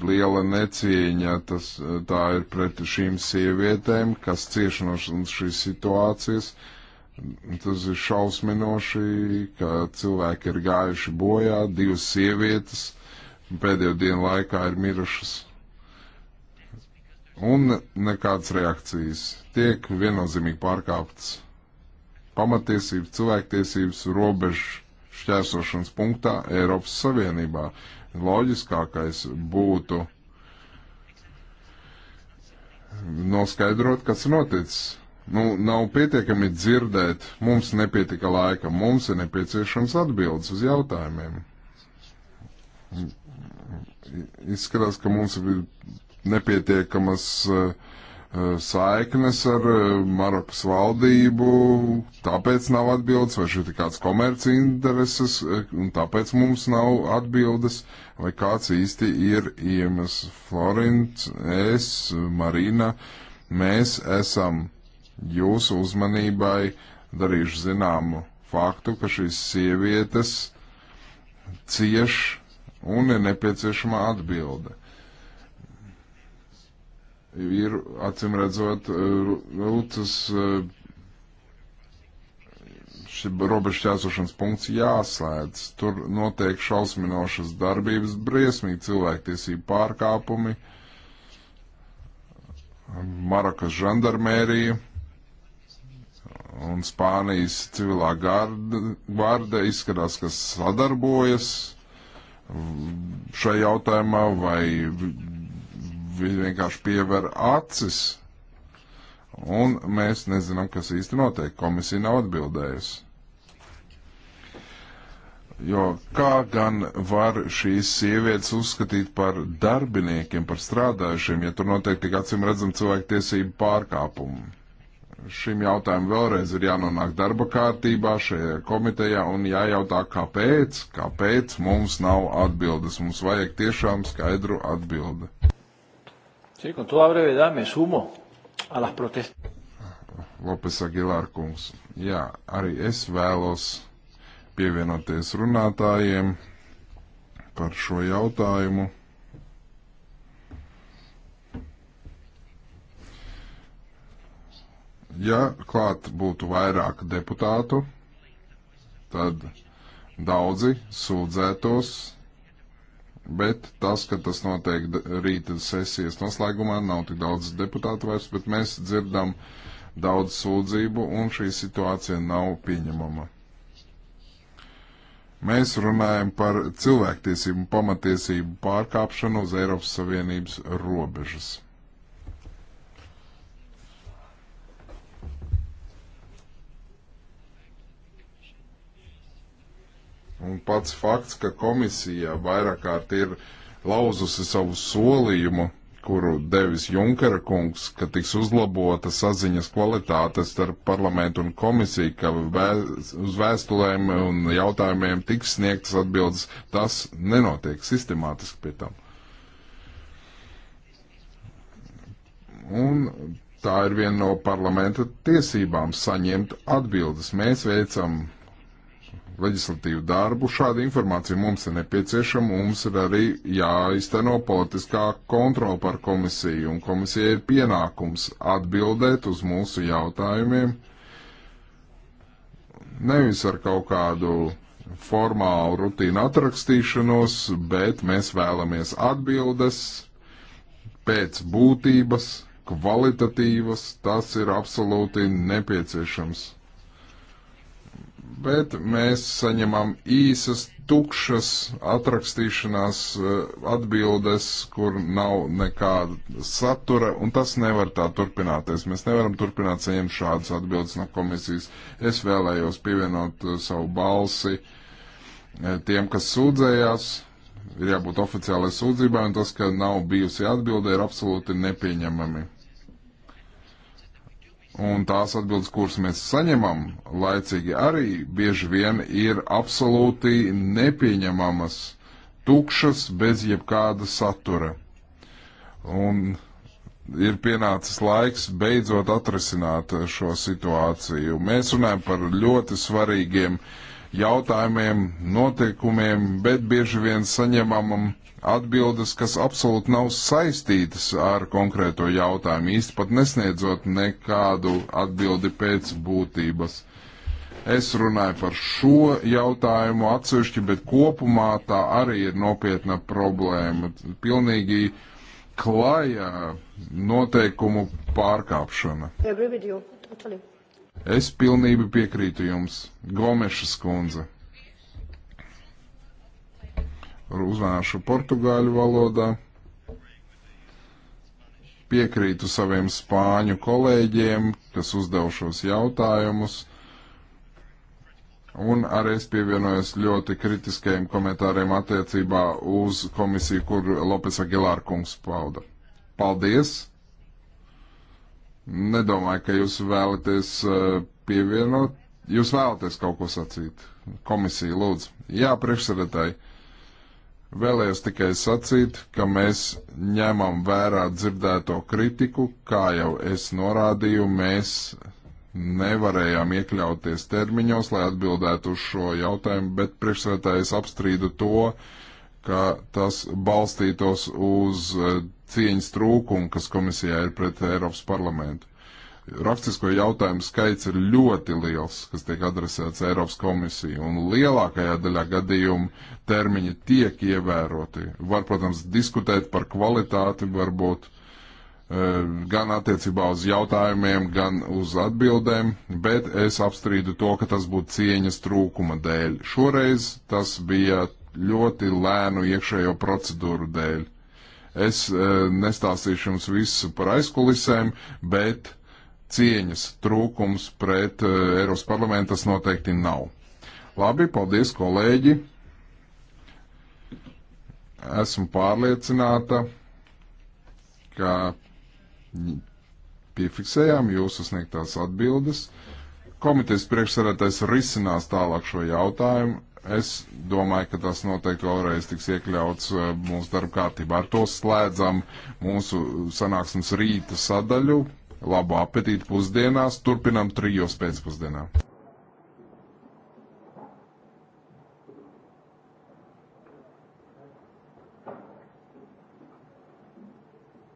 liela necieņa tas, tā ir pret šīm sievietēm, kas cieš no šīs situācijas. Tas ir šausminoši, ka cilvēki ir gājuši bojā, divas sievietes pēdējo dienu laikā ir mirušas. Un nekādas reakcijas. Tiek viennozīmīgi pārkāptas pamatiesības, cilvēktiesības, robežu šķērsošanas punktā Eiropas Savienībā. Uh, loģiskākais būtu noskaidrot, kas noticis. Nu, nav pietiekami dzirdēt, mums nepietika laika, mums ir nepieciešams atbildes uz jautājumiem. Izskatās, ka mums ir nepietiekamas uh, Eh, saiknes ar eh, Marokas valdību, tāpēc nav atbildes, vai šeit ir kāds komerci intereses, eh, un tāpēc mums nav atbildes, vai kāds īsti ir iemesls. Florins, es, Marina, mēs esam jūsu uzmanībai darījuši zināmu faktu, ka šīs sievietes cieš un ir nepieciešama atbilde ir acīm redzot Lūcas e, e, robežu ķēsošanas punkts jāslēdz. Tur notiek šausminošas darbības, briesmīgi cilvēktiesību pārkāpumi, Marokas žandarmērija un Spānijas civilā gārda izskatās, kas sadarbojas šajā jautājumā vai vienkārši piever acis, un mēs nezinām, kas īsti notiek. Komisija nav atbildējusi. Jo kā gan var šīs sievietes uzskatīt par darbiniekiem, par strādājušiem, ja tur notiek tik acīm redzam cilvēktiesību pārkāpumu? Šim jautājumam vēlreiz ir jānonāk darba kārtībā šajā komitejā un jājautā, kāpēc, kāpēc mums nav atbildes. Mums vajag tiešām skaidru atbildi. Sí, con toda brevedad me sumo a las protestas. Lopes Agilār kungs. Jā, arī es vēlos pievienoties runātājiem par šo jautājumu. Ja klāt būtu vairāk deputātu, tad daudzi sūdzētos Bet tas, ka tas notiek rīta sesijas noslēgumā, nav tik daudz deputātu vairs, bet mēs dzirdam daudz sūdzību un šī situācija nav pieņemama. Mēs runājam par cilvēktiesību pamatiesību pārkāpšanu uz Eiropas Savienības robežas. Un pats fakts, ka komisija vairāk kārt ir lauzusi savu solījumu, kuru devis Junkera kungs, ka tiks uzlabota saziņas kvalitāte starp parlamentu un komisiju, ka vēz, uz vēstulēm un jautājumiem tiks sniegtas atbildes, tas nenotiek sistemātiski pie tam. Un tā ir viena no parlamenta tiesībām saņemt atbildes. Mēs veicam leģislatīvu darbu. Šāda informācija mums ir nepieciešama, mums ir arī jāizteno politiskā kontrola par komisiju, un komisija ir pienākums atbildēt uz mūsu jautājumiem. Nevis ar kaut kādu formālu rutīnu atrakstīšanos, bet mēs vēlamies atbildes pēc būtības, kvalitatīvas, tas ir absolūti nepieciešams bet mēs saņemam īsas, tukšas atrakstīšanās eh, atbildes, kur nav nekāda satura, un tas nevar tā turpināties. Mēs nevaram turpināt saņemt šādas atbildes no komisijas. Es vēlējos pievienot eh, savu balsi eh, tiem, kas sūdzējās. Ir jābūt oficiālai sūdzībai, un tas, ka nav bijusi atbilde, ir absolūti nepieņemami. Un tās atbildes, kuras mēs saņemam laicīgi, arī bieži vien ir absolūti nepieņemamas, tukšas, bez jebkāda satura. Un ir pienācis laiks beidzot atrisināt šo situāciju. Mēs runājam par ļoti svarīgiem uh, jautājumiem, noteikumiem, bet bieži vien saņemam atbildes, kas absolūti nav saistītas ar konkrēto jautājumu, īsti pat nesniedzot nekādu atbildi pēc būtības. Es runāju par šo jautājumu atsevišķi, bet kopumā tā arī ir nopietna problēma. Pilnīgi klajā noteikumu pārkāpšana. Yeah, Es pilnībā piekrītu jums, Gomeša skundze. Uzvāršu portugāļu valodā. Piekrītu saviem spāņu kolēģiem, kas uzdev šos jautājumus. Un arī es pievienojos ļoti kritiskajiem komentāriem attiecībā uz komisiju, kur Lopes Agilārkungs pauda. Paldies! Nedomāju, ka jūs vēlaties eh, pievienot. Jūs vēlaties kaut ko sacīt? Komisija, lūdzu. Jā, priekšsēdētāji. Vēlējos tikai sacīt, ka mēs ņemam vērā dzirdēto kritiku, kā jau es norādīju, mēs nevarējām iekļauties termiņos, lai atbildētu uz šo jautājumu, bet priekšsēdētājs apstrīdu to, ka tas balstītos uz eh, cieņas trūkumu, kas komisijā ir pret Eiropas parlamentu. Rakstisko jautājumu skaits ir ļoti liels, kas tiek adresēts Eiropas komisiju, un lielākajā daļā gadījumu termiņi tiek ievēroti. Var, protams, diskutēt par kvalitāti, varbūt e, gan attiecībā uz jautājumiem, gan uz atbildēm, bet es apstrīdu to, ka tas būtu cieņas trūkuma dēļ. Šoreiz tas bija ļoti lēnu iekšējo procedūru dēļ. Es e, nestāstīšu jums visu par aizkulisēm, bet cieņas trūkums pret e, Eiropas parlamentu tas noteikti nav. Labi, paldies, kolēģi! Esmu pārliecināta, ka piefiksējām jūsu sniegtās atbildes. Komitejas priekšsarētais risinās tālāk šo jautājumu Es domāju, ka tas noteikti vēlreiz tiks iekļauts uh, mūsu darba kārtībā. Ar to slēdzam mūsu sanāksmes rīta sadaļu. Labu apetīti pusdienās, turpinam trijos pēcpusdienā.